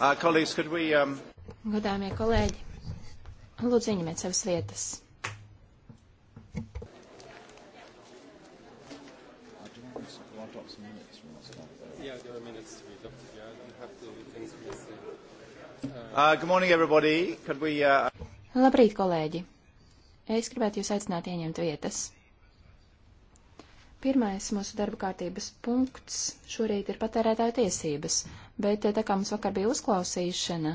Uh, colleagues, could we, um... Godāmie kolēģi, lūdzu ieņemiet savas vietas. Uh, good morning, everybody. Could we, uh... Labrīt, kolēģi! Es gribētu jūs aicināt ieņemt vietas. Pirmais mūsu darba kārtības punkts šorīt ir patērētāju tiesības, bet eh, tā kā mums vakar bija uzklausīšana,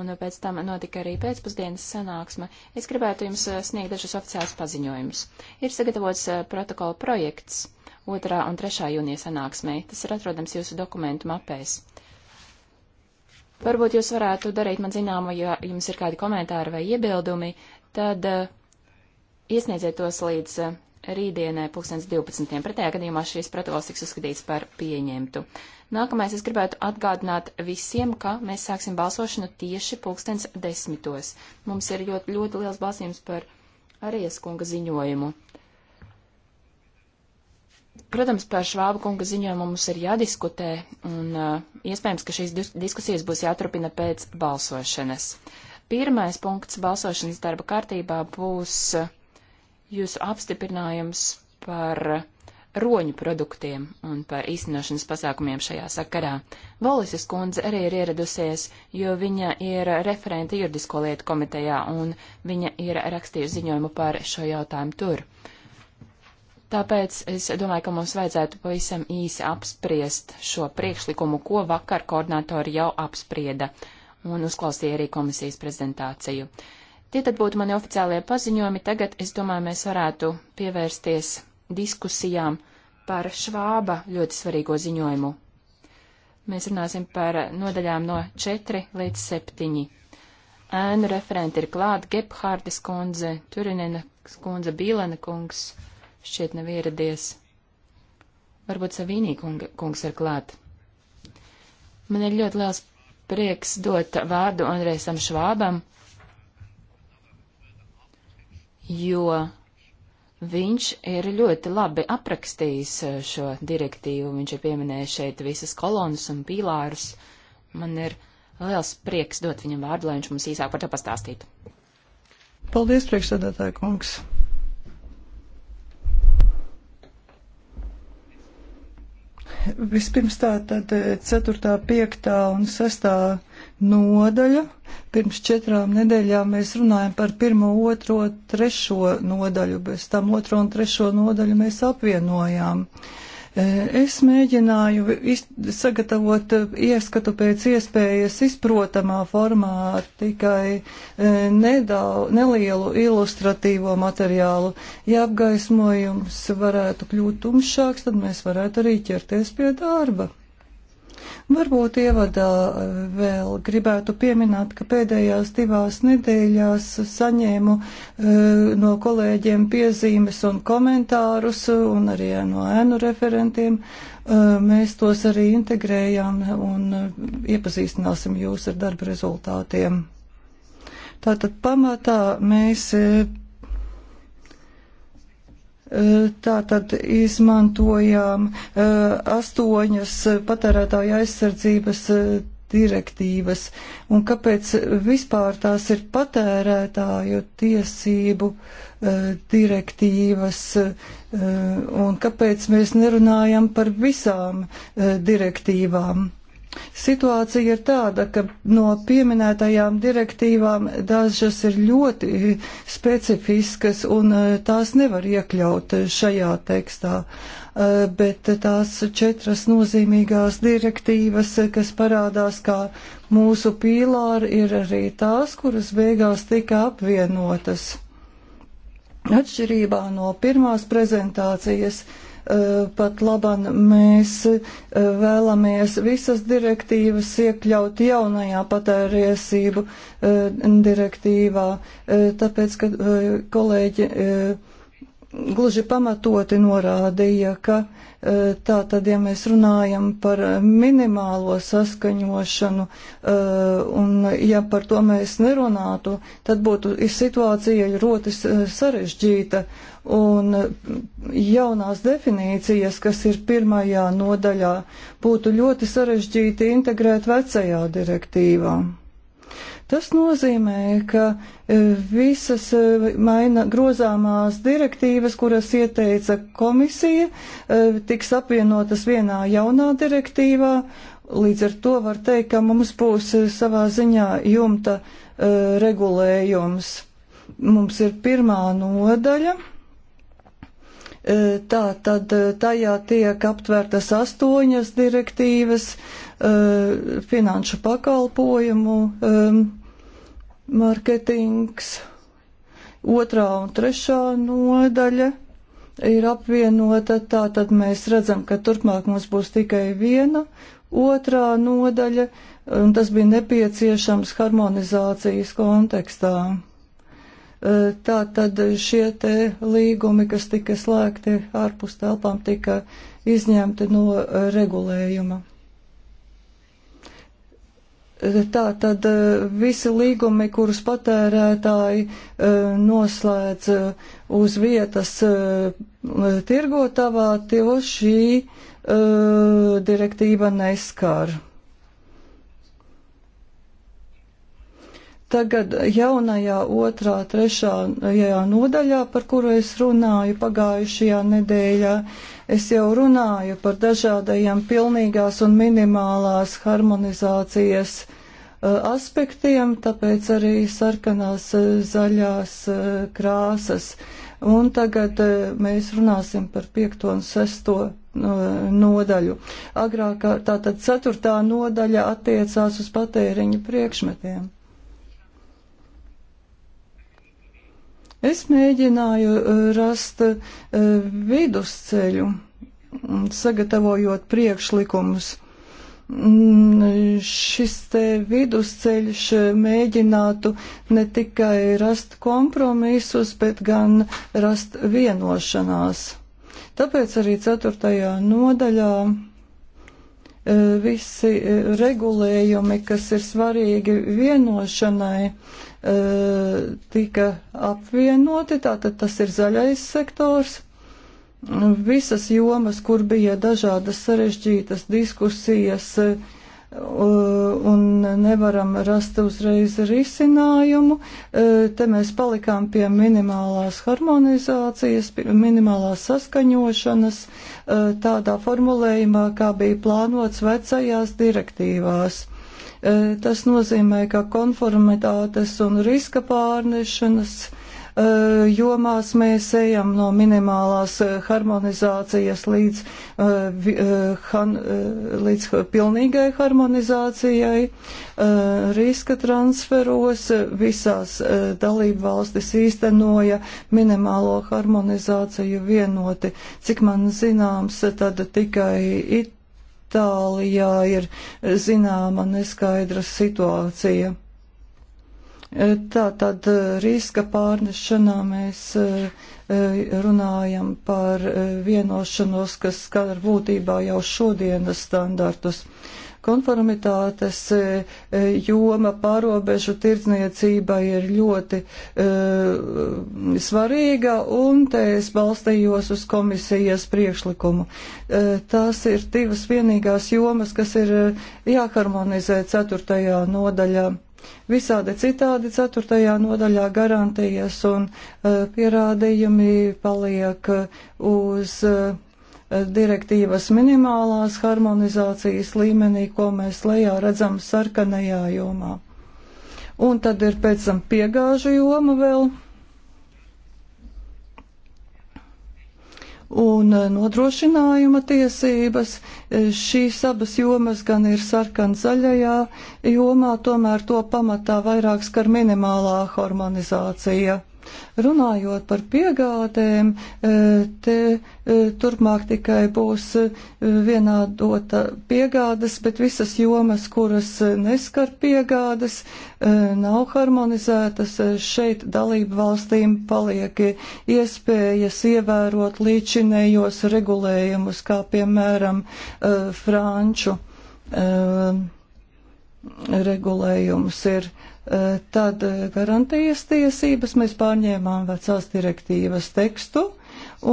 un pēc tam notika arī pēcpusdienas sanāksme, es gribētu jums eh, sniegt dažus oficiālus paziņojumus. Ir sagatavots eh, protokola projekts 2. un 3. jūnija sanāksmē. Tas ir atrodams jūsu dokumentu mapēs. Varbūt jūs varētu darīt man zināmu, ja jums ir kādi komentāri vai iebildumi, tad iesniedziet tos līdz rītdienai 2012. Pretējā gadījumā šīs protokols tiks uzskatīts par pieņemtu. Nākamais es gribētu atgādināt visiem, ka mēs sāksim balsošanu tieši 2010. Mums ir ļoti, ļoti liels balsījums par Arijas kunga ziņojumu. Protams, par Švāba kunga ziņojumu mums ir jādiskutē, un uh, iespējams, ka šīs dis diskusijas būs jāturpina pēc balsošanas. Pirmais punkts balsošanas darba kārtībā būs uh, jūsu apstiprinājums par roņu produktiem un par īstenošanas pasākumiem šajā sakarā. Volises kundze arī ir ieradusies, jo viņa ir referente juridisko lietu komitejā un viņa ir rakstījusi ziņojumu par šo jautājumu tur. Tāpēc es domāju, ka mums vajadzētu pavisam īsi apspriest šo priekšlikumu, ko vakar koordinātori jau apsprieda un uzklausīja arī komisijas prezentāciju. Uh, Tie tad būtu mani oficiālie paziņojumi. Tagad, es domāju, mēs varētu pievērsties diskusijām par Švāba ļoti svarīgo ziņojumu. Mēs runāsim par nodaļām no 4 līdz 7. Ēnu referenti ir klāt Gebhārdes kundze, Turinena kundze, Bīlena kungs, šķiet nav ieradies. Varbūt Savīnī kunga, kungs ir klāt. Man ir ļoti liels prieks dot vārdu Andrēsam Švābam jo viņš ir ļoti labi aprakstījis eh, šo direktīvu. Viņš ir pieminējis šeit visas kolonas un pīlārus. Man ir liels prieks dot viņam vārdu, lai viņš mums īsāk par to pastāstītu. Paldies, priekšsēdētāja kungs! Vispirms tā tad 4., eh, 5. un 6 nodaļa. Pirms četrām nedēļām mēs runājam par pirmo, otro, trešo nodaļu, bez tam otro un trešo nodaļu mēs apvienojām. E, es mēģināju sagatavot ieskatu pēc iespējas izprotamā formā ar tikai e, nedaudz, nelielu ilustratīvo materiālu. Ja apgaismojums varētu kļūt tumšāks, tad mēs varētu arī ķerties pie darba. Varbūt ievadā eh, vēl gribētu pieminēt, ka pēdējās divās nedēļās saņēmu eh, no kolēģiem piezīmes un komentārus un arī no ēnu referentiem. Eh, mēs tos arī integrējām un iepazīstināsim jūs ar darba rezultātiem. Tātad pamatā mēs Tā tad izmantojām astoņas patērētāja aizsardzības direktīvas. Un kāpēc vispār tās ir patērētāju tiesību direktīvas un kāpēc mēs nerunājam par visām direktīvām? Situācija ir tāda, ka no pieminētajām direktīvām dažas ir ļoti specifiskas un eh, tās nevar iekļaut šajā tekstā, eh, bet tās četras nozīmīgās direktīvas, kas parādās kā mūsu pīlāri, ir arī tās, kuras beigās tika apvienotas. Atšķirībā no pirmās prezentācijas Eh, pat laban mēs eh, vēlamies visas direktīvas iekļaut jaunajā patēriesību eh, direktīvā, tāpēc, ka kolēģi gluži pamatoti norādīja, ka e, tā tad, ja mēs runājam par minimālo saskaņošanu e, un ja par to mēs nerunātu, tad būtu situācija ļoti sarežģīta un jaunās definīcijas, kas ir pirmajā nodaļā, būtu ļoti sarežģīti integrēt vecajā direktīvā. Tas nozīmē, ka e, visas e, maina grozāmās direktīvas, kuras ieteica komisija, e, tiks apvienotas vienā jaunā direktīvā. Līdz ar to var teikt, ka mums būs savā ziņā jumta regulējums. Mums ir pirmā nodaļa. Tā tad tajā tiek aptvērtas astoņas direktīvas, uh, Eh, finanšu pakalpojumu eh, mārketings. Otrā un trešā nodaļa ir apvienota, tā tad mēs redzam, ka turpmāk mums būs tikai viena otrā nodaļa, un tas bija nepieciešams harmonizācijas kontekstā. Eh, tā tad šie te līgumi, kas tika slēgti ārpus telpām, tika izņemti no regulējuma. Tā tad eh, visi līgumi, kurus patērētāji eh, noslēdz eh, uz vietas tirgotavā, tie šī direktīva neskār. Tagad jaunajā otrā, trešajā nodaļā, par kuru es runāju pagājušajā nedēļā, uh, Es jau runāju par dažādajiem pilnīgās un minimālās harmonizācijas uh, aspektiem, tāpēc arī sarkanās uh, zaļās uh, krāsas. Un tagad mēs runāsim par piekto un sesto nodaļu. Agrāk tātad ceturtā nodaļa attiecās uz patēriņu priekšmetiem. Es mēģināju uh, rast uh, vidusceļu, mm, sagatavojot priekšlikumus. Mm, šis te vidusceļš mēģinātu ne tikai rast kompromisus, bet gan rast vienošanās. Tāpēc arī ceturtajā nodaļā uh, visi regulējumi, kas ir svarīgi vienošanai, E, tika apvienoti, tātad tas ir zaļais sektors. Visas jomas, kur bija dažādas sarežģītas diskusijas e, un nevaram rast uzreiz risinājumu, e, te mēs palikām pie minimālās harmonizācijas, minimālās saskaņošanas, tādā formulējumā, kā bija plānots vecajās direktīvās E, tas nozīmē, ka konformitātes un riska pārnešanas e, jomās mēs ejam no minimālās e, harmonizācijas līdz, līdz pilnīgai harmonizācijai, riska transferos visās dalību valstis īstenoja minimālo harmonizāciju vienoti. Cik man zināms, tad tikai it Itālijā ir zināma neskaidra situācija. E, tā tad e, riska pārnešanā mēs e, runājam par vienošanos, kas skar būtībā jau šodienas standartus. Konformitātes e, e, joma pārobežu tirdzniecībai ir ļoti e, svarīga, un te es balstījos uz komisijas priekšlikumu. Tās ir divas vienīgās jomas, kas ir jāharmonizē ceturtajā nodaļā. Visādi citādi ceturtajā nodaļā garantijas un uh, pierādījumi paliek uz uh, direktīvas minimālās harmonizācijas līmenī, ko mēs lejā redzam sarkanajā jomā. Un tad ir pēc tam piegāžu joma vēl. Un eh, nodrošinājuma tiesības, eh, šīs abas jomas gan ir sarkan zaļajā jomā, tomēr to pamatā vairāk skar minimālā harmonizācija. Runājot par piegādēm, e, te e, turpmāk tikai būs e, vienādota piegādas, bet visas jomas, kuras neskar piegādas, nav harmonizētas. Šeit dalību valstīm paliek iespējas ievērot līdzinējos regulējumus, kā piemēram franču regulējums ir. Eh, tad eh, garantijas tiesības mēs pārņēmām vecās direktīvas tekstu,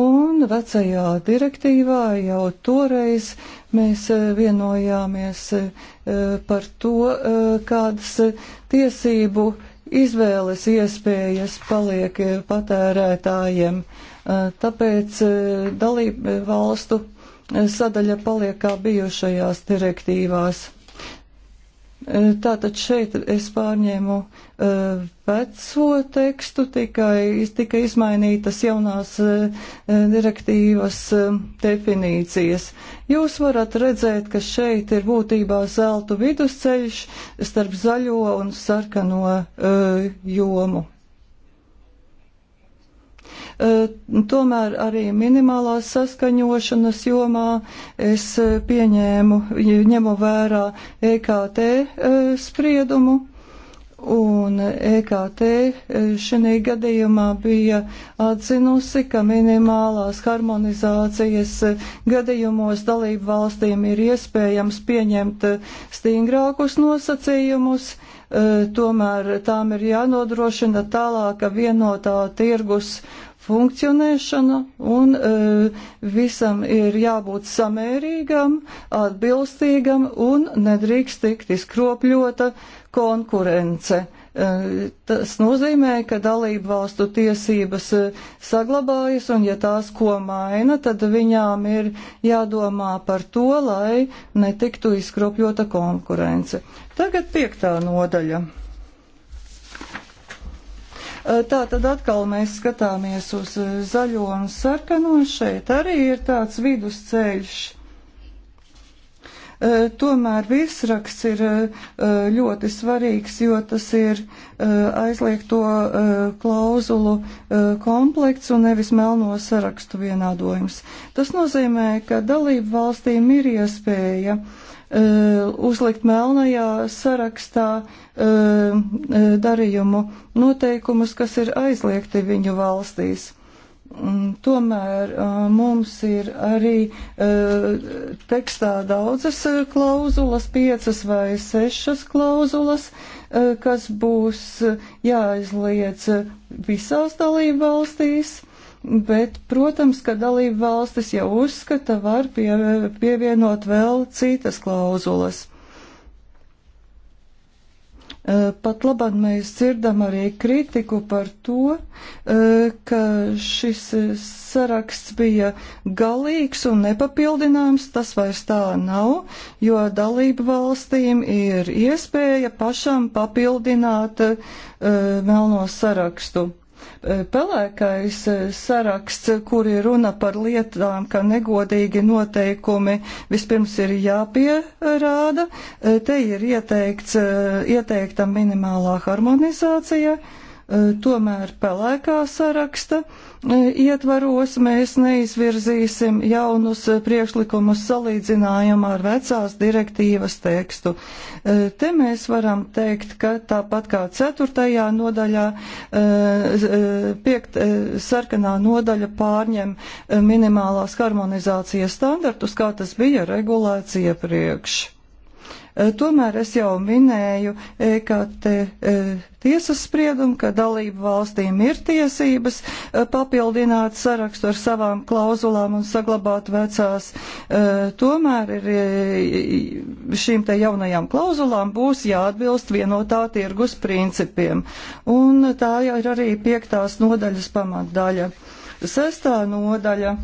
un vecajā direktīvā jau toreiz mēs eh, vienojāmies par to, kādas tiesību izvēles iespējas paliek patērētājiem. Tāpēc dalību valstu sadaļa paliek kā bijušajās direktīvās. Tātad šeit es pārņēmu uh, veco tekstu, tikai tika izmainītas jaunās uh, direktīvas uh, definīcijas. Jūs varat redzēt, ka šeit ir būtībā zeltu vidusceļš starp zaļo un sarkano jomu. Tomēr arī minimālās saskaņošanas jomā es pieņēmu, ņemu vērā EKT spriedumu Un EKT e, šajā gadījumā bija atzinusi, ka minimālās harmonizācijas gadījumos dalību valstīm ir iespējams pieņemt stingrākus nosacījumus, e, tomēr tām ir jānodrošina tālāka vienotā tirgus funkcionēšana un e, visam ir jābūt samērīgam, atbilstīgam un nedrīkst tikt izkropļota konkurence. E, tas nozīmē, ka dalību valstu tiesības e, saglabājas, un ja tās ko maina, tad viņām ir jādomā par to, lai netiktu izkropļota konkurence. Tagad piektā nodaļa. E, tā tad atkal mēs skatāmies uz zaļo un sarkano. Šeit arī ir tāds vidusceļš Eh, tomēr virsraksts ir eh, eh, ļoti svarīgs, jo tas ir aizliegto klauzulu komplekts un nevis melno sarakstu vienādojums. Tas nozīmē, ka dalību valstīm ir iespēja uzlikt melnajā sarakstā darījumu noteikumus, kas ir aizliegti viņu valstīs. Tomēr uh, mums ir arī uh, tekstā daudzas uh, klauzulas, piecas vai sešas klauzulas, kas būs jāizliedz visās dalību valstīs. Bet, protams, ka dalību valstis jau uzskata var pie, pievienot vēl citas klauzulas. Eh, pat labāk mēs dzirdam arī kritiku par to, eh, ka šis saraksts bija galīgs un nepapildināms. Tas vairs tā nav, jo dalību valstīm ir iespēja pašam papildināt eh, melno sarakstu. Eh, pelēkais eh, saraksts, kur ir runa par lietām, ka negodīgi noteikumi vispirms ir jāpierāda, eh, te ir ieteikts, ieteikta minimālā harmonizācija, tomēr pelēkā saraksta ietvaros mēs neizvirzīsim jaunus eh, priekšlikumus salīdzinājumā ar vecās direktīvas tekstu. Eh, te mēs varam teikt, ka tāpat kā ceturtajā nodaļā, eh, piekt, sarkanā nodaļa pārņem minimālās harmonizācijas standartus, kā tas bija regulēts iepriekš. Eh, tomēr es jau minēju, eh, ka te eh, tiesas spriedumu, ka dalību valstīm ir tiesības papildināt sarakstu ar savām klauzulām un saglabāt vecās. Tomēr ir, šīm te jaunajām klauzulām būs jāatbilst vienotā tirgus principiem. Un tā jau ir arī piektās nodaļas pamatdaļa. Sestā nodaļa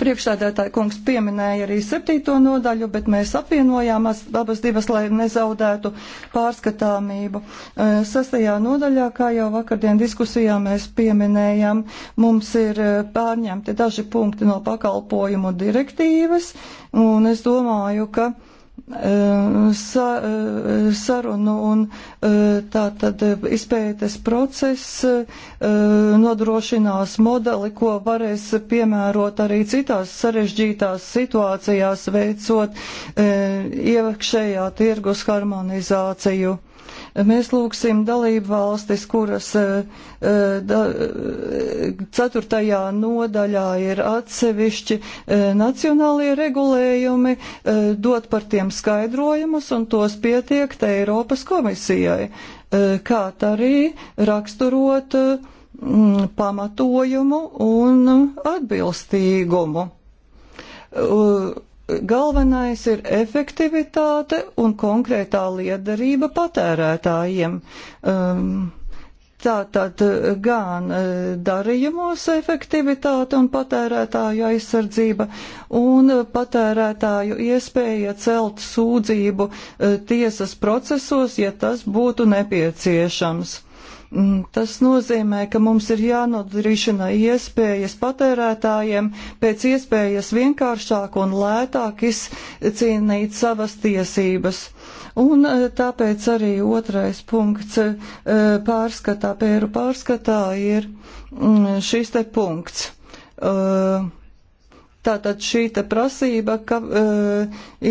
Priekšsēdētāja kungs pieminēja arī septīto nodaļu, bet mēs apvienojām abas divas, lai nezaudētu pārskatāmību. Sastajā nodaļā, kā jau vakardien diskusijā mēs pieminējām, mums ir pārņemti daži punkti no pakalpojumu direktīvas, un es domāju, ka sa, eh, sarunu un eh, tā tad eh, izpētes process nodrošinās modeli, ko varēs piemērot arī citās sarežģītās situācijās, veicot iekšējā tirgus harmonizāciju. Mēs lūgsim dalību valstis, kuras eh, eh, da, eh, ceturtajā nodaļā ir atsevišķi nacionālie regulējumi, dot par tiem skaidrojumus un tos pietiekt Eiropas komisijai, kā arī raksturot mm, pamatojumu un atbilstīgumu galvenais ir efektivitāte un konkrētā liederība patērētājiem. Um, Tātad gan uh, darījumos efektivitāte un patērētāju aizsardzība un patērētāju iespēja celt sūdzību uh, tiesas procesos, ja tas būtu nepieciešams. Mm, tas nozīmē, ka mums ir jānodrošina iespējas patērētājiem pēc iespējas vienkāršāk un lētāk izcīnīt savas tiesības. Un e, tāpēc arī otrais punkts e, pārskatā, pēru pārskatā ir mm, šis te punkts. E, tātad šī prasība ka, e,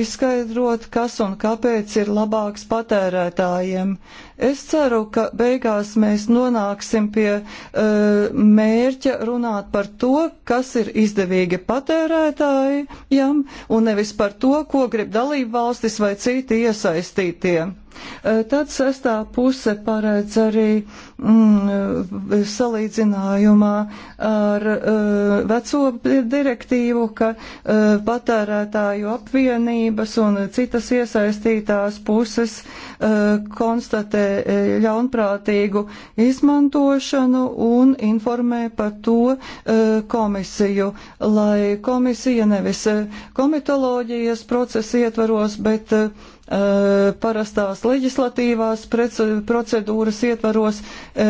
izskaidrot, kas un kāpēc ir labāks patērētājiem. Es ceru, ka beigās mēs nonāksim pie uh, mērķa runāt par to, kas ir izdevīgi patērētājiem un nevis par to, ko grib dalību valstis vai citi iesaistītie. Uh, tad sestā puse paredz arī mm, salīdzinājumā ar uh, veco direktīvu, ka uh, patērētāju apvienības un citas iesaistītās puses uh, konstatē ļaunprātīgu izmantošanu un informē par to e, komisiju, lai komisija nevis komitoloģijas procesa ietvaros, bet e, parastās leģislatīvās procedūras ietvaros e,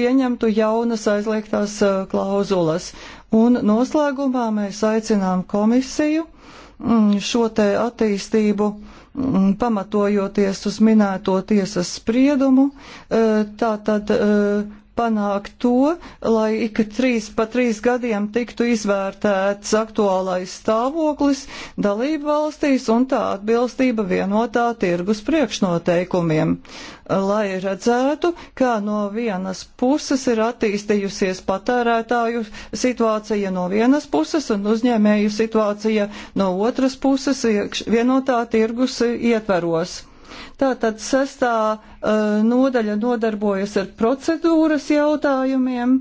pieņemtu jaunas aizliegtās klauzulas. Un noslēgumā mēs aicinām komisiju mm, šo te attīstību Mm, pamatojoties uz minēto tiesas spriedumu, eh, tātad eh, panākt to, lai ik trīs pa trīs gadiem tiktu izvērtēts aktuālais stāvoklis dalību valstīs un tā atbilstība vienotā tirgus priekšnoteikumiem, lai redzētu, kā no vienas puses ir attīstījusies patērētāju situācija no vienas puses un uzņēmēju situācija no otras puses vienotā tirgus ietveros. Tātad sestā uh, nodaļa nodarbojas ar procedūras jautājumiem.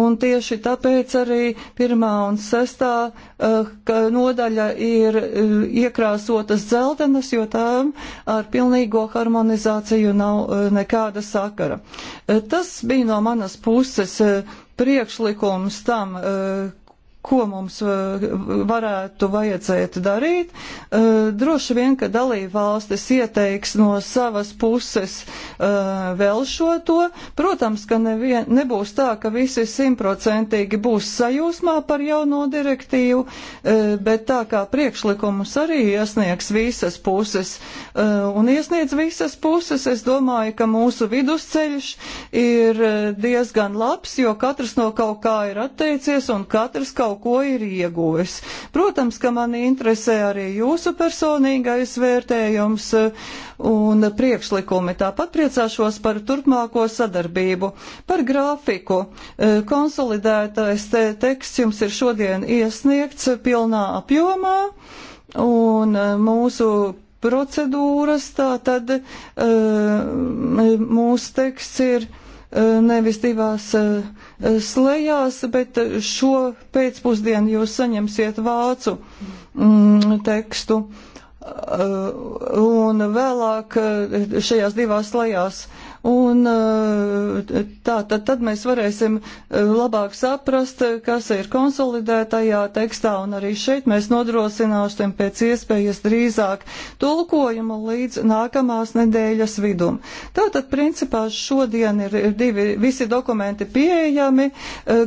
Un tieši tāpēc arī pirmā un sestā uh, nodaļa ir uh, iekrāsotas dzeltenas, jo tām ar pilnīgo harmonizāciju nav uh, nekāda sakara. Uh, tas bija no manas puses. Uh, priekšlikums tam, uh, ko mums uh, varētu vajadzēt darīt. Uh, droši vien, ka dalība valstis ieteiks no savas puses uh, vēl šo to. Protams, ka nevien, nebūs tā, ka visi simtprocentīgi būs sajūsmā par jauno direktīvu, bet tā kā priekšlikumus arī iesniegs visas puses un iesniedz visas puses, es domāju, ka mūsu vidusceļš ir diezgan labs, jo katrs no kaut kā ir atteicies un katrs kaut kaut ko ir ieguvis. Protams, ka mani interesē arī jūsu personīgais vērtējums eh, un priekšlikumi. Tāpat priecāšos par turpmāko sadarbību. Par grafiku. Eh, konsolidētais te teksts jums ir šodien iesniegts pilnā apjomā un eh, mūsu procedūras, tā tad mūsu teksts ir nevis divās slējās, bet šo pēcpusdienu jūs saņemsiet vācu mm, tekstu. Uh, un vēlāk uh, šajās divās slējās uh, un eh, tā, tad, tad mēs varēsim eh, labāk saprast, eh, kas ir konsolidētajā tekstā, un arī šeit mēs nodrošināsim pēc iespējas drīzāk tulkojumu līdz nākamās nedēļas vidum. Tātad, principā, šodien ir divi, visi dokumenti pieejami,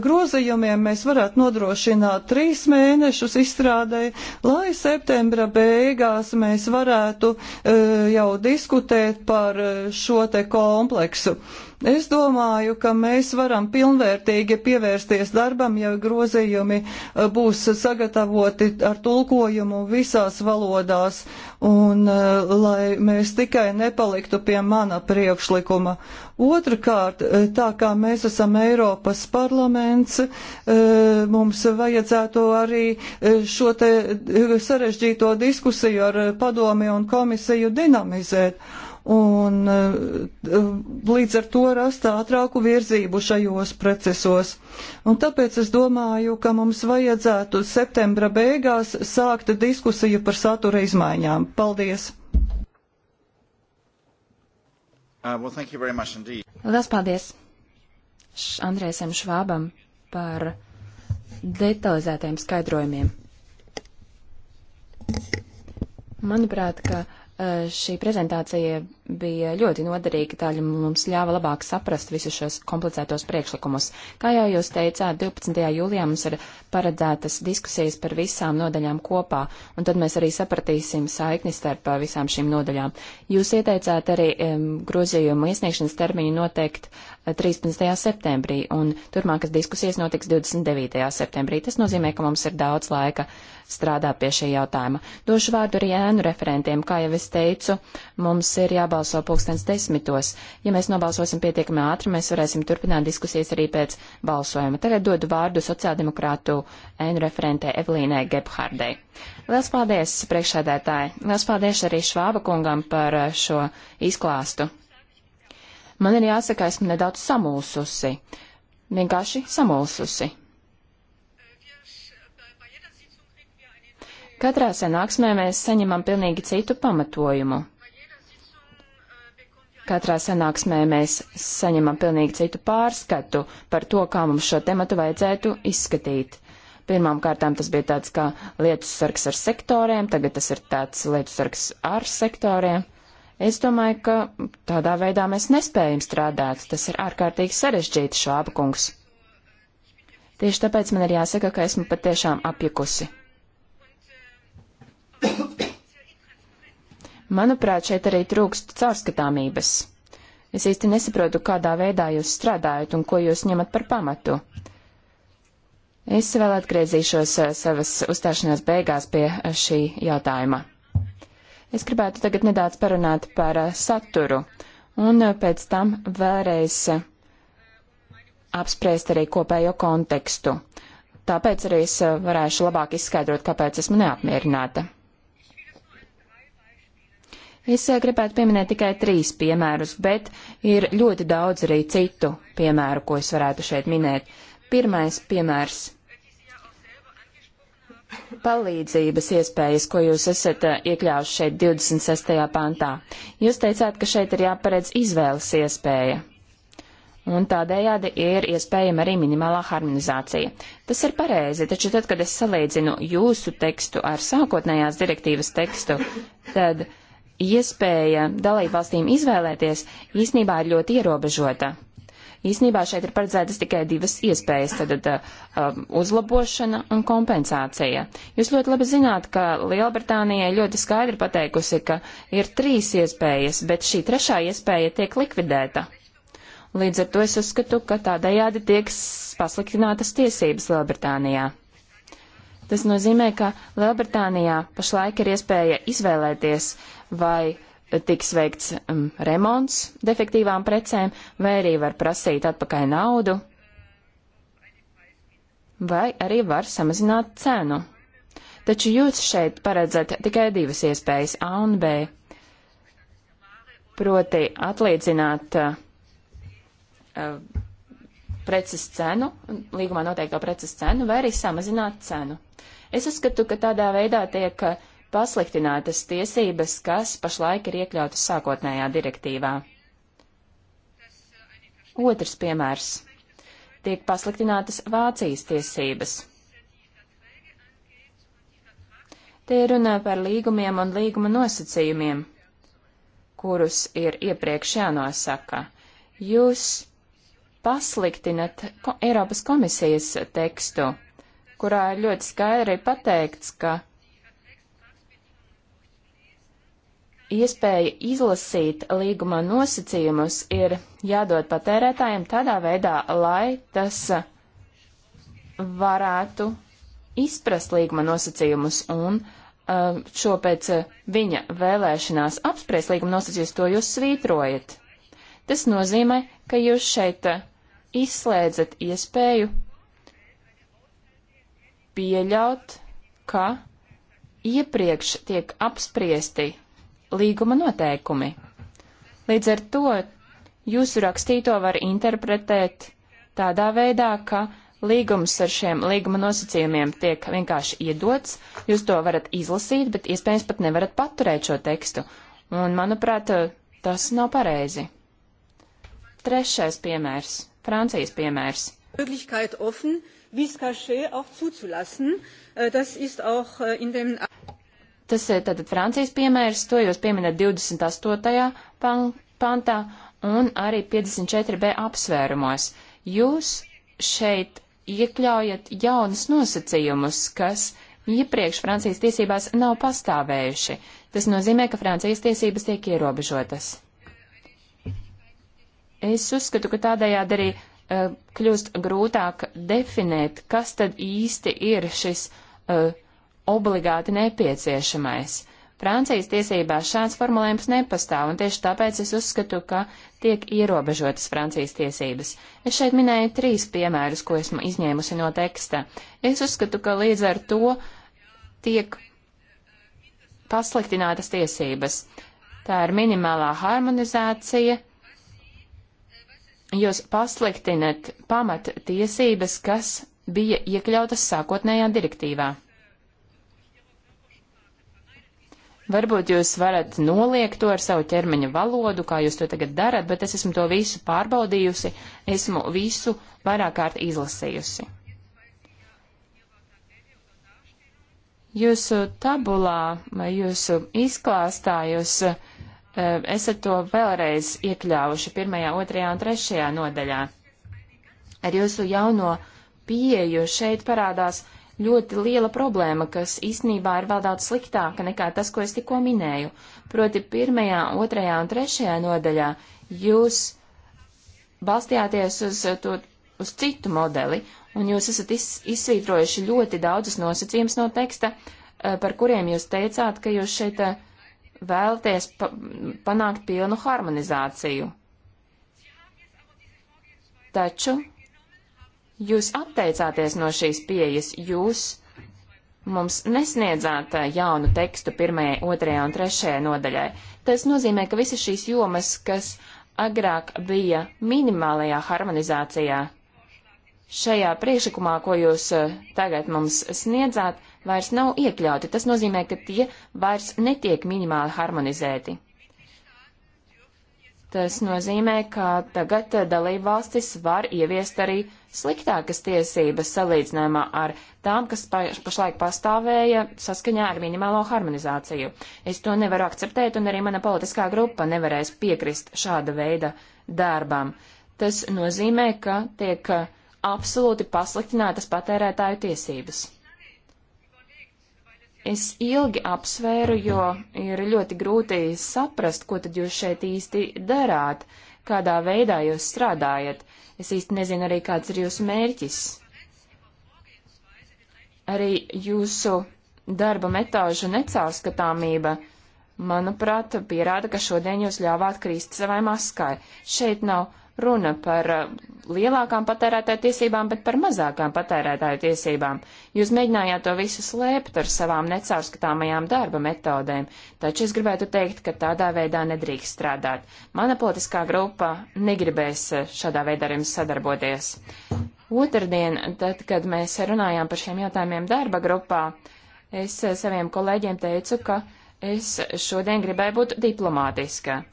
grozījumiem mēs varētu nodrošināt trīs mēnešus izstrādē, lai septembra beigās mēs varētu jau diskutēt par šo te komponentu kompleksu. Es domāju, ka mēs varam pilnvērtīgi pievērsties darbam, ja grozījumi eh, būs sagatavoti ar tulkojumu visās valodās, un eh, lai mēs tikai nepaliktu pie mana priekšlikuma. Otrakārt, eh, tā kā mēs esam Eiropas parlaments, mums vajadzētu arī šo te sarežģīto diskusiju ar padomi un komisiju dinamizēt un eh, līdz ar to rast ātrāku virzību šajos procesos. Un tāpēc es domāju, ka mums vajadzētu septembra beigās sākt diskusiju par satura izmaiņām. Paldies! Uh, well, Lielas paldies Andrēsam Švābam par detalizētiem skaidrojumiem. Manuprāt, ka Šī prezentācija bija ļoti noderīga, tā mums ļāva labāk saprast visus šos komplicētos priekšlikumus. Kā jau jūs teicāt, 12. jūlijā mums ir paredzētas diskusijas par visām nodaļām kopā, un tad mēs arī sapratīsim saikni starp visām šīm nodaļām. Jūs ieteicāt arī um, grozījumu iesniegšanas termiņu noteikt 13. septembrī, un turmākas diskusijas notiks 29. septembrī. Tas nozīmē, ka mums ir daudz laika strādāt pie šī jautājuma. Došu vārdu arī ēnu referentiem. Kā jau es teicu, mums ir jābalso pulkstens desmitos. Ja mēs nobalsosim pietiekami ātri, mēs varēsim turpināt diskusijas arī pēc balsojuma. Tagad dodu vārdu sociāldemokrātu ēnu referentē Evelīnai Gebhardai. Liels paldies, priekšsēdētāji! Liels paldies arī Švāba kungam par eh, šo izklāstu. Man ir jāsaka, esmu nedaudz samulsusi. Vienkārši samulsusi. Katrā sanāksmē mēs saņemam pilnīgi citu pamatojumu. Katrā sanāksmē mēs saņemam pilnīgi citu pārskatu par to, kā mums šo tematu vajadzētu izskatīt. Pirmām kārtām tas bija tāds kā lietu sargs ar sektoriem, tagad tas ir tāds lietu sargs ar sektoriem. Es domāju, ka tādā veidā mēs nespējam strādāt. Tas ir ārkārtīgi sarežģīti, Švāba kungs. Tieši tāpēc man ir jāsaka, ka esmu patiešām apjukusi. Manuprāt, šeit arī trūkst caurskatāmības. Es īsti nesaprotu, kādā veidā jūs strādājat un ko jūs ņemat par pamatu. Es vēl atgriezīšos eh, savas uzstāšanās beigās pie eh, šī jautājuma. Es gribētu tagad nedaudz parunāt par eh, saturu un eh, pēc tam vēlreiz eh, apspriest arī kopējo kontekstu. Tāpēc arī es varēšu labāk izskaidrot, kāpēc esmu neapmierināta. Es gribētu pieminēt tikai trīs piemērus, bet ir ļoti daudz arī citu piemēru, ko es varētu šeit minēt. Pirmais piemērs palīdzības iespējas, ko jūs esat eh, iekļāvuši šeit 26. pantā. Jūs teicāt, ka šeit ir jāparedz izvēles iespēja. Un tādējādi ir iespējama arī minimālā harmonizācija. Tas ir pareizi, taču tad, kad es salīdzinu jūsu tekstu ar sākotnējās direktīvas tekstu, tad iespēja dalībvalstīm izvēlēties īsnībā ir ļoti ierobežota. Īsnībā šeit ir paredzētas tikai divas iespējas - tad uh, um, uzlabošana un kompensācija. Jūs ļoti labi zināt, ka Lielbritānija ļoti skaidri pateikusi, ka ir trīs iespējas, bet šī trešā iespēja tiek likvidēta. Līdz ar to es uzskatu, ka tādējādi tiek pasliktinātas tiesības Lielbritānijā. Tas nozīmē, ka Lielbritānijā pašlaik ir iespēja izvēlēties vai uh, tiks veikts um, remonts defektīvām precēm, vai arī var prasīt atpakaļ naudu, vai arī var samazināt cenu. Taču jūs šeit paredzat tikai divas iespējas A un B. Proti atlīdzināt uh, preces cenu, līgumā noteikto preces cenu, vai arī samazināt cenu. Es uzskatu, ka tādā veidā tiek uh, pasliktinātas tiesības, kas pašlaik ir iekļautas sākotnējā direktīvā. Otrs piemērs. Tiek pasliktinātas Vācijas tiesības. Te ir runa par līgumiem un līguma nosacījumiem, kurus ir iepriekš jānosaka. Jūs pasliktinat Ko Eiropas komisijas tekstu, kurā ir ļoti skaidri pateikts, ka iespēja izlasīt līguma nosacījumus ir jādod patērētājiem tādā veidā, lai tas varētu izprast līguma nosacījumus un uh, šo pēc viņa vēlēšanās apspriest līguma nosacījumus, to jūs svītrojat. Tas nozīmē, ka jūs šeit uh, izslēdzat iespēju pieļaut, ka iepriekš tiek apspriesti līguma noteikumi. Līdz ar to jūsu rakstīto var interpretēt tādā veidā, ka līgums ar šiem līguma nosacījumiem tiek vienkārši iedots, jūs to varat izlasīt, bet iespējams pat nevarat paturēt šo tekstu. Un, manuprāt, tas nav pareizi. Trešais piemērs - Francijas piemērs. Offen, auch zuzulassen. Äh, das ist auch äh, in dem... Tas ir tātad Francijas piemērs, to jūs pieminat 28. Pan, pantā un arī 54b apsvērumos. Jūs šeit iekļaujat jaunus nosacījumus, kas iepriekš Francijas tiesībās nav pastāvējuši. Tas nozīmē, ka Francijas tiesības tiek ierobežotas. Es uzskatu, ka tādējādi arī uh, kļūst grūtāk definēt, kas tad īsti ir šis uh, obligāti nepieciešamais. Francijas tiesībās šāds formulējums nepastāv, un tieši tāpēc es uzskatu, ka tiek ierobežotas Francijas tiesības. Es šeit minēju trīs piemērus, ko esmu izņēmusi no teksta. Es uzskatu, ka līdz ar to tiek pasliktinātas tiesības. Tā ir minimālā harmonizācija. Jūs pasliktinat pamat tiesības, kas bija iekļautas sākotnējā direktīvā. Varbūt jūs varat noliegt to ar savu ķermeņa valodu, kā jūs to tagad darat, bet es esmu to visu pārbaudījusi, esmu visu vairāk kārt izlasījusi. Jūsu tabulā vai jūsu izklāstā jūs eh, esat to vēlreiz iekļāvuši pirmajā, otrajā un trešajā nodaļā. Ar jūsu jauno pieju šeit parādās ļoti liela problēma, kas īstenībā ir vēl daudz sliktāka nekā tas, ko es tikko minēju. Proti pirmajā, otrajā un trešajā nodaļā jūs balstījāties uz, eh, to, uz citu modeli, un jūs esat iz, izsvītrojuši ļoti daudzus nosacījumus no teksta, eh, par kuriem jūs teicāt, ka jūs šeit eh, vēlaties pa, panākt pilnu harmonizāciju. Taču Jūs atteicāties no šīs pieejas, jūs mums nesniedzāt eh, jaunu tekstu pirmajai, otrajai un trešajai nodaļai. Tas nozīmē, ka visas šīs jomas, kas agrāk bija minimālajā harmonizācijā, šajā priekšlikumā, ko jūs eh, tagad mums sniedzāt, vairs nav iekļauti. Tas nozīmē, ka tie vairs netiek minimāli harmonizēti. Tas nozīmē, ka tagad dalībvalstis var ieviest arī sliktākas tiesības salīdzinājumā ar tām, kas pašlaik pastāvēja saskaņā ar minimālo harmonizāciju. Es to nevaru akceptēt, un arī mana politiskā grupa nevarēs piekrist šāda veida darbām. Tas nozīmē, ka tiek absolūti pasliktinātas patērētāju tiesības es ilgi apsvēru, jo ir ļoti grūti saprast, ko tad jūs šeit īsti darāt, kādā veidā jūs strādājat. Es īsti nezinu arī, kāds ir jūsu mērķis. Arī jūsu darba metāžu necaurskatāmība, manuprāt, pierāda, ka šodien jūs ļāvāt krīst savai maskai. Šeit nav runa par uh, lielākām patērētāju tiesībām, bet par mazākām patērētāju tiesībām. Jūs mēģinājāt to visu slēpt ar savām necaurskatāmajām darba metodēm, taču es gribētu teikt, ka tādā veidā nedrīkst strādāt. Mana politiskā grupa negribēs uh, šādā veidā ar jums sadarboties. Otrdien, tad, kad mēs runājām par šiem jautājumiem darba grupā, es uh, saviem kolēģiem teicu, ka es šodien gribēju būt diplomātiska.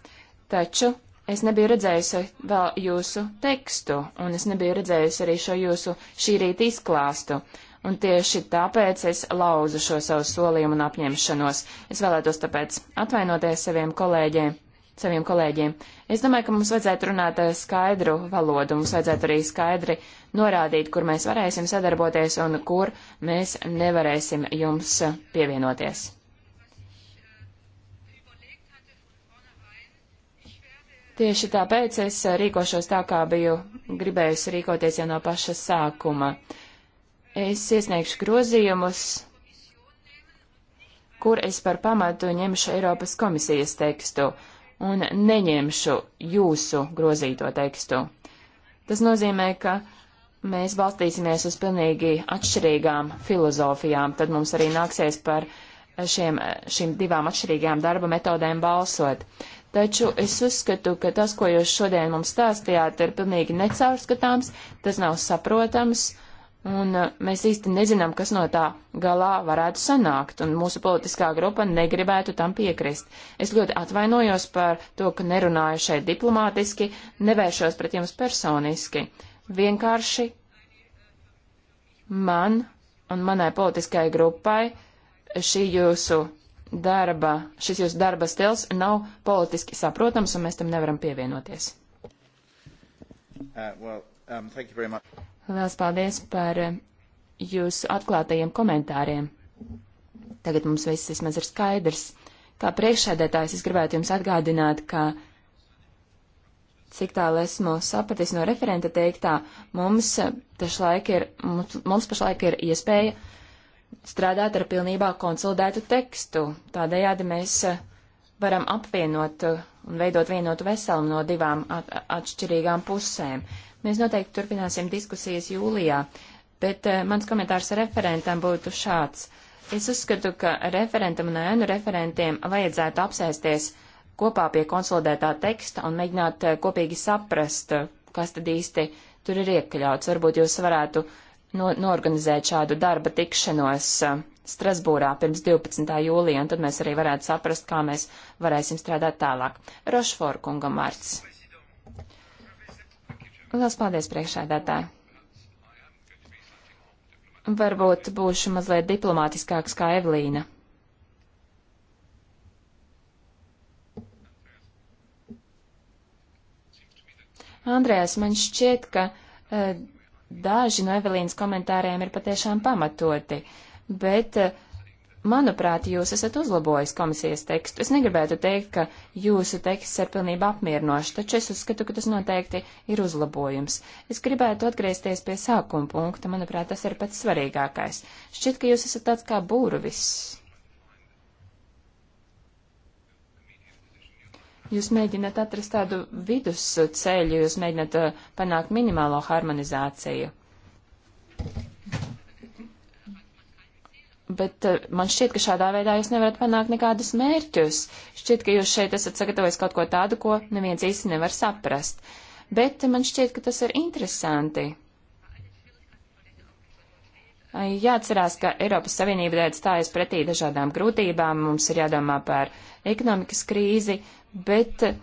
Taču es nebiju redzējusi vēl jūsu tekstu, un es nebiju redzējusi arī šo jūsu šī rīta izklāstu. Un tieši tāpēc es lauzu šo savu solījumu un apņemšanos. Es vēlētos tāpēc atvainoties saviem kolēģiem. Saviem kolēģiem. Es domāju, ka mums vajadzētu runāt eh, skaidru valodu, mums vajadzētu arī skaidri norādīt, kur mēs varēsim sadarboties un kur mēs nevarēsim jums eh, pievienoties. Tieši tāpēc es rīkošos tā, kā biju gribējusi rīkoties jau no paša sākuma. Es iesniegšu grozījumus, kur es par pamatu ņemšu Eiropas komisijas tekstu un neņemšu jūsu grozīto tekstu. Tas nozīmē, ka mēs balstīsimies uz pilnīgi atšķirīgām filozofijām, tad mums arī nāksies par šiem, šīm divām atšķirīgām darba metodēm balsot. Taču es uzskatu, ka tas, ko jūs šodien mums stāstījāt, ir pilnīgi necaurskatāms, tas nav saprotams, un uh, mēs īsti nezinām, kas no tā galā varētu sanākt, un mūsu politiskā grupa negribētu tam piekrist. Es ļoti atvainojos par to, ka nerunāju šeit diplomātiski, nevēršos pret jums personiski. Vienkārši man un manai politiskajai grupai šī jūsu darba, šis jūsu darba stils nav politiski saprotams, un mēs tam nevaram pievienoties. Uh, well, um, Lielas paldies par uh, jūsu atklātajiem komentāriem. Tagad mums viss vismaz ir skaidrs. Kā priekšsēdētājs es gribētu jums atgādināt, ka, cik tālu esmu sapratis no referenta teiktā, mums, uh, pašlaik ir, mums, mums pašlaik ir iespēja uh, strādāt ar pilnībā konsolidētu tekstu. Tādējādi mēs eh, varam apvienot eh, un veidot vienotu veselumu no divām at atšķirīgām pusēm. Mēs noteikti turpināsim diskusijas jūlijā, bet uh, mans komentārs referentam būtu šāds. Es uzskatu, ka referentam un ēnu referentiem vajadzētu apsēsties kopā pie konsolidētā teksta un mēģināt kopīgi saprast, kas tad īsti tur ir iekļauts. Varbūt jūs varētu uh, no, norganizēt šādu darba tikšanos uh, Strasbūrā pirms 12. jūlija, un tad mēs arī varētu saprast, kā mēs varēsim strādāt tālāk. Rošfor kungam vārds. Lielas paldies priekšādātāji. Varbūt būšu mazliet diplomātiskāks kā Evelīna. Andrēs, man šķiet, ka uh, Daži no Evelīnas komentāriem ir patiešām pamatoti, bet, eh, manuprāt, jūs esat uzlabojis komisijas tekstu. Es negribētu teikt, ka jūsu teksts ir pilnībā apmierinošs, taču es uzskatu, ka tas noteikti ir uzlabojums. Es gribētu atgriezties pie sākuma punkta, manuprāt, tas ir pats svarīgākais. Šķiet, ka jūs esat tāds kā būrvis. Jūs mēģināt atrast tādu vidusceļu, jūs mēģināt uh, panākt minimālo harmonizāciju. Bet uh, man šķiet, ka šādā veidā jūs nevarat panākt nekādus mērķus. Šķiet, ka jūs šeit esat sagatavojis kaut ko tādu, ko neviens īsti nevar saprast. Bet uh, man šķiet, ka tas ir interesanti. Jāatcerās, ka Eiropas Savienība dēļ stājas pretī dažādām grūtībām, mums ir jādomā par ekonomikas krīzi, uh, bet eh,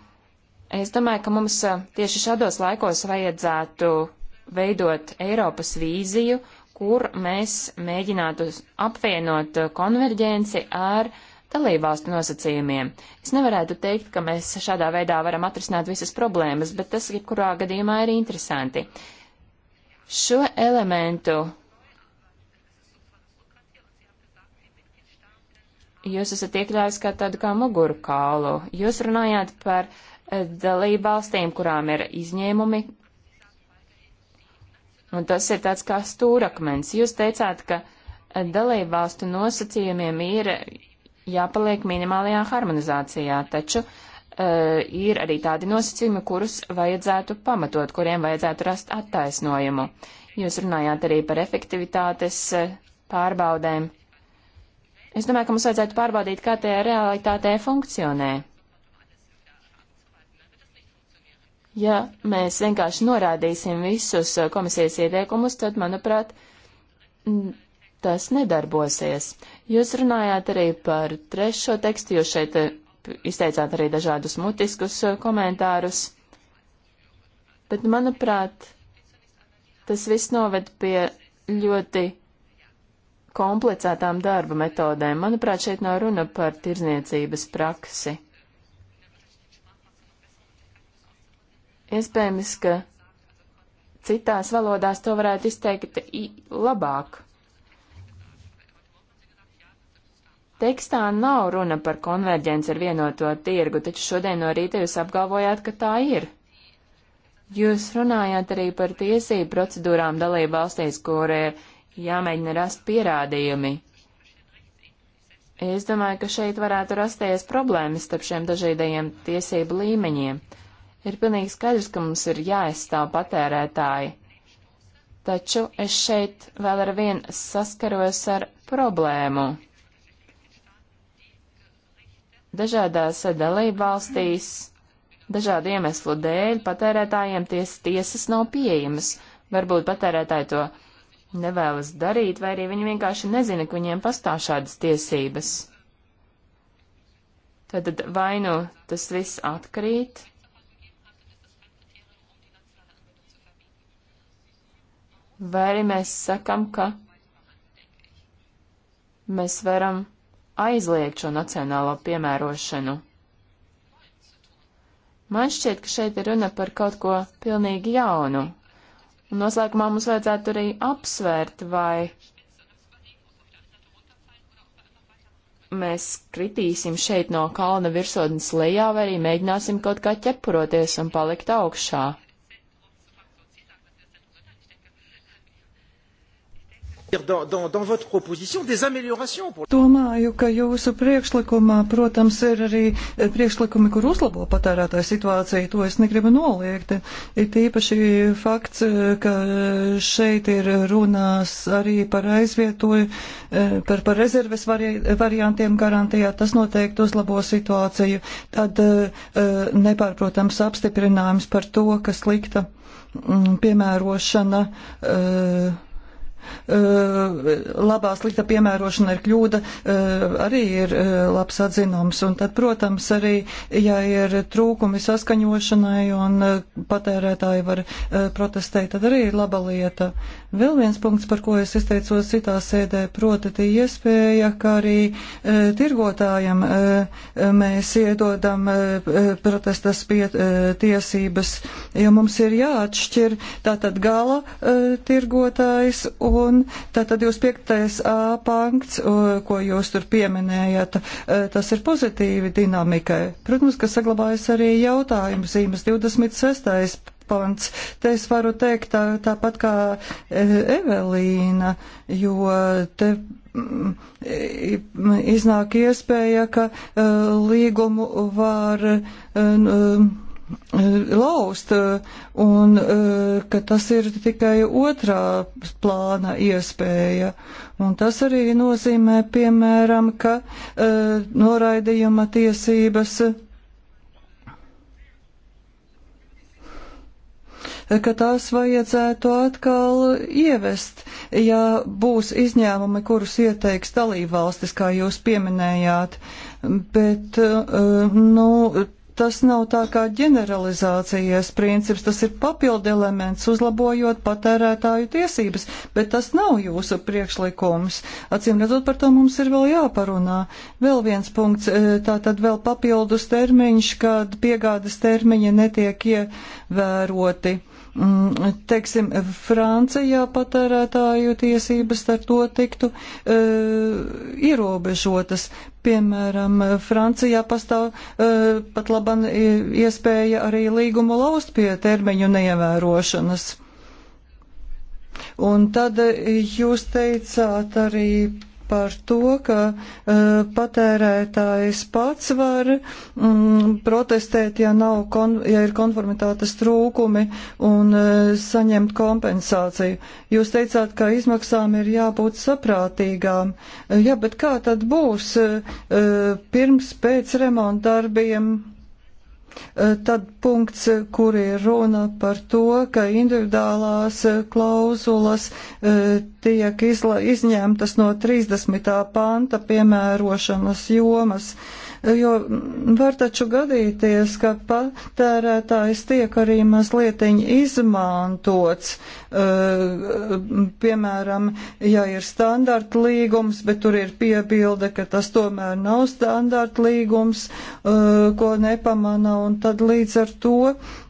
es domāju, ka mums eh, tieši šādos laikos vajadzētu veidot Eiropas vīziju, kur mēs mēģinātu apvienot eh, konverģenci ar dalībvalstu nosacījumiem. Es nevarētu teikt, ka mēs šādā veidā varam atrisināt visas problēmas, bet tas, jebkurā gadījumā, ir interesanti. Šo elementu jūs esat iekļāvis kā tādu kā muguru kālu. Jūs runājāt par eh, dalību valstīm, kurām ir izņēmumi, un tas ir tāds kā stūrakmens. Jūs teicāt, ka eh, dalību valstu nosacījumiem ir jāpaliek minimālajā harmonizācijā, taču uh, ir arī tādi nosacījumi, kurus vajadzētu pamatot, kuriem vajadzētu rast attaisnojumu. Jūs runājāt arī par efektivitātes pārbaudēm. Uh, Es domāju, ka mums vajadzētu pārbaudīt, kā tajā realitātē funkcionē. Ja mēs vienkārši norādīsim visus komisijas ieteikumus, tad, manuprāt, tas nedarbosies. Jūs runājāt arī par trešo tekstu, jūs šeit eh, izteicāt arī dažādus mutiskus eh, komentārus. Bet, manuprāt, tas viss noved pie ļoti komplicētām darba metodēm. Manuprāt, šeit nav runa par tirzniecības praksi. Iespējams, ka citās valodās to varētu izteikt labāk. Tekstā nav runa par konverģenci ar vienoto tirgu, taču šodien no rīta jūs apgalvojāt, ka tā ir. Jūs runājāt arī par tiesību procedūrām dalību valstīs, kur ir jāmēģina rast pierādījumi. Es domāju, ka šeit varētu rasties problēmas starp šiem dažādajiem tiesību līmeņiem. Ir pilnīgi skaidrs, ka mums ir jāaizstāv patērētāji. Taču es šeit vēl ar vien saskaros ar problēmu. Dažādās dalībvalstīs, dažādu iemeslu dēļ patērētājiem ties, tiesas nav pieejamas. Varbūt patērētāji to nevēlas darīt, vai arī viņi vienkārši nezina, ka viņiem pastāv šādas tiesības. Tad vai nu tas viss atkrīt? Vai arī mēs sakam, ka mēs varam aizliegt šo nacionālo piemērošanu. Man šķiet, ka šeit ir runa par kaut ko pilnīgi jaunu, Un noslēgumā mums vajadzētu arī apsvērt, vai mēs kritīsim šeit no kalna virsotnes lejā, vai arī mēģināsim kaut kā ķepuroties un palikt augšā. dire, dans, dans, dans votre proposition, des améliorations. Pour... Domāju, ka jūsu priekšlikumā, protams, ir arī eh, priekšlikumi, kur uzlabo patērētāju situāciju. To es negribu noliegt. Ir tīpaši fakts, eh, ka šeit ir runās arī par aizvietoju, eh, par, par rezerves vari, variantiem garantijā. Tas noteikti uzlabo situāciju. Tad nepārprotams apstiprinājums par to, ka slikta mm, piemērošana uh, Eh, labā slikta piemērošana ir kļūda, eh, arī ir eh, labs atzinums. Un tad, protams, arī, ja ir trūkumi saskaņošanai un patērētāji var protestēt, tad arī ir laba lieta. Vēl viens punkts, par ko es izteicos citā sēdē, proti tie iespēja, ka arī e, tirgotājiem e, e mēs iedodam e, e protestas pie, e, tiesības, jo mums ir jāatšķir tātad gala e, tirgotājs un tātad jūs piektais A pankts, e, ko jūs tur pieminējat, e, tas ir pozitīvi dinamikai. Protams, ka saglabājas arī jautājums zīmes 26 pants. Te es varu teikt tā, tāpat kā e, Evelīna, jo te mm, iznāk iespēja, ka e, līgumu var e, laust, un ka tas ir tikai otrā plāna iespēja. Un tas arī nozīmē, piemēram, ka noraidījuma tiesības ka tās vajadzētu atkal ievest, ja būs izņēmumi, kurus ieteiks dalībvalstis, kā jūs pieminējāt. Bet, eh, nu, tas nav tā kā ģeneralizācijas princips, tas ir papildu elements, uzlabojot patērētāju tiesības, bet tas nav jūsu priekšlikums. Acīm redzot, par to mums ir vēl jāparunā. Vēl viens punkts, eh, tā tad vēl papildus termiņš, kad piegādes termiņi netiek ievēroti. Mm, teiksim, Francijā patērētāju tiesības ar to tiktu e, ierobežotas. Piemēram, Francijā pastāv e, pat laban iespēja arī līgumu laust pie termiņu neievērošanas. Un tad jūs teicāt arī par to, ka uh, patērētājs pats var mm, protestēt, ja, nav, kon, ja ir konformitātes trūkumi un uh, saņemt kompensāciju. Jūs teicāt, ka izmaksām ir jābūt saprātīgām. Uh, jā, bet kā tad būs uh, pirms pēc remontdarbiem? Eh, tad punkts, eh, kur ir runa par to, ka individuālās eh, klauzulas tiek izņemtas no 30. panta piemērošanas jomas. Uh, jo var taču gadīties, ka patērētājs tiek arī mazlietiņi izmantots. Eh, piemēram, ja ir standarta līgums, bet tur ir piebilde, ka tas tomēr nav standarta līgums, eh, ko nepamana, un tad līdz ar to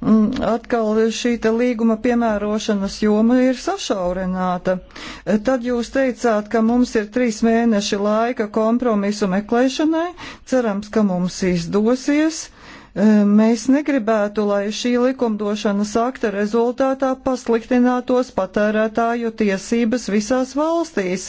mm, atkal šī līguma piemērošanas joma ir sašaurināta. Eh, tad jūs teicāt, ka mums ir trīs mēneši laika kompromisu meklēšanai, cerams, cerams, ka mums izdosies. E, mēs negribētu, lai šī likumdošanas akta rezultātā pasliktinātos patērētāju tiesības visās valstīs.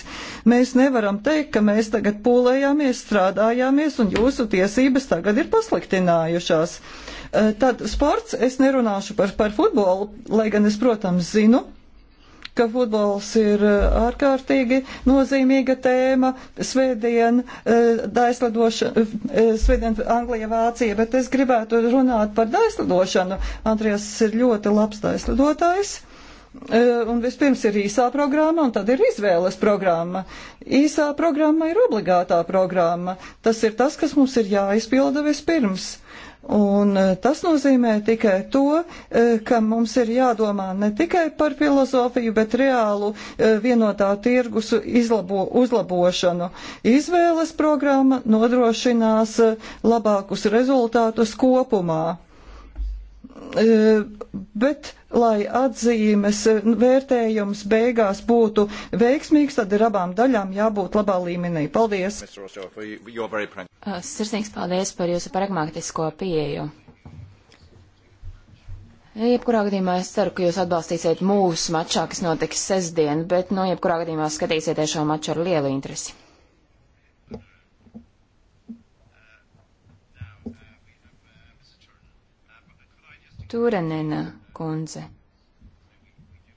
Mēs nevaram teikt, ka mēs tagad pūlējāmies, strādājāmies un jūsu tiesības tagad ir pasliktinājušās. E, tad sports, es nerunāšu par, par futbolu, lai gan es, protams, zinu, ka futbols ir eh, ārkārtīgi nozīmīga tēma. Svētdien, eh, daislidoša, eh, svētdien Anglija, Vācija, bet es gribētu runāt par daislidošanu. Andrijas ir ļoti labs daislidotājs. Un vispirms ir īsā programma, un tad ir izvēles programma. Īsā programma ir obligātā programma. Tas ir tas, kas mums ir jāizpilda vispirms. Un eh, tas nozīmē tikai to, eh, ka mums ir jādomā ne tikai par filozofiju, bet reālu eh, vienotā tirgus izlabo, uzlabošanu. Izvēles programma nodrošinās labākus rezultātus kopumā. E, bet, lai atzīmes vērtējums beigās būtu veiksmīgs, tad ir abām daļām jābūt labā līmenī. Paldies! Uh, sirsnīgs paldies par jūsu pragmatisko pieeju. Jebkurā gadījumā es ceru, ka jūs atbalstīsiet mūsu mačā, kas notiks sestdien, bet, nu, no jebkurā gadījumā skatīsieties šo maču ar lielu interesi. Turenena kundze.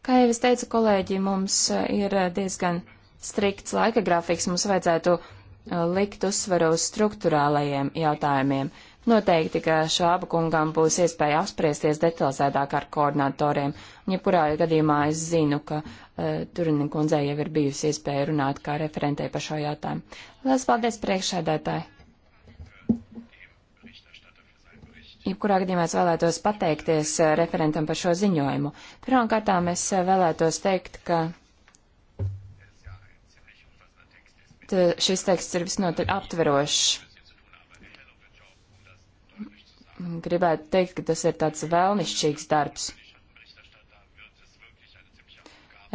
Kā jau es teicu, kolēģi, mums eh, ir eh, diezgan strikts laika grafiks, mums vajadzētu eh, likt uzsvaru uz struktūrālajiem jautājumiem. Noteikti, ka šāba kungam būs iespēja apspriesties detalizētāk ar koordinatoriem, un jebkurā ja gadījumā es zinu, ka uh, Turinin kundzē jau ir bijusi iespēja runāt kā referentē par šo jautājumu. Lielas paldies priekšēdētāji! Jebkurā gadījumā es vēlētos pateikties eh, referentam par šo ziņojumu. Pirmkārt, es eh, vēlētos teikt, ka šis teksts ir visnotaļ aptverošs. Gribētu teikt, ka tas ir tāds vēlnišķīgs darbs.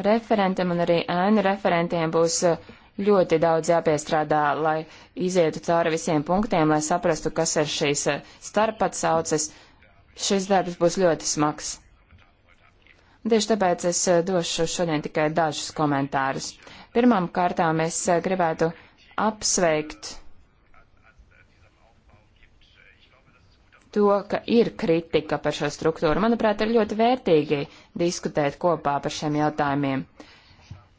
Referentam un arī ēnu referentiem būs uh, ļoti daudz jāpiestrādā, lai izietu cauri visiem punktiem, lai saprastu, kas ir šīs eh, starpatsauces. Šis darbs būs ļoti smags. Tieši tāpēc es eh, došu šodien tikai dažus komentārus. Pirmām kārtām es eh, gribētu apsveikt to, ka ir kritika par šo struktūru. Manuprāt, ir ļoti vērtīgi diskutēt kopā par šiem jautājumiem. Uh,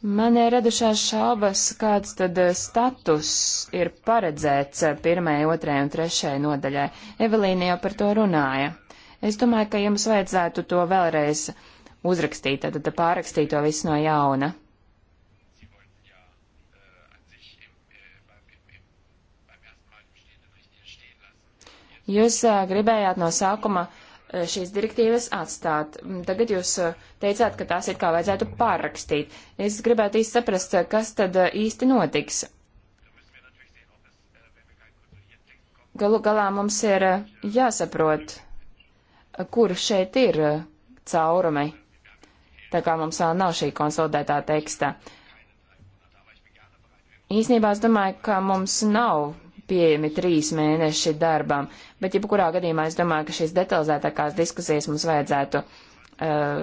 Man ir radušās šaubas, kāds tad eh, status ir paredzēts eh, pirmajai, otrajai un trešajai nodaļai. Evelīna jau par to runāja. Es domāju, ka jums vajadzētu to vēlreiz uzrakstīt, tad, tad pārrakstīt to visu no jauna. Jūs eh, gribējāt no sākuma uh, Eh, šīs direktīvas atstāt. Mm, tagad jūs eh, teicāt, ka tās it kā vajadzētu pārrakstīt. Es gribētu īsti saprast, eh, kas tad īsti notiks. Galu galā mums ir jāsaprot, kur šeit ir caurumi, tā kā mums vēl nav šī konsolidētā teksta. Īsnībā es domāju, ka mums nav pieejami trīs mēneši darbam, bet jebkurā gadījumā es domāju, ka šīs detalizētākās diskusijas mums vajadzētu uh,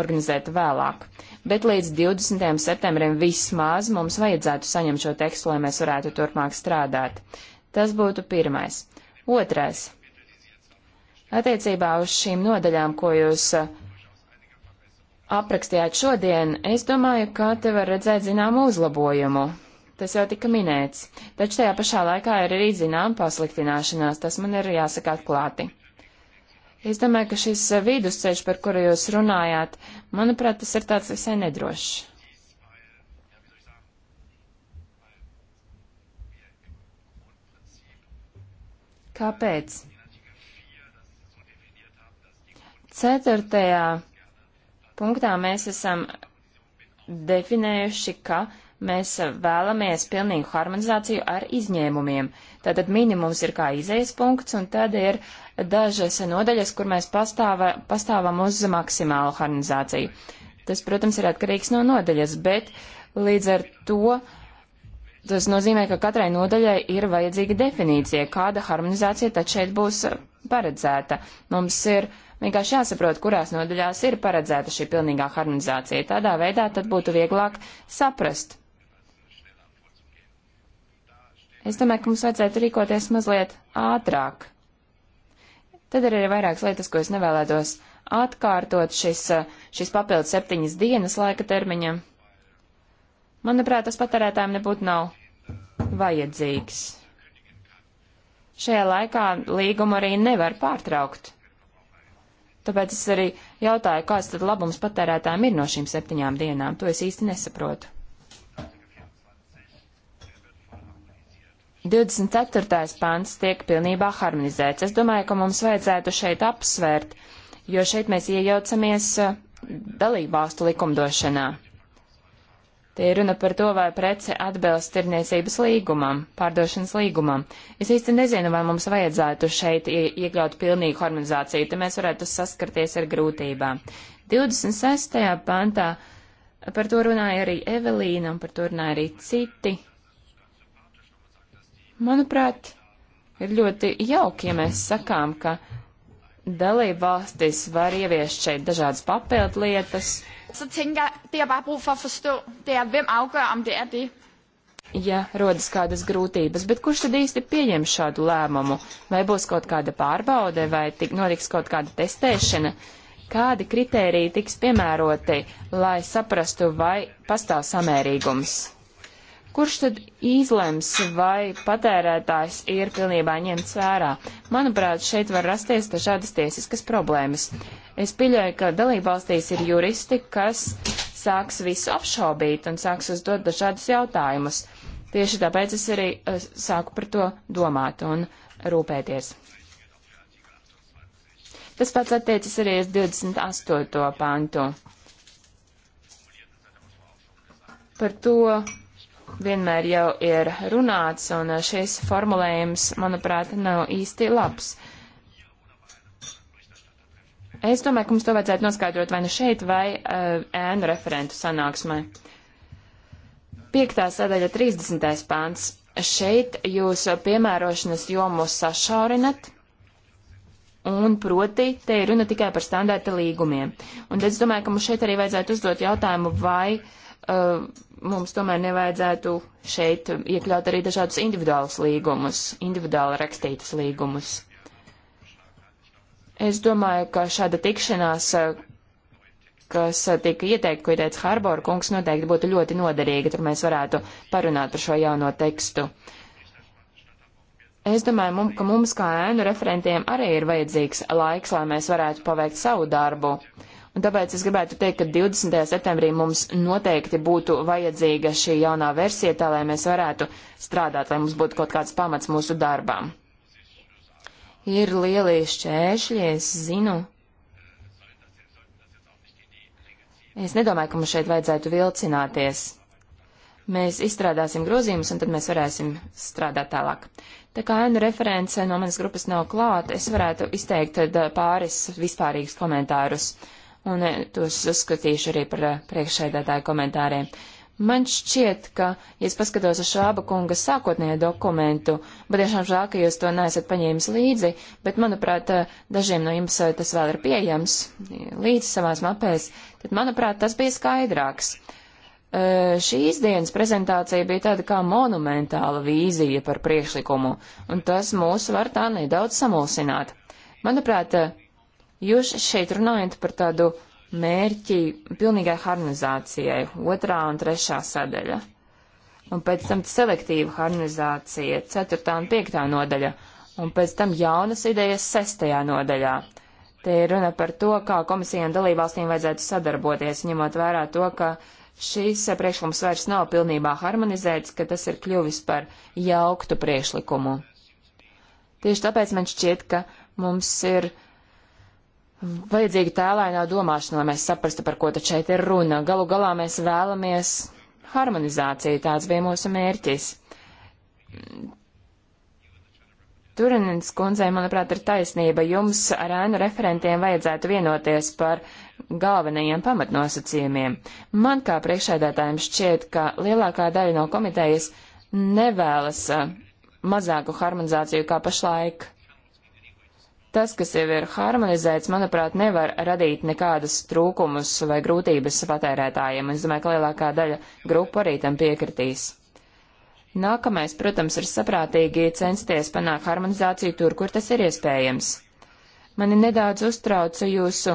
organizēt vēlāk. Bet līdz 20. septembrim vismaz mums vajadzētu saņemt šo tekstu, lai mēs varētu turpmāk strādāt. Tas būtu pirmais. Otrais. Attiecībā uz šīm nodaļām, ko jūs uh, aprakstījāt šodien, es domāju, ka te var redzēt zināmu uzlabojumu. Tas jau tika minēts, taču tajā pašā laikā ir arī zinām pasliktināšanās, tas man ir jāsaka atklāti. Es domāju, ka šis vidusceļš, par kuru jūs runājāt, manuprāt, tas ir tāds visai nedrošs. Kāpēc? Ceturtajā punktā mēs esam definējuši, ka mēs vēlamies pilnīgu harmonizāciju ar izņēmumiem. Tātad minimums ir kā izējas punkts, un tad ir dažas nodaļas, kur mēs pastāva, pastāvam uz maksimālu harmonizāciju. Tas, protams, ir atkarīgs no nodaļas, bet līdz ar to tas nozīmē, ka katrai nodaļai ir vajadzīga definīcija, kāda harmonizācija tad šeit būs paredzēta. Mums ir vienkārši jāsaprot, kurās nodaļās ir paredzēta šī pilnīgā harmonizācija. Tādā veidā tad būtu vieglāk saprast, Es domāju, ka mums vajadzētu rīkoties mazliet ātrāk. Tad arī ir vairākas lietas, ko es nevēlētos atkārtot šis, eh, šis papildus septiņas dienas laika termiņam. Manuprāt, tas patērētājiem nebūtu nav vajadzīgs. Šajā laikā līgumu arī nevar pārtraukt. Tāpēc es arī jautāju, kāds tad labums patērētājiem ir no šīm septiņām dienām. To es īsti nesaprotu. 24. pants tiek pilnībā harmonizēts. Es domāju, ka mums vajadzētu šeit apsvērt, jo šeit mēs iejaucamies eh, dalībvalstu likumdošanā. Te ir runa par to, vai prece atbilst tirniecības līgumam, pārdošanas līgumam. Es īsti nezinu, vai mums vajadzētu šeit iekļaut pilnīgu harmonizāciju, te mēs varētu saskarties ar grūtībām. 26. pantā par to runāja arī Evelīna un par to runāja arī citi Manuprāt, ir ļoti jauki, ja mēs sakām, ka dalība valstis var ieviest šeit dažādas papildu lietas. Er, er ja rodas kādas grūtības, bet kurš tad īsti pieņem šādu lēmumu? Vai būs kaut kāda pārbaude, vai tik notiks kaut kāda testēšana? Kādi kriteriji tiks piemēroti, lai saprastu, vai pastāv samērīgums? Kurš tad izlems, vai patērētājs ir pilnībā ņemts vērā? Manuprāt, šeit var rasties dažādas tiesiskas problēmas. Es pieļauju, ka dalībvalstīs ir juristi, kas sāks visu apšaubīt un sāks uzdot dažādus jautājumus. Tieši tāpēc es arī eh, sāku par to domāt un rūpēties. Tas pats attiecas arī uz 28. pantu. Par to, vienmēr jau ir runāts, un šis formulējums, manuprāt, nav īsti labs. Es domāju, ka mums to vajadzētu noskaidrot vai nu šeit, vai uh, ēnu referentu sanāksmē. 5. sadaļa 30. pāns. Šeit jūs piemērošanas jomu sašaurinat, un proti te ir runa tikai par standarta līgumiem. Un es domāju, ka mums šeit arī vajadzētu uzdot jautājumu, vai uh, mums tomēr nevajadzētu šeit iekļaut arī dažādus individuālus līgumus, individuāli rakstītus līgumus. Es domāju, ka šāda tikšanās, kas tika ieteikta, ko ieteica Harbora kungs, noteikti būtu ļoti noderīga, tur mēs varētu parunāt par šo jauno tekstu. Es domāju, mum, ka mums kā ēnu referentiem arī ir vajadzīgs laiks, lai mēs varētu paveikt savu darbu. Uh, Un tāpēc es gribētu teikt, ka 20. septembrī mums noteikti būtu vajadzīga šī jaunā versija, tā lai mēs varētu strādāt, lai mums būtu kaut kāds pamats mūsu darbām. Ir lieli šķēršļi, es zinu. Es nedomāju, ka mums šeit vajadzētu vilcināties. Mēs izstrādāsim grozījumus, un tad mēs varēsim strādāt tālāk. Tā kā Anna reference no manas grupas nav klāta, es varētu izteikt pāris vispārīgus komentārus. Uh, un eh, tos uzskatīšu arī par eh, priekšēdētāju komentāriem. Man šķiet, ka, ja es paskatos uz šāba kunga sākotnējo dokumentu, bet tiešām žēl, ka jūs to neesat paņēmis līdzi, bet, manuprāt, eh, dažiem no jums tas vēl ir pieejams līdzi savās mapēs, tad, manuprāt, tas bija skaidrāks. Šīs dienas prezentācija bija tāda kā monumentāla vīzija par priekšlikumu, un tas mūs var tā nedaudz samulsināt. Manuprāt, Jūs šeit runājat par tādu mērķi pilnīgai harmonizācijai, otrā un trešā sadaļa. Un pēc tam selektīva harmonizācija, ceturtā un piektā nodaļa. Un pēc tam jaunas idejas sestajā nodaļā. Te ir runa par to, kā komisijām dalībvalstīm vajadzētu sadarboties, ņemot vērā to, ka šīs priekšlikums vairs nav pilnībā harmonizēts, ka tas ir kļuvis par jauktu priekšlikumu. Tieši tāpēc man šķiet, ka mums ir uh, vajadzīga tēlainā domāšana, lai mēs saprastu, par ko tad šeit ir runa. Galu galā mēs vēlamies harmonizāciju, tāds bija mūsu mērķis. Turinens kundzei, manuprāt, ir taisnība. Jums ar ēnu referentiem vajadzētu vienoties par galvenajiem pamatnosacījumiem. Man kā priekšēdētājiem šķiet, ka lielākā daļa no komitejas nevēlas uh, mazāku harmonizāciju kā pašlaik. Tas, kas jau ir harmonizēts, manuprāt, nevar radīt nekādas trūkumus vai grūtības patērētājiem. Es domāju, ka lielākā daļa grupu arī tam piekritīs. Nākamais, protams, ir saprātīgi censties panākt harmonizāciju tur, kur tas ir iespējams. Mani nedaudz uztrauca jūsu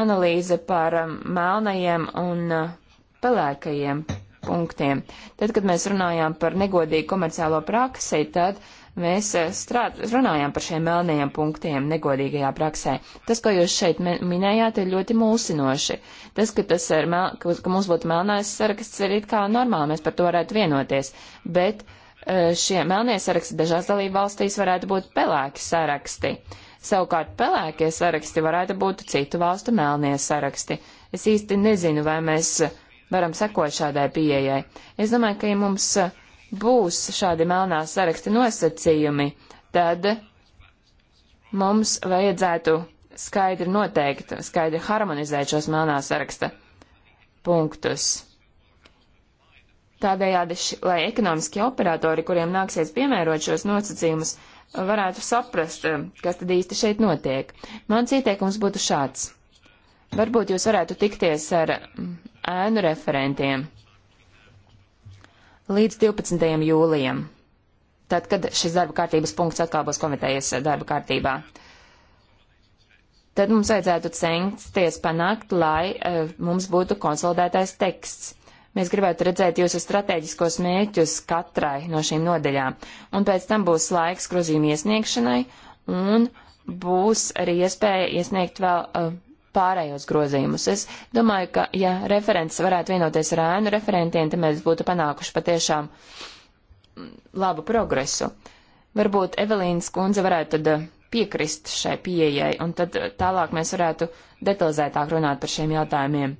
analīze par um, melnajiem un uh, pelēkajiem punktiem. Tad, kad mēs runājām par negodīgu komerciālo praksi, tad Mēs eh, strād, runājām par šiem melnajiem punktiem negodīgajā praksē. Tas, ko jūs šeit minējāt, ir ļoti mulsinoši. Tas, ka, tas ir, mel, ka mums būtu melnais saraksts, ir it kā normāli, mēs par to varētu vienoties. Bet eh, šie melnie saraksti dažās dalību valstīs varētu būt pelēki saraksti. Savukārt pelēkie saraksti varētu būt citu valstu melnie saraksti. Es īsti nezinu, vai mēs eh, varam sekot šādai pieejai. Es domāju, ka ja mums uh, būs šādi melnā saraksta nosacījumi, tad mums vajadzētu skaidri noteikt, skaidri harmonizēt šos melnā saraksta punktus. Tādējādi, ši, lai ekonomiskie operatori, kuriem nāksies piemērot šos nosacījumus, varētu saprast, kas tad īsti šeit notiek. Mans ieteikums būtu šāds. Varbūt jūs varētu tikties ar ēnu referentiem līdz 12. jūlijam, tad, kad šis darba kārtības punkts atkal būs komitejas eh, darba kārtībā. Tad mums vajadzētu censties panākt, lai uh, mums būtu konsolidētais teksts. Mēs gribētu redzēt jūsu strateģiskos mērķus katrai no šīm nodeļām, un pēc tam būs laiks grozījuma iesniegšanai, un būs arī iespēja iesniegt vēl uh, pārējos grozījumus. Es domāju, ka, ja referents varētu vienoties ar ēnu referentiem, tad mēs būtu panākuši patiešām labu progresu. Varbūt Evelīnas kundze varētu tad eh, piekrist šai pieejai, un tad eh, tālāk mēs varētu detalizētāk runāt par šiem jautājumiem.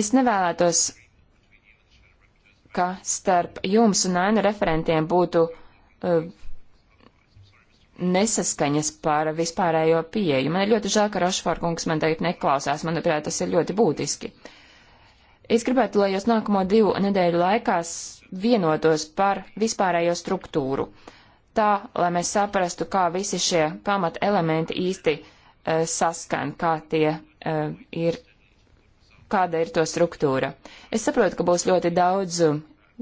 Es nevēlētos, ka starp jums un ainu referentiem būtu uh, nesaskaņas par vispārējo pieeju. Man ir ļoti žēl, ka Rošforkungs man tagad neklausās. Manuprāt, tas ir ļoti būtiski. Es gribētu, lai jūs nākamo divu nedēļu laikā vienotos par vispārējo struktūru. Tā, lai mēs saprastu, kā visi šie pamata elementi īsti e, saskan, kā tie e, ir, kāda ir to struktūra. Es saprotu, ka būs ļoti daudz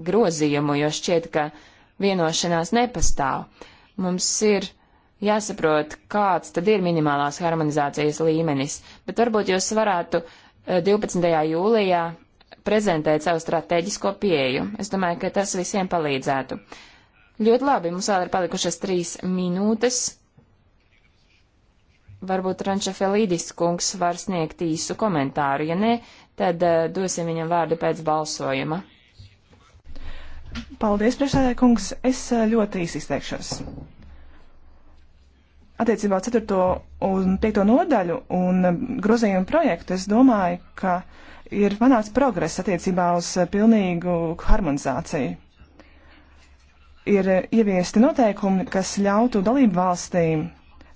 grozījumu, jo šķiet, ka vienošanās nepastāv. Mums ir uh, jāsaprot, kāds tad ir minimālās harmonizācijas līmenis, bet varbūt jūs varētu 12. Eh, jūlijā prezentēt savu strateģisko pieeju. Es domāju, ka tas visiem palīdzētu. Ļoti labi, mums vēl ir palikušas trīs minūtes. Varbūt Ranča Felīdis kungs var sniegt īsu komentāru, ja nē, tad uh, dosim viņam vārdu pēc balsojuma. Paldies, priekšsēdētāj kungs, es eh, ļoti īsi izteikšos attiecībā 4. un 5. nodaļu un grozījumu projektu, es domāju, ka ir panāks progress attiecībā uz pilnīgu harmonizāciju. Ir ieviesti noteikumi, kas ļautu dalību valstīm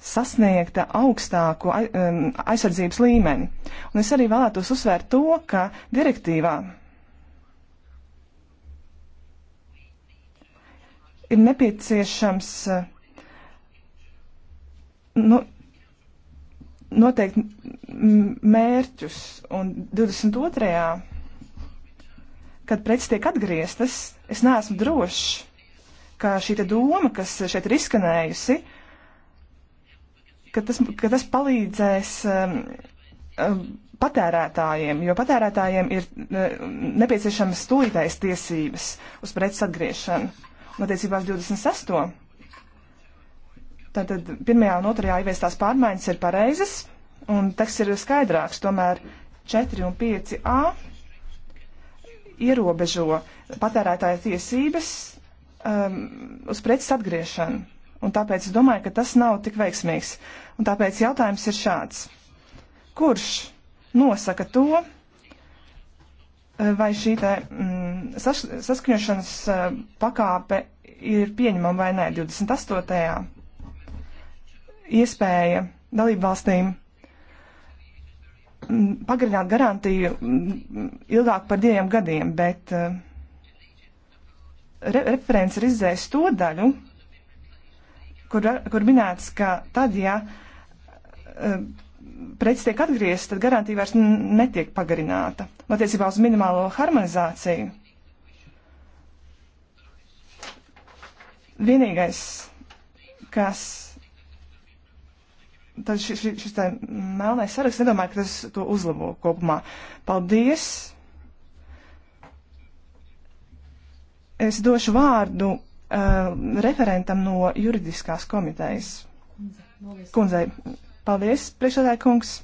sasniegt augstāko um, aizsardzības līmeni. Un es arī vēlētos uzsvērt to, ka direktīvā ir nepieciešams uh, nu, noteikti mērķus, un 22. kad preces tiek atgrieztas, es neesmu drošs, ka šī doma, kas šeit ir izskanējusi, ka tas, ka tas palīdzēs um, um, patērētājiem, jo patērētājiem ir um, nepieciešamas tūlītējas tiesības uz preces atgriešanu. Un attiecībā uz 26. Tātad pirmajā un otrajā ieviestās pārmaiņas ir pareizas, un teksts ir skaidrāks. Tomēr 4 un 5a ierobežo patērētāja tiesības um, uz preces atgriešanu. Un tāpēc es domāju, ka tas nav tik veiksmīgs. Un tāpēc jautājums ir šāds. Kurš nosaka to, vai šī te, mm, sask saskaņošanas uh, pakāpe ir pieņemama vai nē 28 iespēja dalību valstīm pagarināt garantiju ilgāk par diviem gadiem, bet eh, re referents ir izdzēs to daļu, kur, kur minēts, ka tad, ja eh, preci tiek atgriezta, tad garantija vairs netiek pagarināta. Attiecībā uz minimālo harmonizāciju. Vienīgais, kas tad šis, šis, šis melnais saraksts nedomāju, ka tas to uzlabo kopumā. Paldies! Es došu vārdu uh, referentam no juridiskās komitejas. Kundzei, paldies, priekšsēdētāj kungs.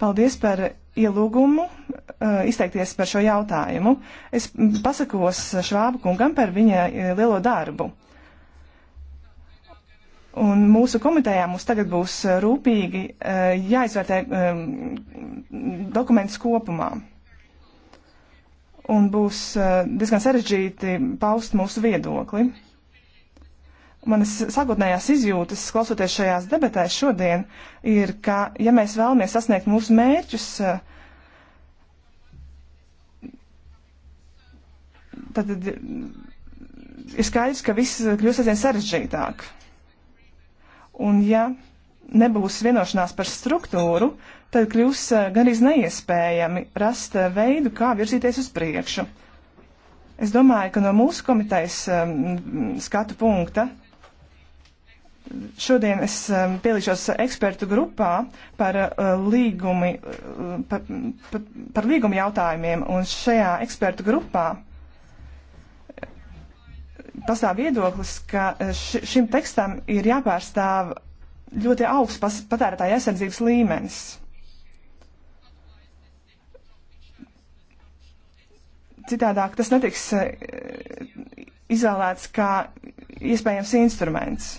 Paldies par ielūgumu uh, izteikties par šo jautājumu. Es pasakos Švābu kungam par viņa eh, lielo darbu. Uh, Un mūsu komitejā mums tagad būs eh, rūpīgi eh, jāizvērtē ehm, dokumentus kopumā. Un būs eh, diezgan sarežģīti paust mūsu viedokli. Manas sākotnējās izjūtas, klausoties šajās debatēs šodien, ir, ka, ja mēs vēlamies sasniegt mūsu mērķus, tad ir skaidrs, ka viss kļūst aizvien sarežģītāk. Un ja nebūs vienošanās par struktūru, tad kļūs eh, gandrīz neiespējami rast eh, veidu, kā virzīties uz priekšu. Es domāju, ka no mūsu komitejas eh, skatu punkta šodien es pielīšos ekspertu grupā par, līgumi, par, par, par līguma jautājumiem, un šajā ekspertu grupā pastāv viedoklis, ka e, šim tekstam ir jāpārstāv ļoti augsts patērētāja aizsardzības līmenis. Citādāk tas netiks e, izvēlēts kā iespējams instruments.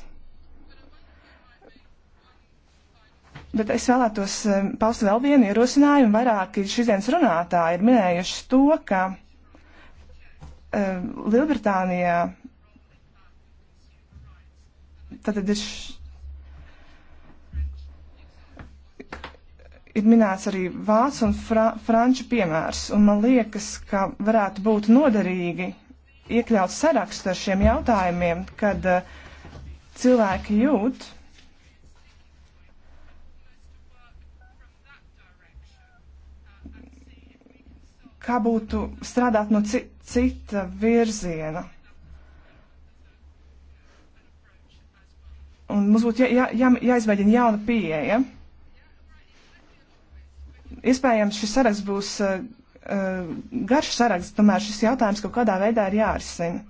Bet es vēlētos e, paust vēl vienu ierosinājumu. Vairāki šīs dienas runātāji ir minējuši to, ka Lielbritānijā Tātad ir, ir minēts arī vācu un fra, franču piemērs, un man liekas, ka varētu būt noderīgi iekļaut sarakstu ar šiem jautājumiem, kad uh, cilvēki jūt, kā būtu strādāt no cita virziena. Un mums būtu jā, jā, jā, jāizmēģina jauna pieeja. Iespējams, šis saraksts būs uh, uh, garš saraksts, tomēr šis jautājums kaut kādā veidā ir jārisina.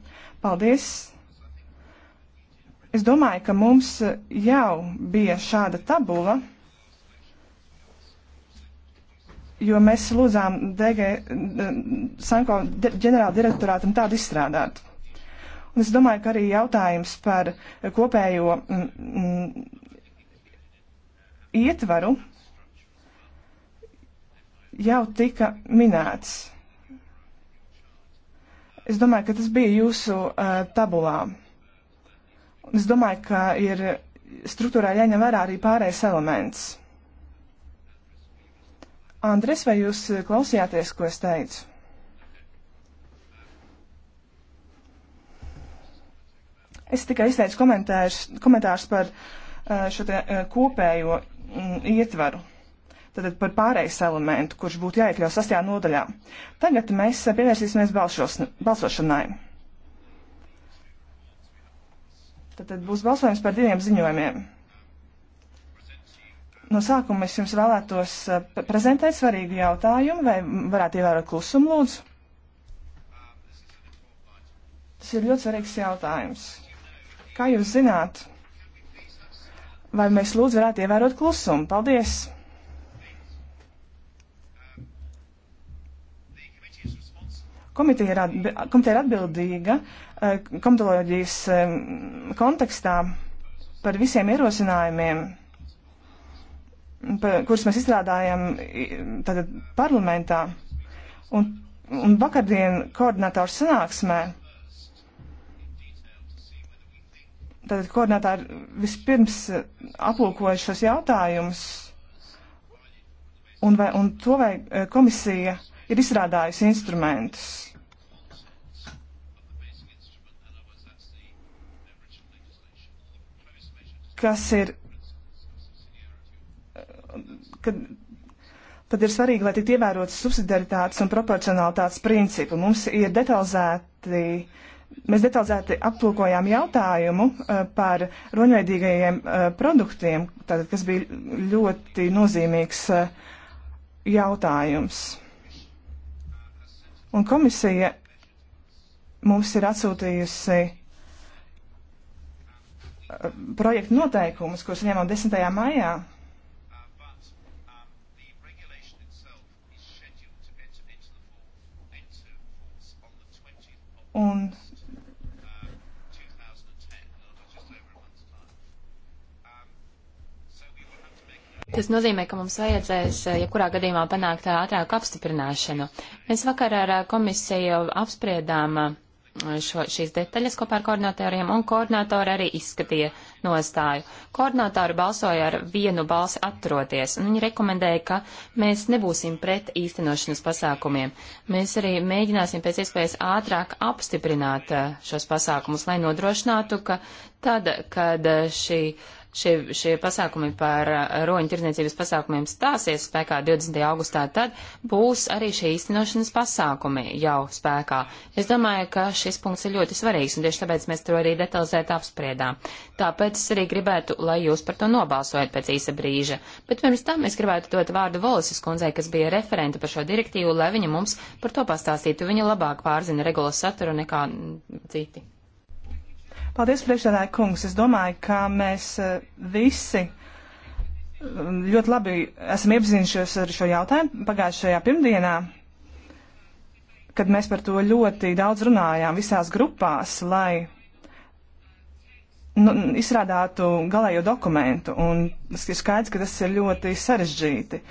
Paldies! Es domāju, ka mums uh, jau bija šāda tabula, jo mēs lūdzām DG, Sanko ģenerāldirektorātam tādu izstrādāt. Es domāju, ka arī jautājums par kopējo mm, mm, ietvaru jau tika minēts. Es domāju, ka tas bija jūsu uh, tabulā. Es domāju, ka ir struktūrā jāņem vērā arī pārējais elements. Andres, vai jūs klausījāties, ko es teicu? Es tikai izteicu komentārus, komentārus par eh, šo te, eh, kopējo mm, ietvaru. Tātad par pārējais elementu, kurš būtu jāiekļauj sastajā nodaļā. Tagad mēs eh, pievērsīsimies balšos, balsošanai. Tātad būs balsojums par diviem ziņojumiem. No sākuma es jums vēlētos prezentēt svarīgu jautājumu, vai varētu ievērot klusumu, lūdzu? Tas ir ļoti svarīgs jautājums. Kā jūs zināt, vai mēs lūdzu varētu ievērot klusumu? Paldies! Komiteja ir, atbi komiteja ir atbildīga eh, komitoloģijas eh, kontekstā par visiem ierosinājumiem, par, kurus mēs izstrādājam tātad parlamentā. Un, un vakardien koordinātors sanāksmē Tātad koordinātāri vispirms eh, aplūkoja šos jautājumus, un, vai, un to vai eh, komisija ir izstrādājusi instrumentus. Kas ir, eh, kad, tad ir svarīgi, lai tiktu ievērotas subsidiaritātes un proporcionalitātes principi. Mums ir detalizēti uh, Mēs detalizēti aplūkojām jautājumu eh, par roņveidīgajiem eh, produktiem, tātad, kas bija ļoti nozīmīgs eh, jautājums. Un komisija mums ir atsūtījusi projektu noteikumus, kurus ņēmām 10. maijā. Un Tas nozīmē, ka mums vajadzēs eh, jebkurā gadījumā panākt eh, ātrāku apstiprināšanu. Mēs vakar ar eh, komisiju apspriedām šo, šīs detaļas kopā ar koordinatoriem, un koordinatori arī izskatīja nostāju. Koordinatori balsoja ar vienu balsi atroties, un viņi rekomendēja, ka mēs nebūsim pret īstenošanas pasākumiem. Mēs arī mēģināsim pēc iespējas ātrāk apstiprināt šos pasākumus, lai nodrošinātu, ka tad, kad šī šie, šie pasākumi par uh, roņu tirdzniecības pasākumiem stāsies spēkā 20. augustā, tad būs arī šie īstenošanas pasākumi jau spēkā. Es domāju, ka šis punkts ir ļoti svarīgs, un tieši tāpēc mēs to arī detalizēti apspriedām. Tāpēc es arī gribētu, lai jūs par to nobalsojat pēc īsa brīža. Bet pirms tam es gribētu dot vārdu Volises kundzei, kas bija referente par šo direktīvu, lai viņa mums par to pastāstītu. Viņa labāk pārzina regulas saturu nekā mm, citi. Paldies, priekšsēdētāji kungs. Es domāju, ka mēs eh, visi mm, ļoti labi esam iepazinušies ar šo jautājumu pagājušajā pirmdienā, kad mēs par to ļoti daudz runājām visās grupās, lai nu, izstrādātu galējo dokumentu, un tas ir skaidrs, ka tas ir ļoti sarežģīti.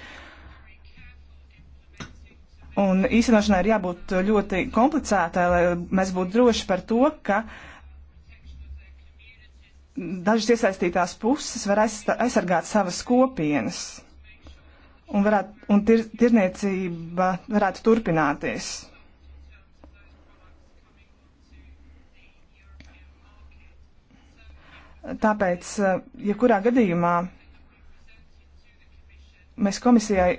Un īstenošanai ir jābūt ļoti komplicētai, lai mēs būtu droši par to, ka uh, dažas iesaistītās puses var aizsargāt savas kopienas un, varētu, un tir, tirniecība varētu turpināties. Tāpēc, eh, ja kurā gadījumā mēs komisijai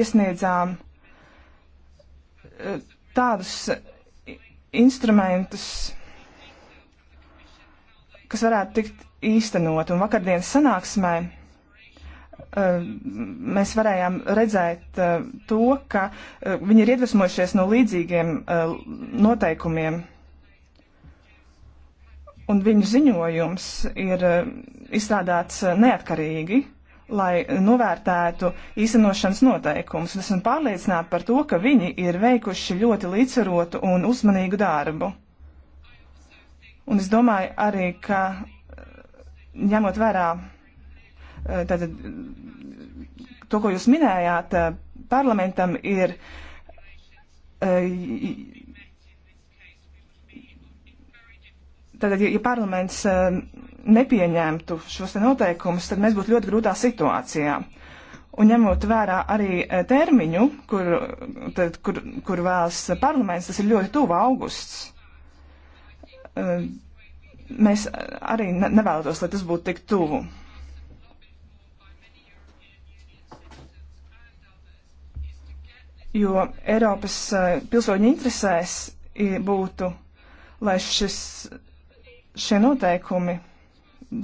iesniedzām eh, tādus instrumentus, kas varētu tikt īstenot. Un vakardienas sanāksmē eh, mēs varējām redzēt eh, to, ka eh, viņi ir iedvesmojušies no līdzīgiem noteikumiem. Un viņu ziņojums ir izstrādāts neatkarīgi, lai novērtētu īstenošanas noteikumus. Esmu pārliecināta par to, ka viņi ir veikuši ļoti līdzsvarotu un uzmanīgu darbu. Un es domāju arī, ka eh, ņemot vērā eh, tātad, to, ko jūs minējāt, eh, parlamentam ir Tātad, ja, ja parlaments nepieņemtu šos noteikumus, tad mēs būtu ļoti grūtā situācijā. Un ņemot vērā arī termiņu, kur, tad, kur, kur vēlas parlaments, tas ir ļoti tuvu augusts mēs arī nevēlētos, lai tas būtu tik tuvu. Jo Eiropas pilsoņu interesēs būtu, lai šis, šie noteikumi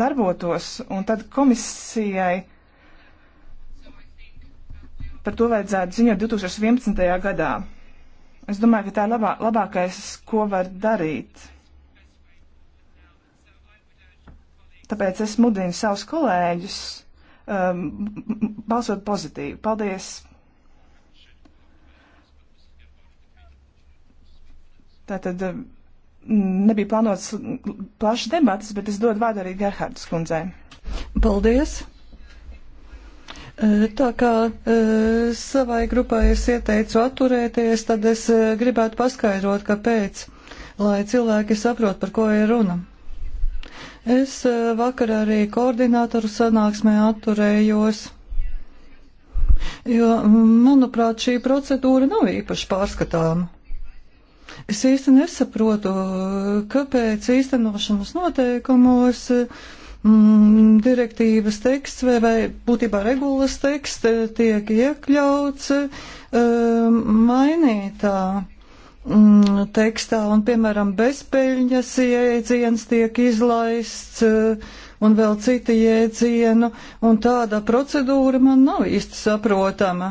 darbotos, un tad komisijai par to vajadzētu ziņot 2011. gadā. Es domāju, ka tā ir labā, labākais, ko var darīt. Tāpēc es mudinu savus kolēģus um, balsot pozitīvi. Paldies! Tātad um, nebija plānotas plašas debatas, bet es dodu vārdu arī Gerhardas kundzē. Paldies! E, tā kā e, savai grupai es ieteicu atturēties, tad es e, gribētu paskaidrot, kāpēc, lai cilvēki saprot, par ko ir runa. Es eh, vakar arī koordinātoru sanāksmē atturējos, jo, mm, manuprāt, šī procedūra nav īpaši pārskatāma. Es īsti nesaprotu, kāpēc īstenošanas noteikumos mm, direktīvas teksts vai, vai būtībā regulas teksts eh, tiek iekļauts mm, mainītā. Mm, tekstā, un, piemēram, bezpeļņas jēdziens tiek izlaists eh, un vēl citi jēdzienu, un tāda procedūra man nav īsti saprotama.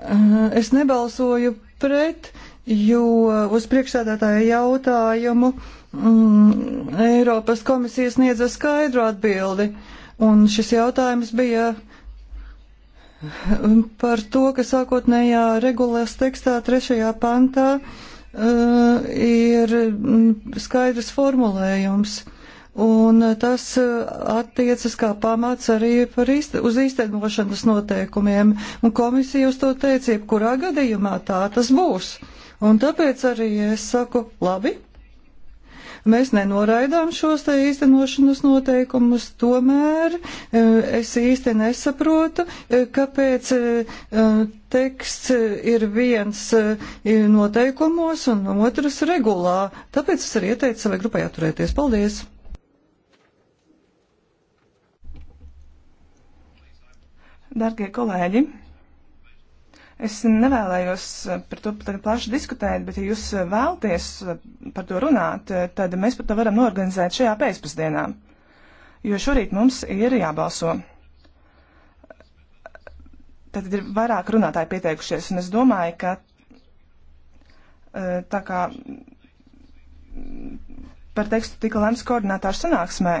Eh, es nebalsoju pret, jo uz priekšsēdētāja jautājumu mm, Eiropas komisijas niedza skaidru atbildi, un šis jautājums bija uh, par to, ka sākotnējā regulās tekstā trešajā pantā uh, ir mm, skaidrs formulējums. Un eh, tas eh, attiecas kā pamats arī īst, uz īstenošanas noteikumiem, un komisija uz to teica, jebkurā gadījumā tā tas būs. Un tāpēc arī es saku, labi, Mēs nenoraidām šos te īstenošanas noteikumus, tomēr e, es īsti nesaprotu, e, kāpēc e, teksts ir viens noteikumos un otrs regulā. Tāpēc es arī ieteicu savai grupai atturēties. Paldies! Darbie kolēģi! Es nevēlējos eh, par to plaši diskutēt, bet, ja jūs eh, vēlties eh, par to runāt, tad mēs par to varam norganizēt šajā pēcpusdienā, jo šorīt mums ir jābalso. Tad ir vairāk runātāji pieteikušies, un es domāju, ka tā kā par tekstu tika lemts koordinātāšu sanāksmē,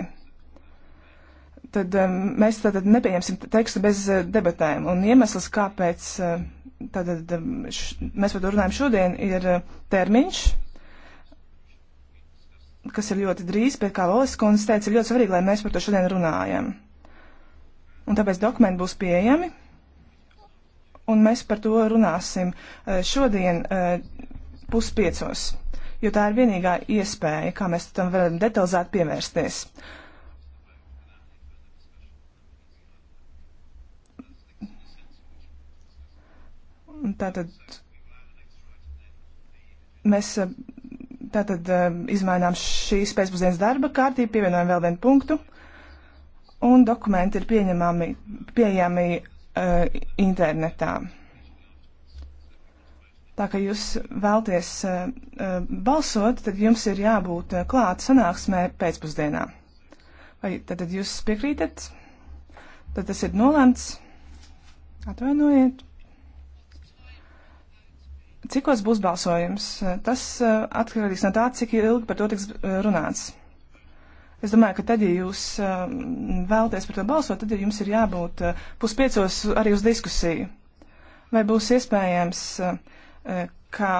tad mēs tātad nepieņemsim tekstu bez debatēm. Un iemesls, kāpēc tātad um, š, mēs par to runājam šodien, ir uh, termiņš, kas ir ļoti drīz, bet kā Lolis kundze teica, ir ļoti svarīgi, lai mēs par to šodien runājam. Un tāpēc dokumenti būs pieejami, un mēs par to runāsim uh, šodien uh, puspiecos, jo tā ir vienīgā iespēja, kā mēs tam varam detalizēti pievērsties. Uh, Tātad mēs eh, tātad eh, izmainām šīs pēcpusdienas darba kārtību, pievienojam vēl vienu punktu, un dokumenti ir pieņemami, pieejami uh, internetā. Tā kā jūs vēlties uh, balsot, tad jums ir jābūt uh, klāt sanāksmē pēcpusdienā. Vai tad, tad jūs piekrītat? Tad tas ir nolēmts. Atvainojiet. Cikos būs balsojums? Tas eh, atkarīgs no tā, cik ilgi par to tiks eh, runāts. Es domāju, ka tad, ja jūs eh, vēlaties par to balsot, tad jums ir jābūt puspiecos arī uz diskusiju. Vai būs iespējams, ka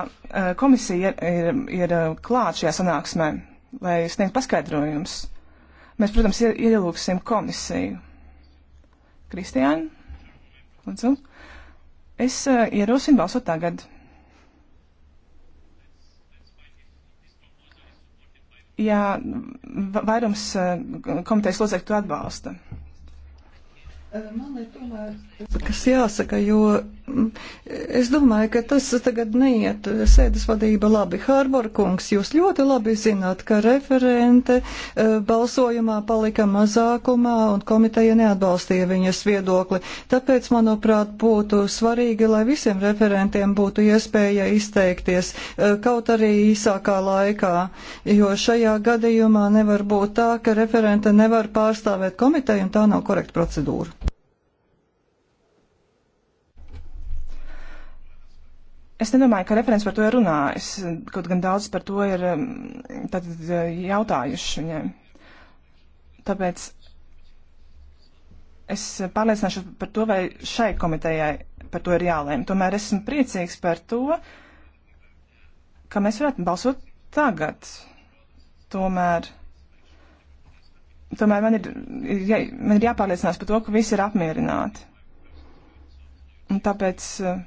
komisija ir, ir, ir klāt šajā sanāksmē, lai sniegtu paskaidrojumus? Mēs, protams, ielūgsim komisiju. Kristiāna, lūdzu, es ierosinu balsot tagad. ja vairums eh, komitejas locekļu to atbalsta. Man ir tomēr kas jāsaka, jo Es domāju, ka tas tagad neiet sēdes vadība labi. Hārbor kungs, jūs ļoti labi zināt, ka referente e, balsojumā palika mazākumā un komiteja neatbalstīja viņas viedokli. Tāpēc, manuprāt, būtu svarīgi, lai visiem referentiem būtu iespēja izteikties e, kaut arī īsākā laikā, jo šajā gadījumā nevar būt tā, ka referente nevar pārstāvēt komiteju un tā nav korekta procedūra. Es nedomāju, ka referents par to ir runājis, kaut gan daudz par to ir um, tad, uh, jautājuši viņiem. Tāpēc es pārliecināšu par to, vai šai komitejai par to ir jālēm. Tomēr esmu priecīgs par to, ka mēs varētu balsot tagad. Tomēr, tomēr man, ir, ir, jā, man ir jāpārliecinās par to, ka visi ir apmierināti. Un tāpēc. Uh,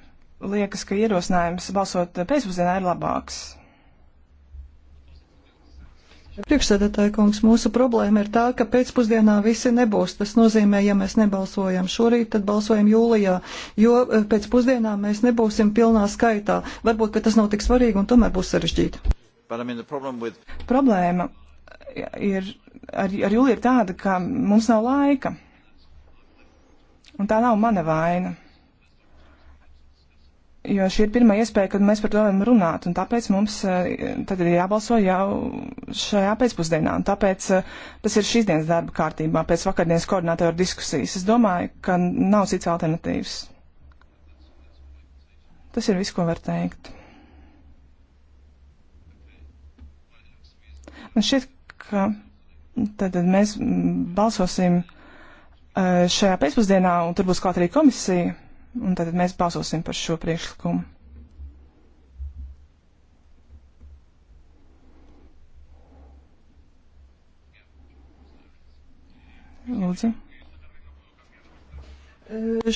liekas, ka ierosinājums balsot pēcpusdienā ir labāks. Priekšsēdētāja kungs, mūsu problēma ir tā, ka pēcpusdienā visi nebūs. Tas nozīmē, ja mēs nebalsojam šorīt, tad balsojam jūlijā, jo eh, pēcpusdienā mēs nebūsim pilnā skaitā. Varbūt, ka tas nav tik svarīgi un tomēr būs sarežģīti. I mean, with... Problēma ir, ar, ar jūliju ir tāda, ka mums nav laika. Un tā nav mana vaina jo šī ir pirmā iespēja, kad mēs par to varam runāt, un tāpēc mums eh, tad ir jābalso jau šajā pēcpusdienā, un tāpēc eh, tas ir šīs dienas darba kārtībā, pēc vakardienas koordinātoru diskusijas. Es domāju, ka nav cits alternatīvs. Tas ir viss, ko var teikt. Man šķiet, ka tad, tad mēs balsosim eh, šajā pēcpusdienā, un tur būs kaut arī komisija un tad mēs balsosim par šo priekšlikumu. Lūdzu.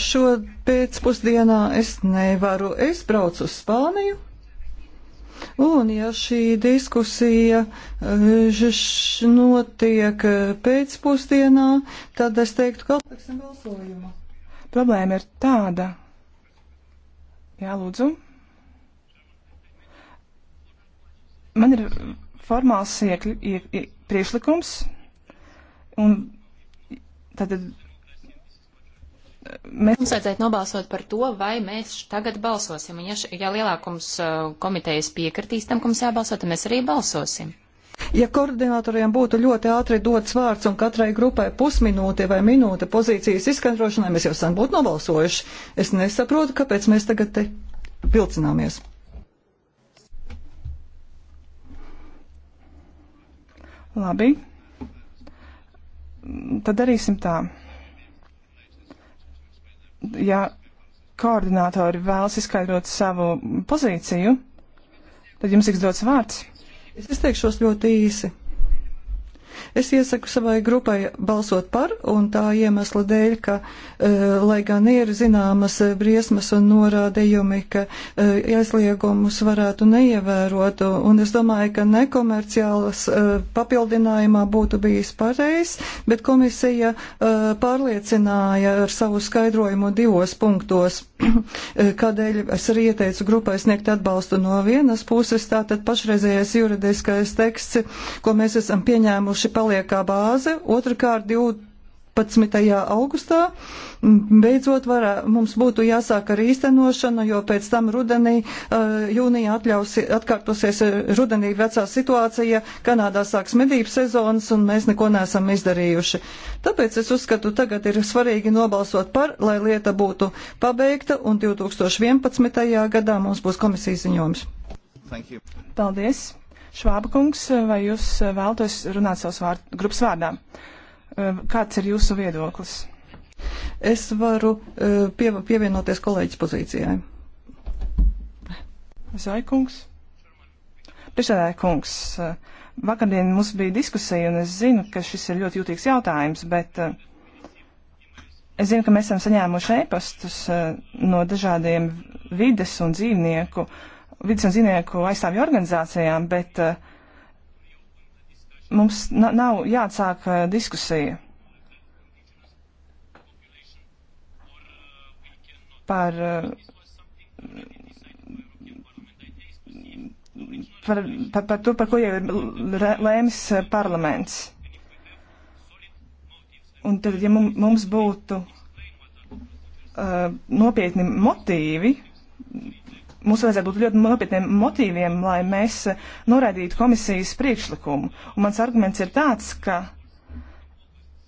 Šo pēcpusdienā es nevaru. Es braucu uz Spāniju. Un ja šī diskusija eh, notiek eh, pēcpusdienā, tad es teiktu, ka atliksim balsojumu. Problēma ir tāda. Jā, lūdzu. Man ir formāls iekļ, ie, ie, priešlikums, un tad mēs... Mums vajadzētu nobalsot par to, vai mēs tagad balsosim. Un ja, ja lielākums uh, komitejas piekritīs tam, ka mums jābalso, tad mēs arī balsosim. Ja koordinatoriem būtu ļoti ātri dots vārds un katrai grupai pusminūte vai minūte pozīcijas izskaidrošanai, mēs jau sen būtu nobalsojuši. Es nesaprotu, kāpēc mēs tagad te vilcināmies. Labi. Tad darīsim tā. Ja koordinātori vēlas izskaidrot savu pozīciju, tad jums tiks dots vārds. Es izteikšos ļoti īsi. Es iesaku savai grupai balsot par, un tā iemesla dēļ, ka, eh, lai gan ir zināmas eh, briesmas un norādījumi, ka eh, aizliegumus varētu neievērot, un es domāju, ka nekomerciālas papildinājumā būtu bijis pareizs, bet komisija pārliecināja ar savu skaidrojumu divos punktos, kādēļ es arī ieteicu grupai sniegt atbalstu no vienas puses, tātad pašreizējais juridiskais teksts, ko mēs esam pieņēmuši vienkārši paliek kā bāze, otrkārt 12. augustā. Beidzot, varā, mums būtu jāsāk ar īstenošanu, jo pēc tam rudenī, jūnijā atļausi, atkārtosies rudenī vecā situācija, Kanādā sāks medību sezonas un mēs neko neesam izdarījuši. Tāpēc es uzskatu, tagad ir svarīgi nobalsot par, lai lieta būtu pabeigta un 2011. gadā mums būs komisijas ziņojums. Paldies! Švābkungs, vai jūs eh, vēlaties runāt savas vār grupas vārdā? Eh, kāds ir jūsu viedoklis? Es varu eh, pie, pievienoties kolēģis pozīcijai. Zaikungs. Priekšsēdētāja kungs, vakardien mums bija diskusija, un es zinu, ka šis ir ļoti jūtīgs jautājums, bet es zinu, ka mēs esam saņēmuši ēpastus no dažādiem vides un dzīvnieku uh, vidus un zīmnieku aizstāvju organizācijām, bet eh, mums nav jāatsāk eh, diskusija par, eh, par, par, par to, par ko jau ir lēmis parlaments. Un tad, ja mums būtu uh, nopietni motīvi, mums vajadzētu būt ļoti nopietniem motīviem, lai mēs noraidītu komisijas priekšlikumu. Un mans arguments ir tāds, ka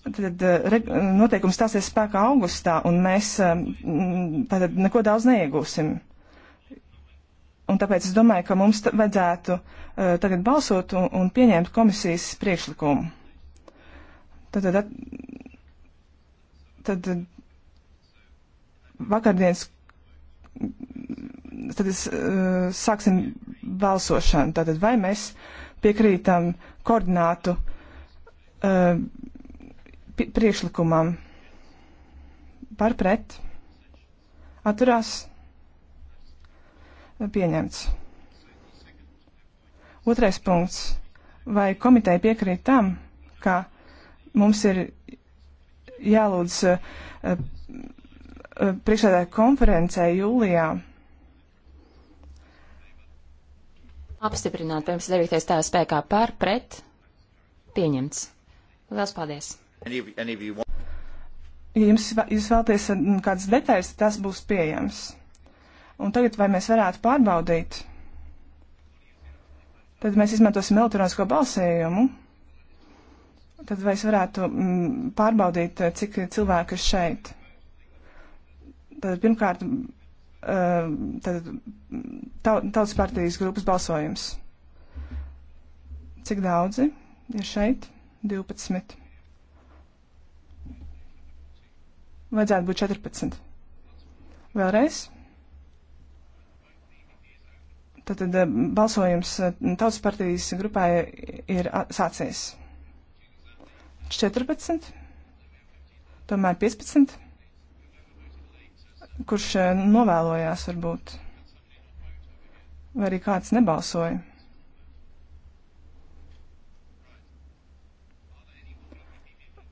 tad, eh, re, noteikums stāsies spēkā augustā, un mēs eh, tātad neko daudz neiegūsim. Un tāpēc es domāju, ka mums vajadzētu uh, tagad balsot un, un pieņemt komisijas priekšlikumu. Tad, tad, tad vakardienas tad es, eh, sāksim balsošanu. Tātad vai mēs piekrītam koordinātu uh, priekšlikumam par pret, atturās, pieņemts. Otrais punkts. Vai komiteja piekrīt tam, ka mums ir jālūdz uh, eh, uh, priekšsēdē konferencē jūlijā Apstiprināt pirms 9. stāvā spēkā par, pret, pieņemts. Lielas paldies! Ja jums, jūs vēlaties mm, kādas detaļas, tas būs pieejams. Un tagad vai mēs varētu pārbaudīt? Tad mēs izmantosim elektronisko balsējumu. Tad vai es varētu m, mm, pārbaudīt, cik cilvēku ir šeit? Tad pirmkārt Uh, tad, tautas partijas grupas balsojums. Cik daudzi ir šeit? 12. Vajadzētu būt 14. Vēlreiz. Tātad uh, balsojums uh, tautas partijas grupā ir sācies. 14. Tomēr 15 kurš eh, novēlojās varbūt, vai arī kāds nebalsoja.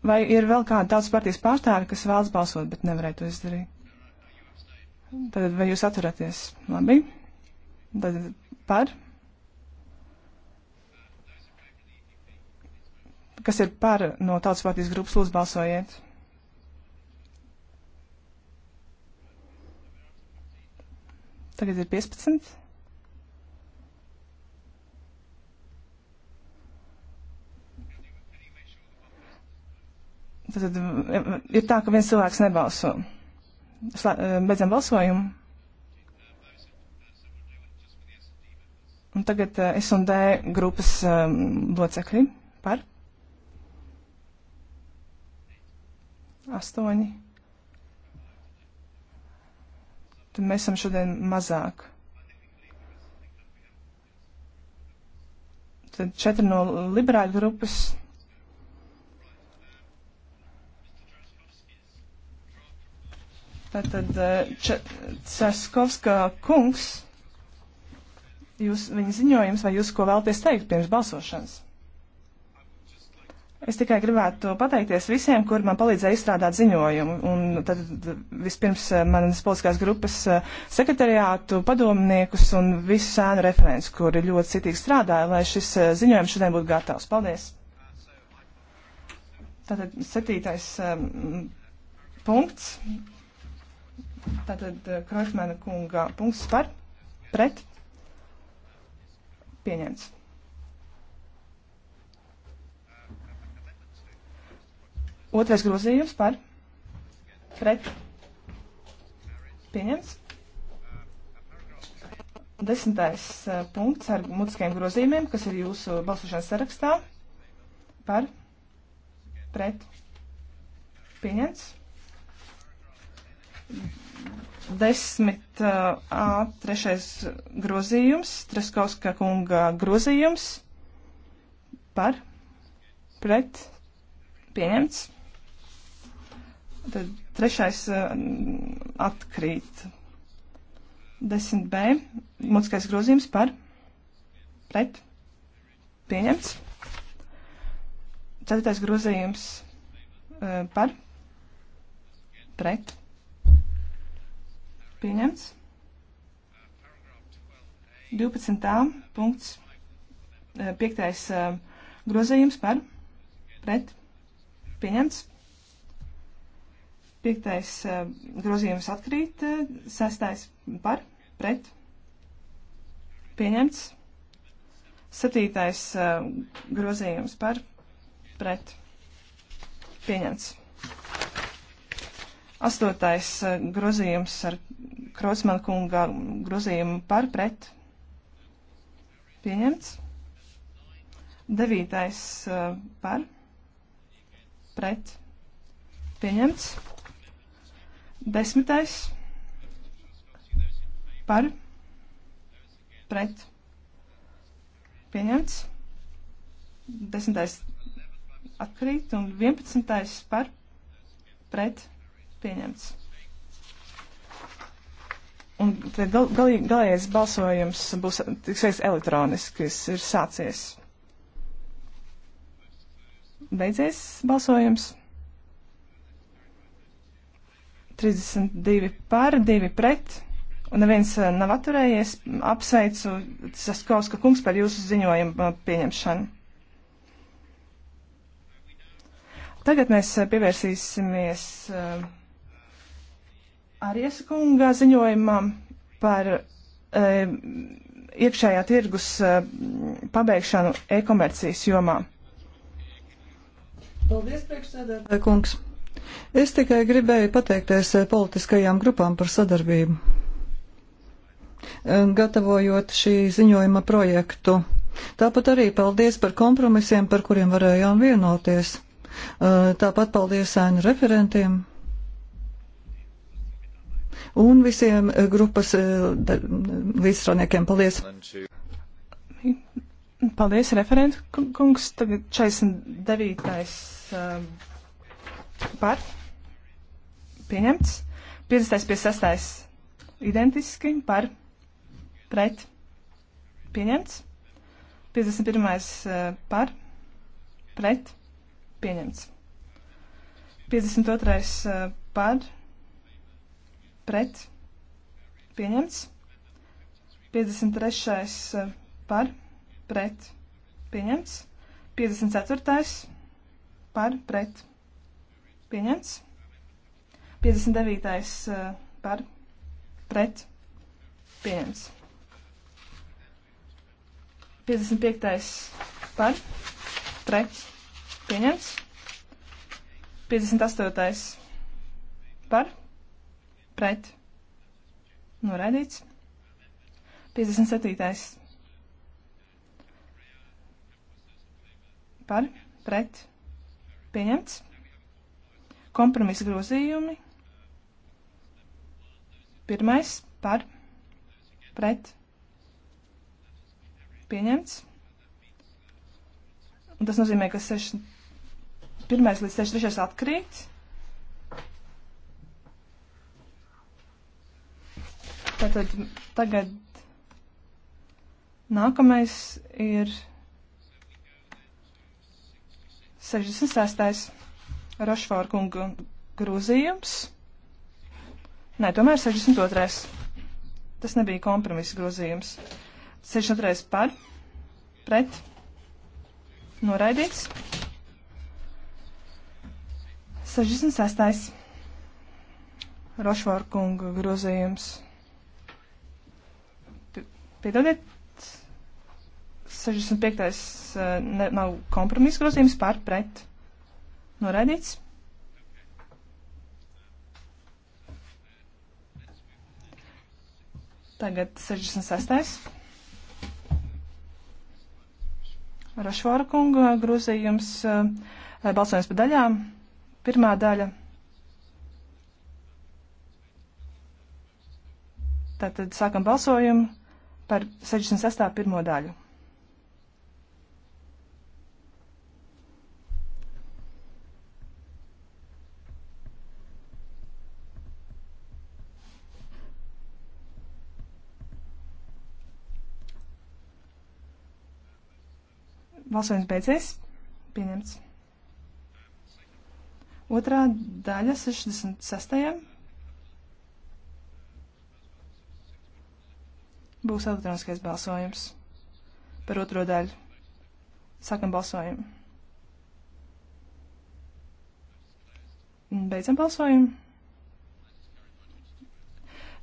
Vai ir vēl kāda tautas partijas pārstāve, kas vēlas balsot, bet nevarēja to izdarīt? Tad vai jūs atturaties? Labi. Tad par. Kas ir par no tautas partijas grupas, lūdzu balsojiet. Tagad ir 15. Tad eh, ir tā, ka viens cilvēks nebalso. Slā, eh, beidzam balsojumu. Un tagad eh, S un D grupas um, locekļi par astoņi. tad mēs esam šodien mazāk. Tad četri no liberāļu grupas. Tātad eh, Ceskovska kungs, jūs, viņa ziņojums, vai jūs ko vēlties teikt pirms balsošanas? Es tikai gribētu pateikties visiem, kur man palīdzēja izstrādāt ziņojumu. Un tad vispirms eh, manas politiskās grupas eh, sekretariātu, padomniekus un visu sēnu referents, kuri ļoti citīgi strādāja, lai šis eh, ziņojums šodien būtu gatavs. Paldies! Tātad septītais um, punkts. Tātad Kreuzmēna kunga punkts par, pret, pieņemts. Otrais grozījums par pret pieņems. Desmitais uh, punkts ar mutiskajiem grozījumiem, kas ir jūsu balsošanas sarakstā par pret pieņems. Desmit uh, A trešais grozījums, Treskauska kunga grozījums par pret pieņemts. Tad trešais eh, atkrīt. 10b. Mutiskais grozījums par pret. Pieņemts. Ceturtais grozījums eh, par pret. Pieņemts. 12. punkts. 5. Eh, grozījums par pret. Pieņemts. Piektais eh, grozījums atkrīt, eh, sestais par, pret, pieņemts. Septītais eh, grozījums par, pret, pieņemts. Astotais grozījums ar Krosmanu kunga grozījumu par, pret, pieņemts. Devītais par, pret, pieņemts. Desmitais par pret pieņemts. Desmitais atkrīt un vienpadsmitais par pret pieņemts. Un gal, gal, galīgais balsojums būs tiksies elektronisks, ir sācies. Beidzies balsojums. 32 par, 2 pret, un neviens eh, nav atturējies. Apsveicu Saskovska kungs par jūsu ziņojumu eh, pieņemšanu. Tagad mēs eh, pievērsīsimies Ariesa kunga ziņojumam par iekšējā tirgus pabeigšanu e-komercijas jomā. Paldies, priekšsēdētāji kungs! Es tikai gribēju pateikties eh, politiskajām grupām par sadarbību. Eh, gatavojot šī ziņojuma projektu. Tāpat arī paldies par kompromisiem, par kuriem varējām vienoties. Eh, tāpat paldies ēnu referentiem un visiem grupas līdzstrādniekiem. Paldies! Paldies, referent kungs. Tagad 49 par pieņemts. 56. identiski par pret pieņemts. 51. Eh, par pret pieņemts. 52. Eh, par pret pieņemts. 53. Eh, par pret pieņemts. 54. par pret pieņemts. Pieņemts. 59. Eh, par pret. Pieņemts. 55. par pret. Pieņemts. 58. par pret. Noraidīts. 57. par pret. Pieņemts kompromisa grozījumi. Pirmais par pret pieņemts. Un tas nozīmē, ka 1 līdz 63 atkrīt. Tātad tagad nākamais ir 66. Rašvāra kunga grozījums. Nē, tomēr 62. Tas nebija kompromisa grozījums. 62. par, pret, noraidīts. 66. Rošvāra kunga grozījums. Piedodiet, 65. Eh, ne, nav kompromisa grozījums par, pret, Noraidīts. Tagad 66. Rašvāra kunga grozījums eh, balsojums par daļām. Pirmā daļa. Tātad sākam balsojumu par 66. pirmo daļu. Balsojums beidzies. Pieņemts. Otrā daļa 66. Būs elektroniskais balsojums par otro daļu. Sākam balsojumu. Beidzam balsojumu.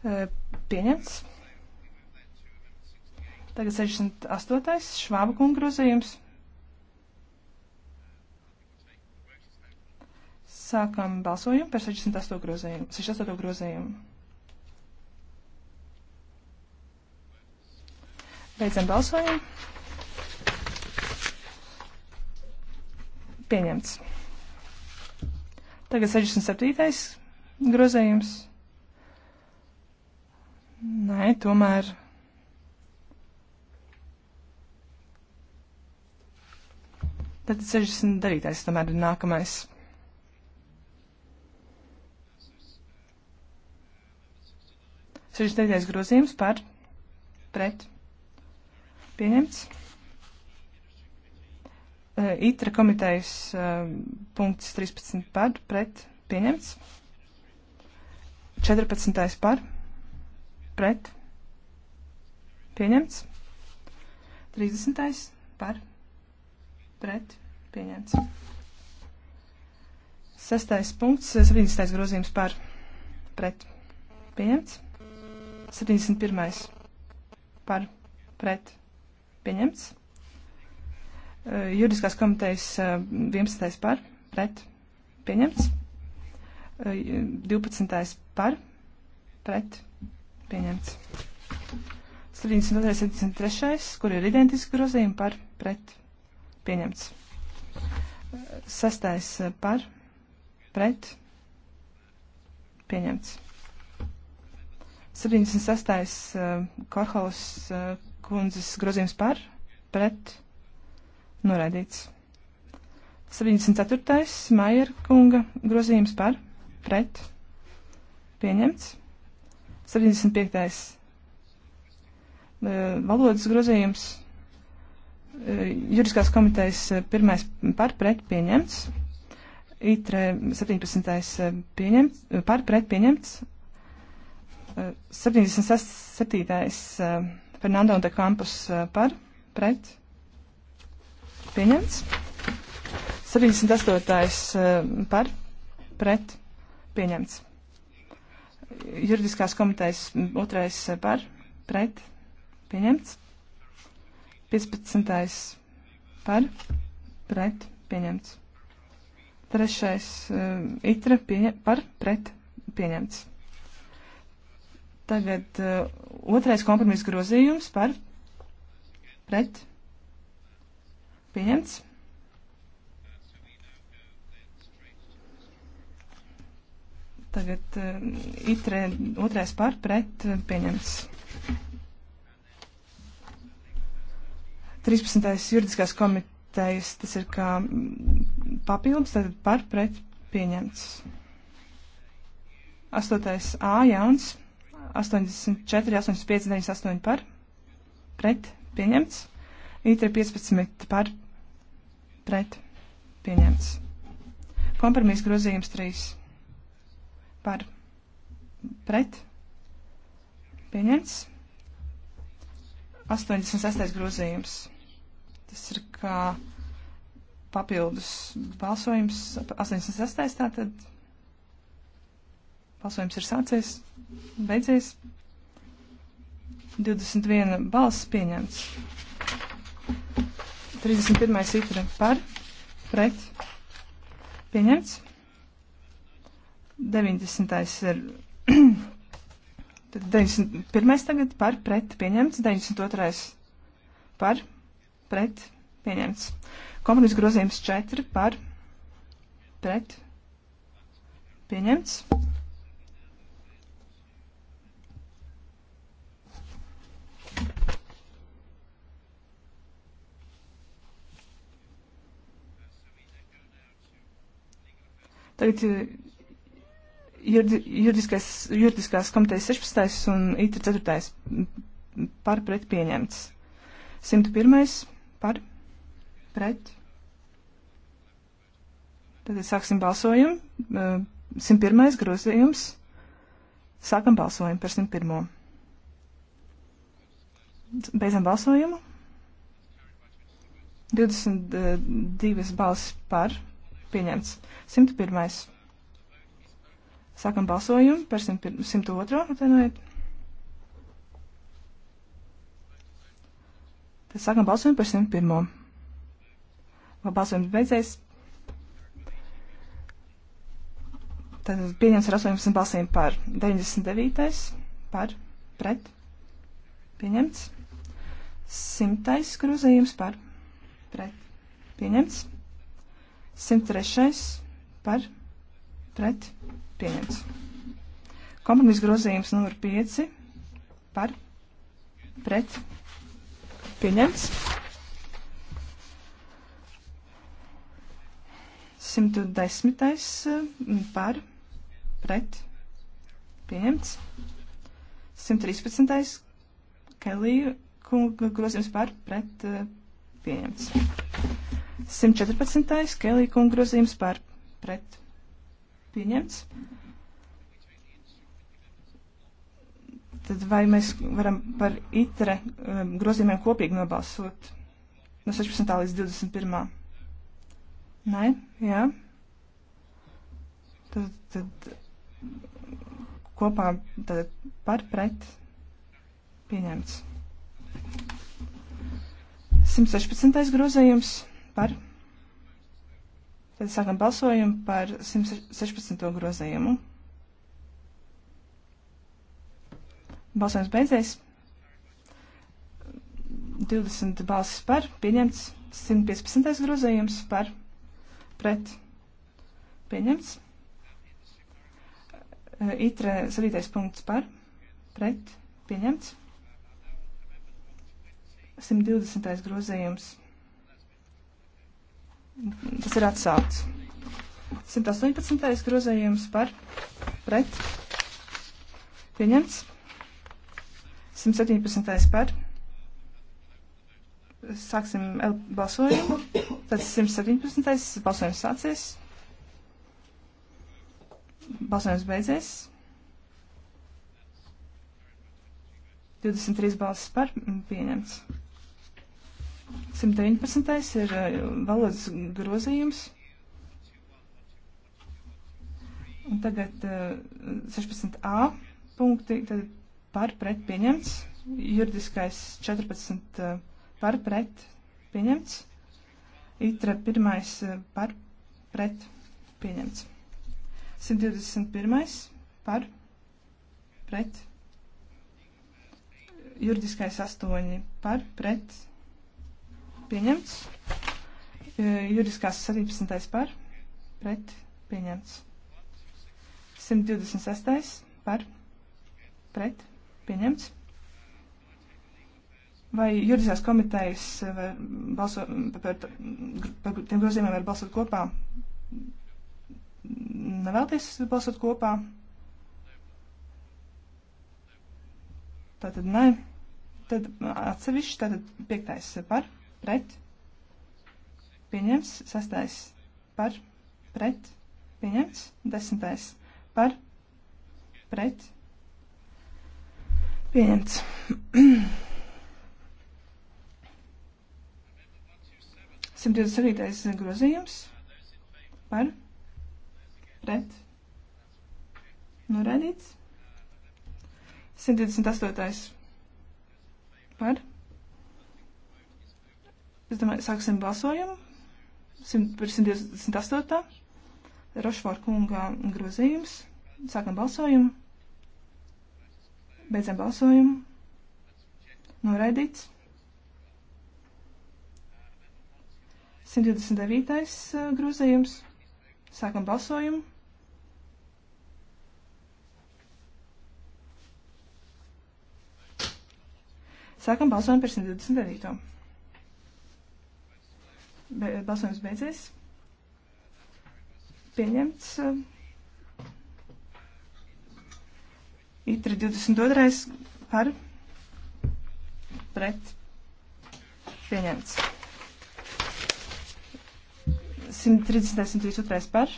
E, pieņemts. Tagad 68. švāba kunga grozījums. Sākam balsojumu par 68. grozījumu. 68. grozījumu. Beidzam balsojumu. Pieņemts. Tagad 67. grozījums. Nē, tomēr. Tad 69. tomēr ir nākamais. 69. grozījums par pret pieņemts. Eh, ITRA komitejas eh, punkts 13 par pret pieņemts. 14. par pret pieņemts. 30. par pret pieņemts. 6. punkts 70. Eh, grozījums par pret pieņemts. 71. par pret pieņemts. Juridiskās komitejas 11. par pret pieņemts. 12. par pret pieņemts. 72. 73. kur ir identiski grozījumi par pret pieņemts. Sastais par pret pieņemts. 76. Uh, Korholas uh, kundzes grozījums par, pret, noraidīts. 74. Maier kunga grozījums par, pret, pieņemts. 75. Uh, valodas grozījums, juridiskās komitejas pirmais par, pret, pieņemts. ITRE 17. Pieņemts, par, pret, pieņemts. 77. Eh, Fernando de Campus eh, par, pret, pieņemts. 78. Eh, par, pret, pieņemts. Juridiskās komitejas otrais par, pret, pieņemts. 15. par, pret, pieņemts. Trešais uh, itra pie, par, pret, pieņemts. Tagad uh, otrais kompromiss grozījums par pret pieņemts. Tagad uh, itre otrais par pret pieņemts. 13. juridiskās komitejas, tas ir kā papildus, tad par pret pieņemts. 8. A jauns 84, 85, 98 par, pret, pieņemts. Ītri 15 par, pret, pieņemts. Kompromiss grozījums 3 par, pret, pieņemts. 86. grozījums. Tas ir kā papildus balsojums 86. tātad Balsojums ir sācies, beidzies. 21 balss pieņemts. 31. itra par, pret, pieņemts. 90. ir. Tad 91. tagad par, pret, pieņemts. 92. par, pret, pieņemts. Komunis grozījums 4 par, pret, pieņemts. Tagad eh, juridiskais, juridiskās komitejas 16. un IT 4. par pret pieņemts. 101. par pret. Tad sāksim balsojumu. 101. Eh, grozījums. Sākam balsojumu par 101. Beidzam balsojumu. 22 eh, balsis par Pieņemts. 101. Sākam balsojumu par 102. Atvainojiet. Tad sākam balsojumu par 101. Vai balsojums beidzies? Tad pieņems ar 18 balsīm par 99. par pret. Pieņemts. 100. grozījums par pret. Pieņemts. 103. par pret pieņemts. Kompromis grozījums numur 5 par pret pieņemts. 110. Mm, par pret pieņemts. 113. Kelija kunga grozījums par pret pieņemts pieņemts. 114. Kelija kunga grozījums par pret pieņemts. Tad vai mēs varam par itre um, grozījumiem kopīgi nobalsot no 16. līdz 21. Nē, jā. Tad, tad kopā tad par pret pieņemts. 116. grozījums par. Tad sākam balsojumu par 116. grozījumu. Balsojums beidzies. 20 balsis par, pieņemts 115. grozījums par, pret, pieņemts. Itre sadītais punkts par, pret, pieņemts. 120. grozījums. Tas ir atsauts. 118. grozījums par pret. Pieņemts. 117. par. Sāksim L balsojumu. Tad 117. balsojums sācies. Balsojums beidzies. 23 balsis par pieņemts. 119. ir eh, valodas grozījums. Un tagad uh, eh, 16a punkti tad par pret pieņemts, juridiskais 14 uh, eh, par pret pieņemts, itra pirmais uh, par pret pieņemts, 121 par pret, juridiskais 8 par pret pieņemts pieņemts. E, juridiskās 17. par, pret, pieņemts. 126. par, pret, pieņemts. Vai juridiskās komitejas var balsot par, par tiem grozījumiem var balsot kopā? Nevēlties balsot kopā? Tātad nē. Tad atsevišķi, tātad piektais par, pret, pieņemts, sastais par, pret, pieņemts, desmitais par, pret, pieņemts. Simt divdesmit grozījums par, pret, norādīts. 128. par, pret Es domāju, sāksim balsojumu. 128. Rošvāra kunga grozījums. Sākam balsojumu. Beidzam balsojumu. Noraidīts. 129. Uh, grozījums. Sākam balsojumu. Sākam balsojumu par 129. Be, balsojums beidzies. Pieņemts. Itri 22. par pret pieņemts. 130. 132. par.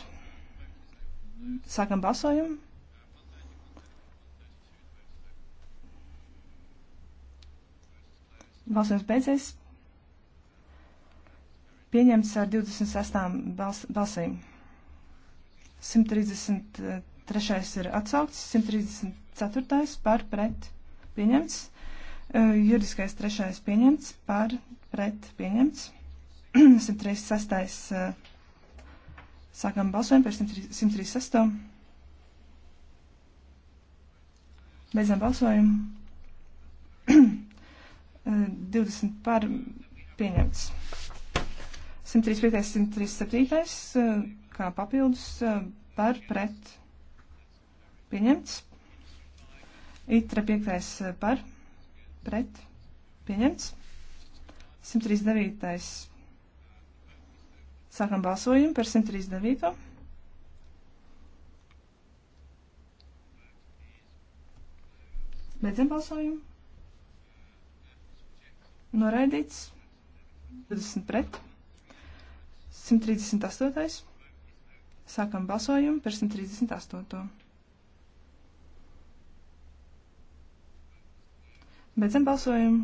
Sākam balsojumu. Balsojums beidzies pieņemts ar 26 bals, balsīm. 133. ir atsaukts, 134. par pret pieņemts, juridiskais trešais pieņemts par pret pieņemts, 136. sākam balsojumu par 136. Beidzam balsojumu. 20 par pieņemts. 135. 137. Eh, kā papildus eh, par pret pieņemts. Itra 5. Eh, par pret pieņemts. 139. Sākam balsojumu par 139. Beidzam balsojumu. Noraidīts. 20 pret. 138. Sākam balsojumu par 138. Beidzam balsojumu.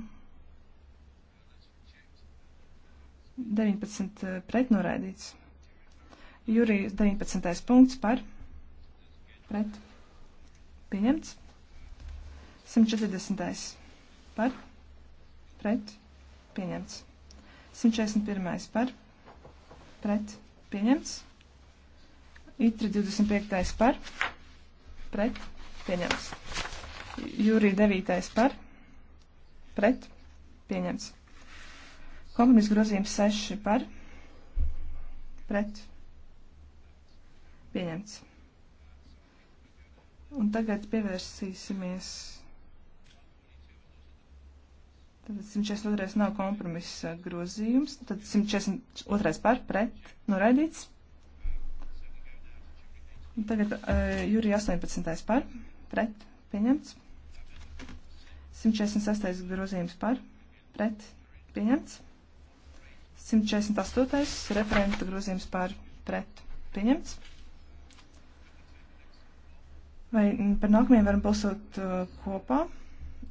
19 eh, pret noraidīts. Jurijas 19. punkts par pret pieņemts. 140. par pret pieņemts. 141. par pret pret pieņemts. Itri 25. par pret pieņemts. Jūrī 9. par pret pieņemts. Komunis grozījums 6 par pret pieņemts. Un tagad pievērsīsimies Tad 142. nav kompromisa grozījums. Tad 142. par pret noraidīts. Un tagad uh, jūrija 18. par pret pieņemts. 146. grozījums par pret pieņemts. 148. referenta grozījums par pret pieņemts. Vai par nākamajiem varam balsot uh, kopā?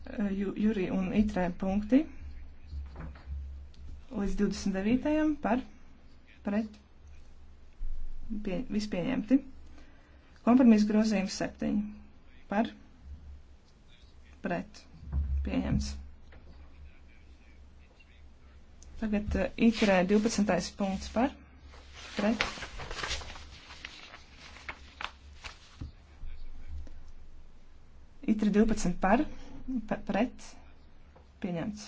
Eh, Jurija un Itrē punkti līdz 29. par pret pie, vispieņemti. Kompromisa grozījums 7 par pret pieņemts. Tagad eh, itrē 12. punkts par pret. Itri 12 par pret, pieņemts.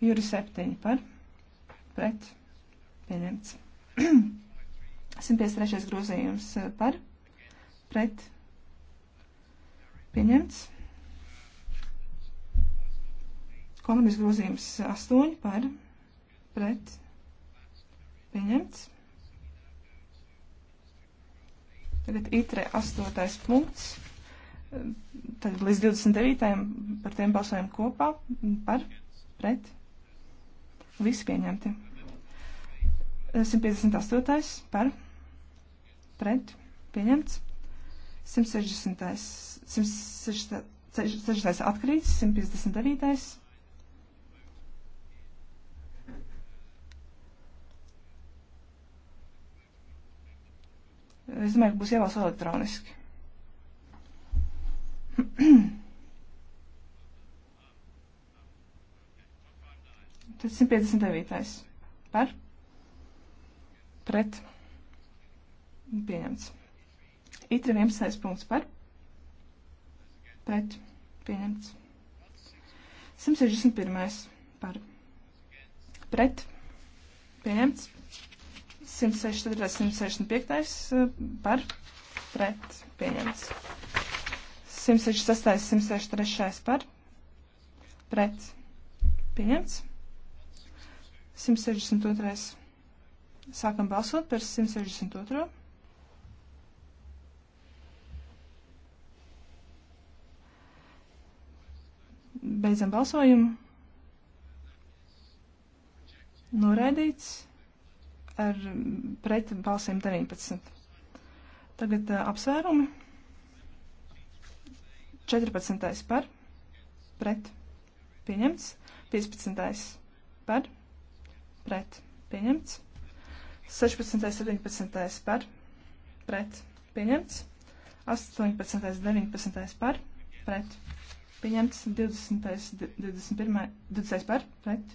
Juri 7 par, pret, pieņemts. 153. grozījums eh, par, pret, pieņemts. Komunis grozījums 8 eh, par, pret, pieņemts. Tagad itre 8. punkts. Tad līdz 29. par tiem balsojam kopā par pret. Visi pieņemti. 158. par pret. Pieņemts. 160. 160. 60. atkrīts. 159. Es domāju, ka būs jābalso elektroniski. Tad 159. par pret pieņemts. Itra 11. punkts par pret pieņemts. 161. par pret pieņemts. 164. 165. par pret pieņemts. 168, 163 par, pret, pieņemts. 162. Sākam balsot par 162. Beidzam balsojumu. Noraidīts ar pret balsiem 19. Tagad uh, apsvērumi. 14. par, pret, pieņemts. 15. par, pret, pieņemts. 16. 17. par, pret, pieņemts. 18. 19. par, pret, pieņemts. 20. 21. 20. par, pret,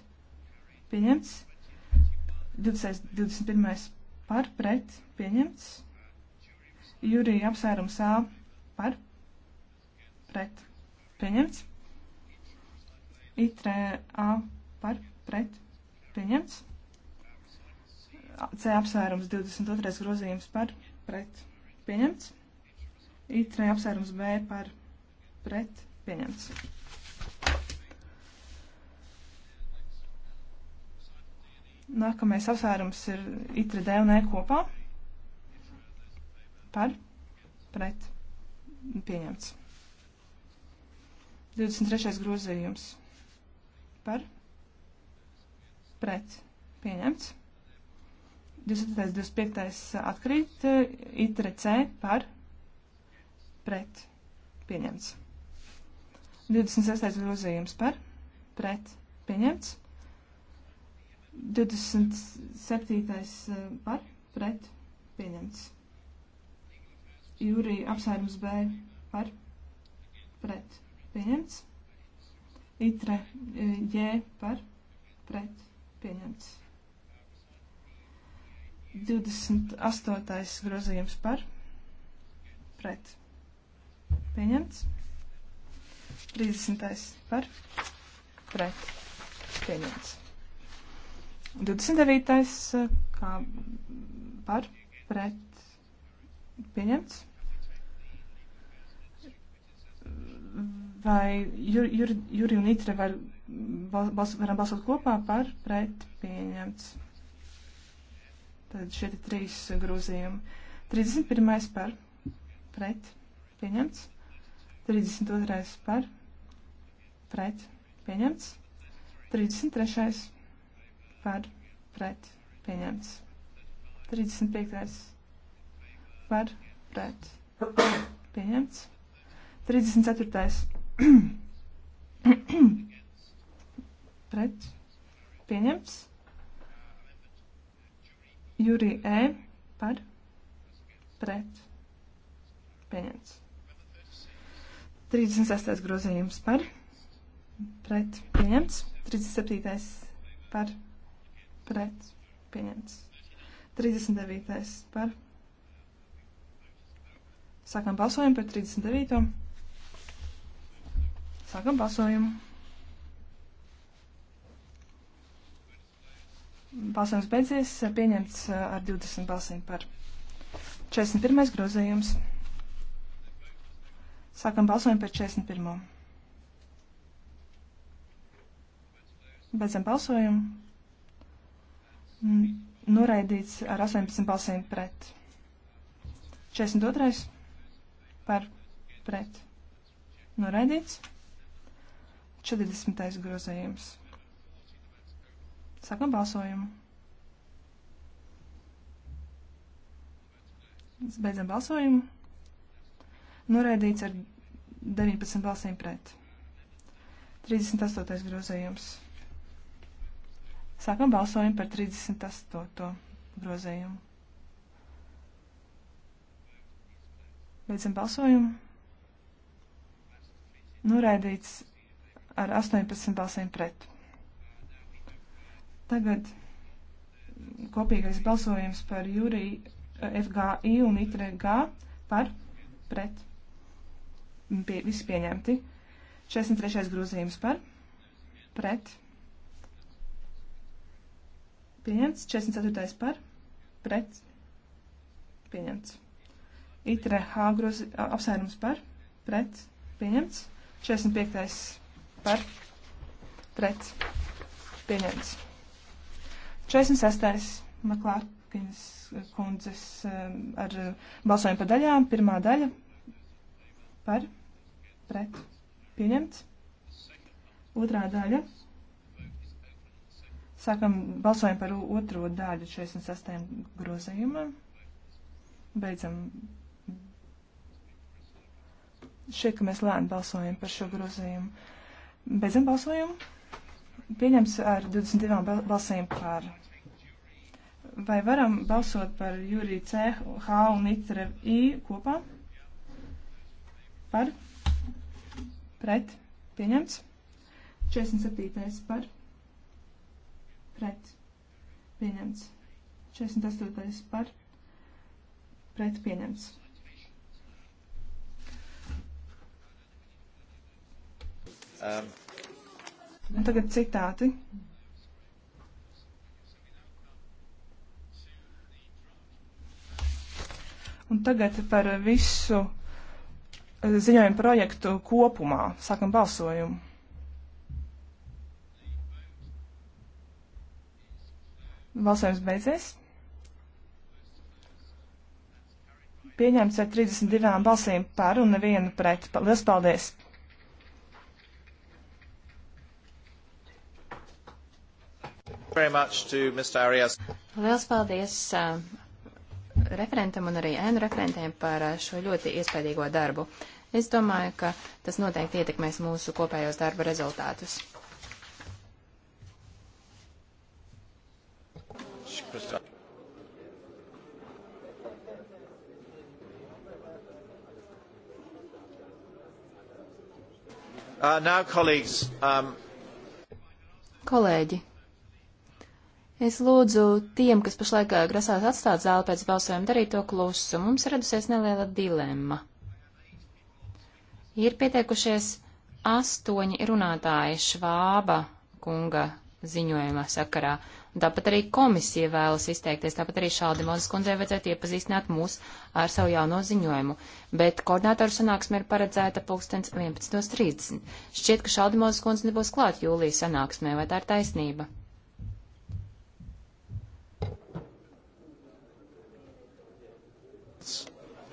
pieņemts. 20. 21. par, pret, pieņemts. Jūrija apsvērums A par, pret pieņemts. Itre A par pret pieņemts. C apsvērums 22. grozījums par pret pieņemts. Itre apsvērums B par pret pieņemts. Nākamais apsvērums ir itre D un E kopā par pret pieņemts. 23. grozījums par pret pieņemts. 24. 25. atkrīt, itre C par pret pieņemts. 26. grozījums par pret pieņemts. 27. par pret pieņemts. Jūrija apsvērums B par pret pieņemts. Itre e, J par pret pieņemts. 28. grozījums par pret pieņemts. 30. par pret pieņemts. 29. E, kā par pret pieņemts. Vai Juri jur, jur un Itre var, bals, varam balsot kopā par pret pieņemts? Tad šeit ir trīs grozījumi. 31. par pret pieņemts. 32. par pret pieņemts. 33. par pret pieņemts. 35. par pret pieņemts. 34. Pret. Pieņemts. Jurī E. Par. Pret. Pieņemts. 36. grozījums par. Pret. Pieņemts. 37. par. Pret. Pieņemts. 39. par. Sākam balsojumu par 39. Sākam balsojumu. Balsojums beidzies, pieņemts uh, ar 20 balsīm par 41. grozījums. Sākam balsojumu par 41. Beidzam balsojumu. Noraidīts ar 18 balsīm pret. 42. par pret. Noraidīts. 40. grozījums. Sākam balsojumu. Beidzam balsojumu. Noraidīts ar 19 balsīm pret. 38. grozījums. Sākam balsojumu par 38. grozījumu. Beidzam balsojumu. Noraidīts ar 18 balsīm pret. Tagad kopīgais balsojums par jūriju eh, FGI un ITRG e par pret. Pie, visi pieņemti. 43. grozījums par pret. Pieņemts. 44. par pret. Pieņemts. ITRH e grozi, apsvērums par pret. Pieņemts. 45 par pret pieņemts. 46. Maklārkins kundzes um, ar uh, balsojumu par daļām. Pirmā daļa par pret pieņemts. Otrā daļa. Sākam balsojumu par otro daļu 46. grozījumam. Beidzam šeit, ka mēs lēni balsojam par šo grozījumu. Beidzam balsojumu. Pieņems ar 22 balsīm pār. Vai varam balsot par Juriju C, H un Itre I kopā? Par? Pret? Pieņemts. 47. par? Pret? Pieņemts. 48. par? Pret? Pieņemts. Um. Un tagad citāti. Un tagad par visu eh, ziņojumu projektu kopumā. Sākam balsojumu. Balsojums beidzies. Pieņemts ar 32 balsīm par un nevienu pret. Lielas paldies! Liels paldies uh, referentam un arī ēnu referentiem par uh, šo ļoti iespaidīgo darbu. Es domāju, ka tas noteikti ietekmēs mūsu kopējos darba rezultātus. Uh, now, colleagues, um... Kolēģi, Es lūdzu tiem, kas pašlaik grasās atstāt zāli pēc balsojuma, darīt to klusu. Mums ir radusies neliela dilemma. Ir pieteikušies astoņi runātāji Švāba kunga ziņojuma sakarā. Tāpat arī komisija vēlas izteikties, tāpat arī šādi Mozes kundzei vajadzētu iepazīstināt mūs ar savu jauno ziņojumu. Bet koordinātoru sanāksme ir paredzēta pulkstens 11.30. Šķiet, ka šādi Mozes kundze nebūs klāt jūlijas sanāksmē, vai tā ir taisnība?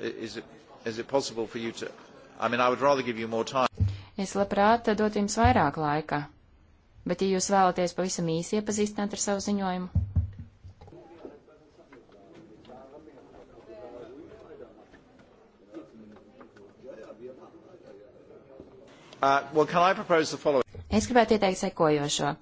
Is it, is it possible for you to... I mean, I would rather give you more time. Es labprāt dotu jums vairāk laika, bet ja jūs vēlaties pavisam īsi iepazīstināt ar savu ziņojumu. Uh, well, es gribētu ieteikt sekojošo.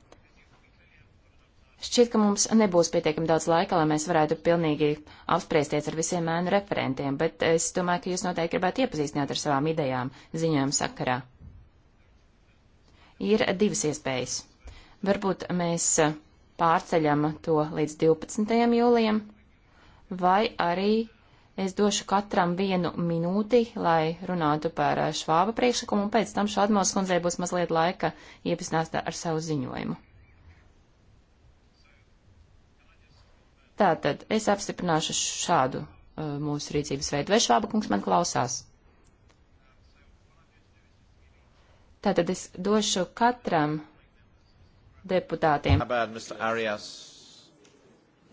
Šķiet, ka mums nebūs pietiekami daudz laika, lai mēs varētu pilnīgi apspriesties ar visiem mēnu referentiem, bet es domāju, ka jūs noteikti gribētu iepazīstināt ar savām idejām ziņojuma sakarā. Ir divas iespējas. Varbūt mēs pārceļam to līdz 12. jūlijam, vai arī es došu katram vienu minūti, lai runātu par švāba priekšlikumu, un pēc tam šādmās kundzei būs mazliet laika iepazināt ar savu ziņojumu. Tātad es apstiprināšu šādu uh, mūsu rīcības veidu. Vai Švāba kungs man klausās? Tātad es došu katram deputātiem. Abad, Mr. Arias.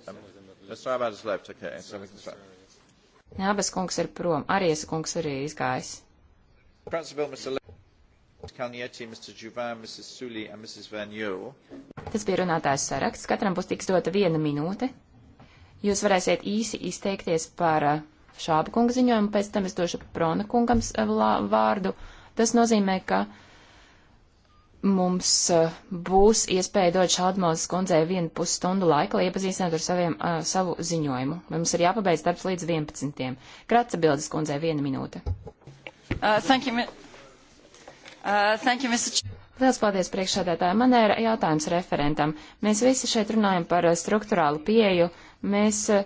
Um, Mr. Abad is left, okay. So we can start. Abas kungs ir prom, Arias kungs arī izgājis. Tas bija runātājs saraksts, katram būs tiks dota viena minūte. Jūs varēsiet īsi izteikties par eh, šābu kungu ziņojumu, pēc tam es došu Prona kungam eh, vārdu. Tas nozīmē, ka mums eh, būs iespēja dot Šaldmozes kundzei vienu pusstundu laika, lai iepazīstinātu ar saviem, uh, savu ziņojumu. Mums ir jāpabeidz darbs līdz 11. Kratsa bildes kundzei viena minūte. Uh, thank you, uh, thank you, Mr. Ch Liels paldies priekšsēdētāji. Man ir jautājums referentam. Mēs visi šeit runājam par struktūrālu pieeju. Uh, Mēs eh,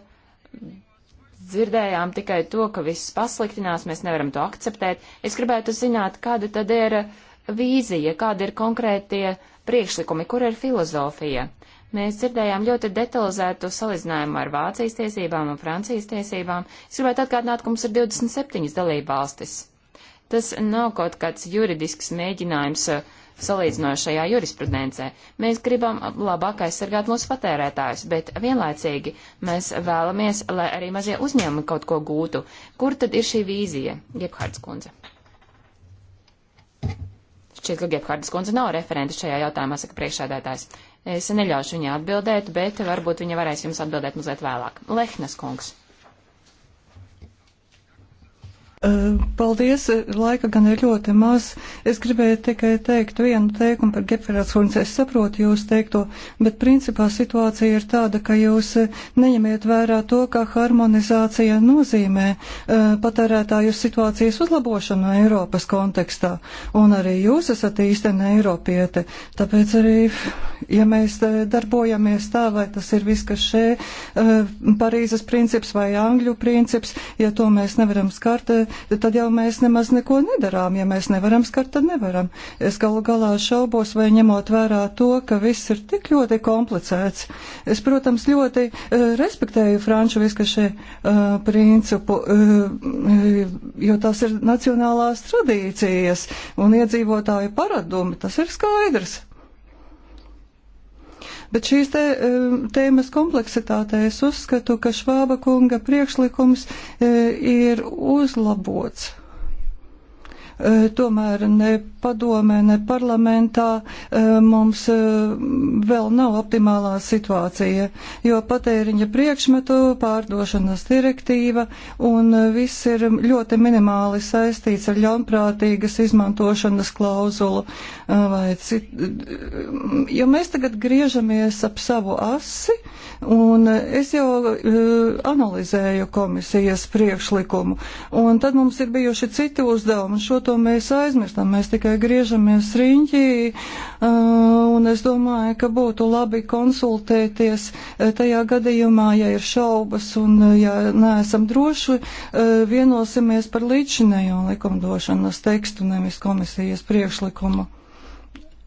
dzirdējām tikai to, ka viss pasliktinās, mēs nevaram to akceptēt. Es gribētu zināt, kāda tad ir eh, vīzija, kāda ir konkrētie priekšlikumi, kur ir filozofija. Mēs dzirdējām ļoti detalizētu salīdzinājumu ar Vācijas tiesībām un Francijas tiesībām. Es gribētu atgādināt, ka mums ir 27 dalībvalstis. Tas nav kaut kāds juridisks mēģinājums uh, salīdzinošajā jurisprudencē. Mēs gribam labāk aizsargāt mūsu patērētājus, bet vienlaicīgi mēs vēlamies, lai arī mazie uzņēmumi kaut ko gūtu. Kur tad ir šī vīzija, Gebhards kundze? Šķiet, ka Gebhards kundze nav referenta šajā jautājumā, saka priekšādētājs. Es neļaušu viņai atbildēt, bet varbūt viņa varēs jums atbildēt mazliet vēlāk. Lehnes kungs. Eh, paldies, laika gan ir ļoti maz. Es gribēju tikai teikt vienu teikumu par Gepferāts Horns. Es saprotu jūs teikto, bet principā situācija ir tāda, ka jūs eh, neņemiet vērā to, ka harmonizācija nozīmē eh, patērētāju situācijas uzlabošanu Eiropas kontekstā. Un arī jūs esat īstena Eiropiete. Tāpēc arī, ja mēs darbojamies tā, vai tas ir viss, kas šeit Parīzes princips vai Angļu princips, ja to mēs nevaram skart, tad jau mēs nemaz neko nedarām. Ja mēs nevaram skart, tad nevaram. Es galu galā šaubos, vai ņemot vērā to, ka viss ir tik ļoti komplicēts. Es, protams, ļoti uh, respektēju Franču viskašē uh, principu, uh, jo tas ir nacionālās tradīcijas un iedzīvotāju paradumi. Tas ir skaidrs. Bet šīs te, e, tēmas kompleksitātē es uzskatu, ka Švāba kunga priekšlikums e, ir uzlabots. Eh, tomēr ne padomē, ne parlamentā eh, mums eh, vēl nav optimālā situācija, jo patēriņa priekšmetu pārdošanas direktīva un viss ir ļoti minimāli saistīts ar ļaunprātīgas izmantošanas klauzulu. Cit... Jo mēs tagad griežamies ap savu asi, un es jau analizēju komisijas priekšlikumu, un tad mums ir bijuši citi uzdevumi. Šo to to mēs aizmirstam. Mēs tikai griežamies riņķī, uh, un es domāju, ka būtu labi konsultēties uh, tajā gadījumā, ja ir šaubas un uh, ja neesam droši, vienosimies par līdzinējo likumdošanas tekstu, nevis komisijas priekšlikumu.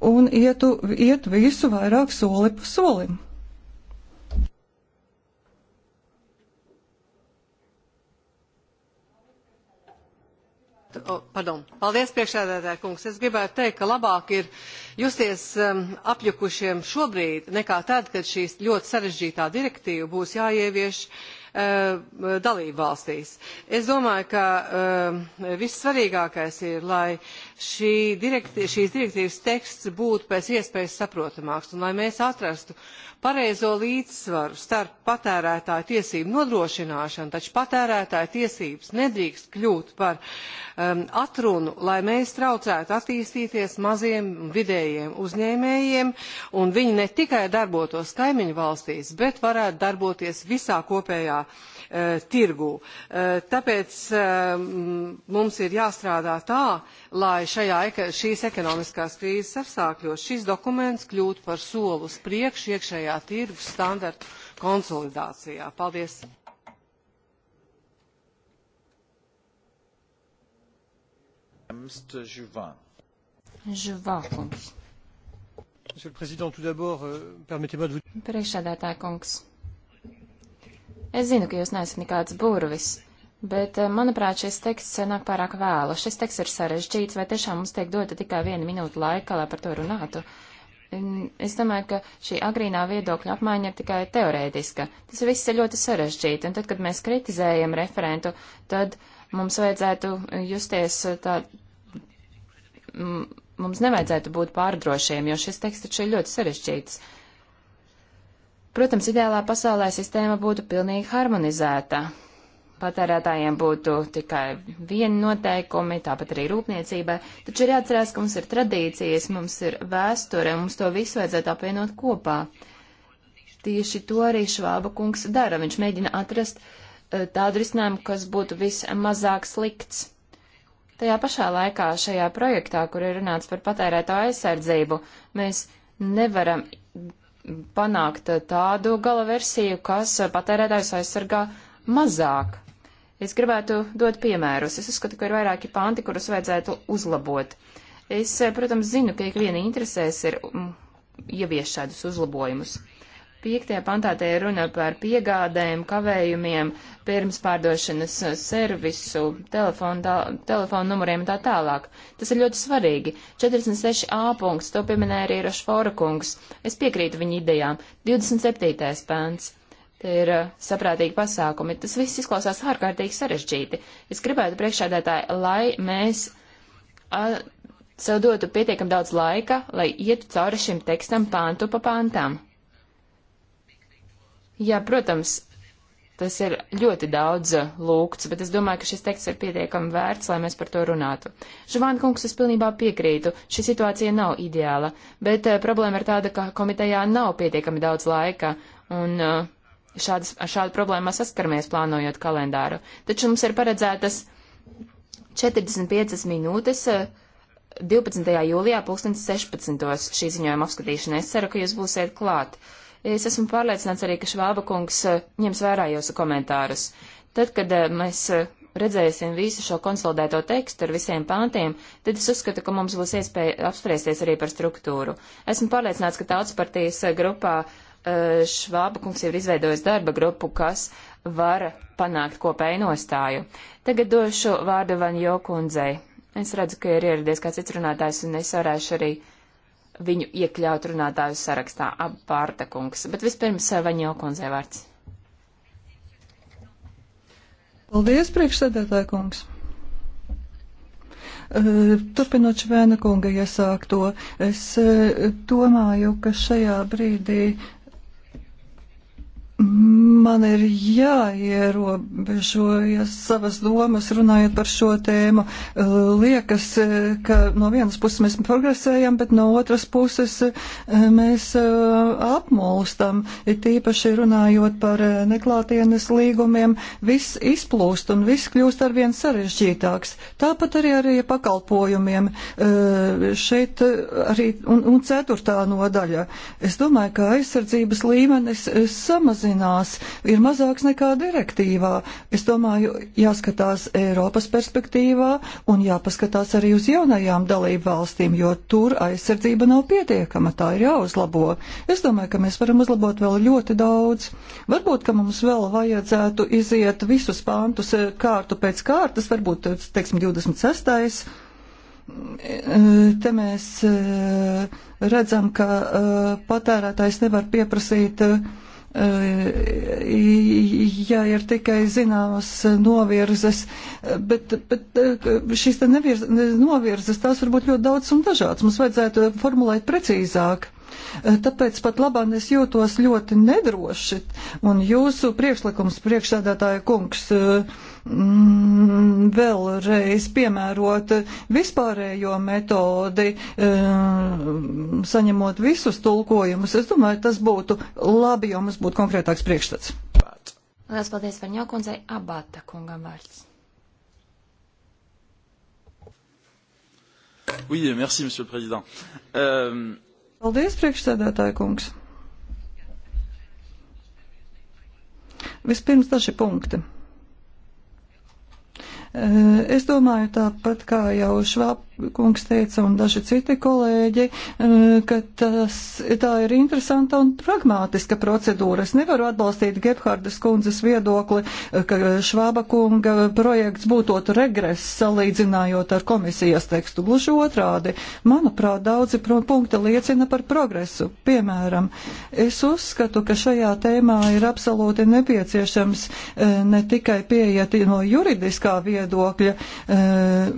Un ietu, iet visu vairāk soli pa solim. gribētu, pardon, paldies priekšsēdētāja kungs, es gribētu teikt, ka labāk ir justies um, apjukušiem šobrīd nekā tad, kad šī ļoti sarežģītā direktīva būs jāievieš uh, Uh, dalībvalstīs. Es domāju, ka uh, vissvarīgākais ir, lai šī direkti, šīs direktīvas teksts būtu pēc iespējas saprotamāks un lai mēs atrastu pareizo līdzsvaru starp patērētāju tiesību nodrošināšanu, taču patērētāju tiesības nedrīkst kļūt par um, atrunu, lai mēs traucētu attīstīties maziem un vidējiem uzņēmējiem, un viņi ne tikai darbotos kaimiņu valstīs, bet varētu darboties visā kopējā E, tirgū. E, tāpēc e, mums ir jāstrādā tā, lai šajā, šīs ekonomiskās krīzes apstākļos šis dokuments kļūtu par soli uz priekšu iekšējā tirgus standartu konsolidācijā. Paldies! Mr. Juvin. Juvin, kungs. Monsieur le Président, tout d'abord, euh, permettez-moi de vous... Priekšsēdētāja kungs, Es zinu, ka jūs neesat nekāds burvis, bet, eh, manuprāt, šis teksts nāk pārāk vēlu. Šis teksts ir sarežģīts, vai tiešām mums tiek dota tikai viena minūte laika, lai par to runātu. Es domāju, ka šī agrīnā viedokļa apmaiņa ir tikai teorētiska. Tas viss ir ļoti sarežģīti, un tad, kad mēs kritizējam referentu, tad mums vajadzētu justies tā. Mums nevajadzētu būt pārdrošiem, jo šis teksts taču ir ļoti sarežģīts. Uh, Protams, ideālā pasaulē sistēma būtu pilnīgi harmonizēta. Patērētājiem būtu tikai vieni noteikumi, tāpat arī rūpniecībai, taču ir jāatcerās, ka mums ir tradīcijas, mums ir vēsture, mums to visu vajadzētu apvienot kopā. Tieši to arī Švāba kungs dara. Viņš mēģina atrast eh, tādu risinājumu, kas būtu vismazāk slikts. Tajā pašā laikā šajā projektā, kur ir runāts par patērēto aizsardzību, mēs nevaram panākt tādu gala versiju, kas patērētājs aizsargā mazāk. Es gribētu dot piemērus. Es uzskatu, ka ir vairāki panti, kurus vajadzētu uzlabot. Es, protams, zinu, ka ikviena interesēs ir mm, ievies šādus uzlabojumus. Piektajā pantā te ir runa par piegādēm, kavējumiem, pirmspārdošanas eh, servisu, telefonu, tā, telefonu numuriem un tā tālāk. Tas ir ļoti svarīgi. 46a punkts, to pieminēja arī Rošfora kungs. Es piekrītu viņa idejām. 27. pants. Tie ir eh, saprātīgi pasākumi. Tas viss izklausās ārkārtīgi sarežģīti. Es gribētu priekšādētāji, lai mēs a, sev dotu pietiekam daudz laika, lai ietu cauri šim tekstam pāntu pa pāntām. Jā, protams, tas ir ļoti daudz eh, lūgts, bet es domāju, ka šis teksts ir pietiekami vērts, lai mēs par to runātu. Žvāna kungs, es pilnībā piekrītu, šī situācija nav ideāla, bet eh, problēma ir tāda, ka komitejā nav pietiekami daudz laika, un eh, šādas, ar šādu problēmu saskaramies plānojot kalendāru. Taču mums ir paredzētas 45 minūtes 12. jūlijā 2016. šī ziņojuma apskatīšanai. Es ceru, ka jūs būsiet klāt. Uh, Es esmu pārliecināts arī, ka Švāba kungs eh, ņems vērā jūsu komentārus. Tad, kad eh, mēs eh, redzēsim visu šo konsolidēto tekstu ar visiem pāntiem, tad es uzskatu, ka mums būs iespēja apspriesties arī par struktūru. Esmu pārliecināts, ka tautspartijas grupā Švāba kungs jau ir izveidojis darba grupu, kas var panākt kopēju nostāju. Tagad došu vārdu Van Jokundzei. Es redzu, ka ir ieradies kāds cits runātājs, un es varēšu arī uh, viņu iekļaut runātāju sarakstā ap Bārta kungs. Bet vispirms eh, Vaņo kundzei vārds. Paldies, priekšsēdētāja kungs! Eh, turpinot Švēna kunga iesākto, es eh, domāju, ka šajā brīdī man ir jāierobežojas savas domas runājot par šo tēmu. Liekas, e, ka no vienas puses mēs progresējam, bet no otras puses e, mēs e, apmulstam, ir tīpaši runājot par neklātienes līgumiem. Viss izplūst un viss kļūst arvien sarežģītāks. Tāpat arī ar pakalpojumiem. Šeit arī un, un ceturtā nodaļa. Es domāju, ka aizsardzības līmenis samazina sarunās ir mazāks nekā direktīvā. Es domāju, jāskatās Eiropas perspektīvā un jāpaskatās arī uz jaunajām dalību valstīm, jo tur aizsardzība nav pietiekama, tā ir jāuzlabo. Es domāju, ka mēs varam uzlabot vēl ļoti daudz. Varbūt, ka mums vēl vajadzētu iziet visus pāntus eh, kārtu pēc kārtas, varbūt, eh, teiksim, 26 te mēs eh, redzam, ka patērētājs nevar pieprasīt ja ir tikai zināmas novirzes, bet, bet šīs te nevirz, novirzes, tās var būt ļoti daudz un dažādas. Mums vajadzētu formulēt precīzāk. Eh, tāpēc pat labāk es jūtos ļoti nedroši. Un jūsu priekšlikums, priekšsēdētāja kungs, eh, mm, vēlreiz piemērot vispārējo metodi, mm, saņemot visus tulkojumus, es domāju, tas būtu labi, jo mums būtu konkrētāks priekšstats. Lielas paldies Varņokundzei, abāta kungam vārds. Oui, merci, monsieur le président. Euh, Paldies, priekšsēdētāja kungs. Vispirms daži punkti. Es domāju tāpat kā jau Švabkungs teica un daži citi kolēģi, eh, ka tas, tā ir interesanta un pragmātiska procedūra. Es nevaru atbalstīt Gebhardas kundzes viedokli, eh, ka Švaba kunga projekts būtotu regress salīdzinājot ar komisijas tekstu. Gluži otrādi, manuprāt, daudzi punkti liecina par progresu. Piemēram, es uzskatu, ka šajā tēmā ir absolūti nepieciešams eh, ne tikai pieiet no juridiskā viedokļa, viedokļa. Eh,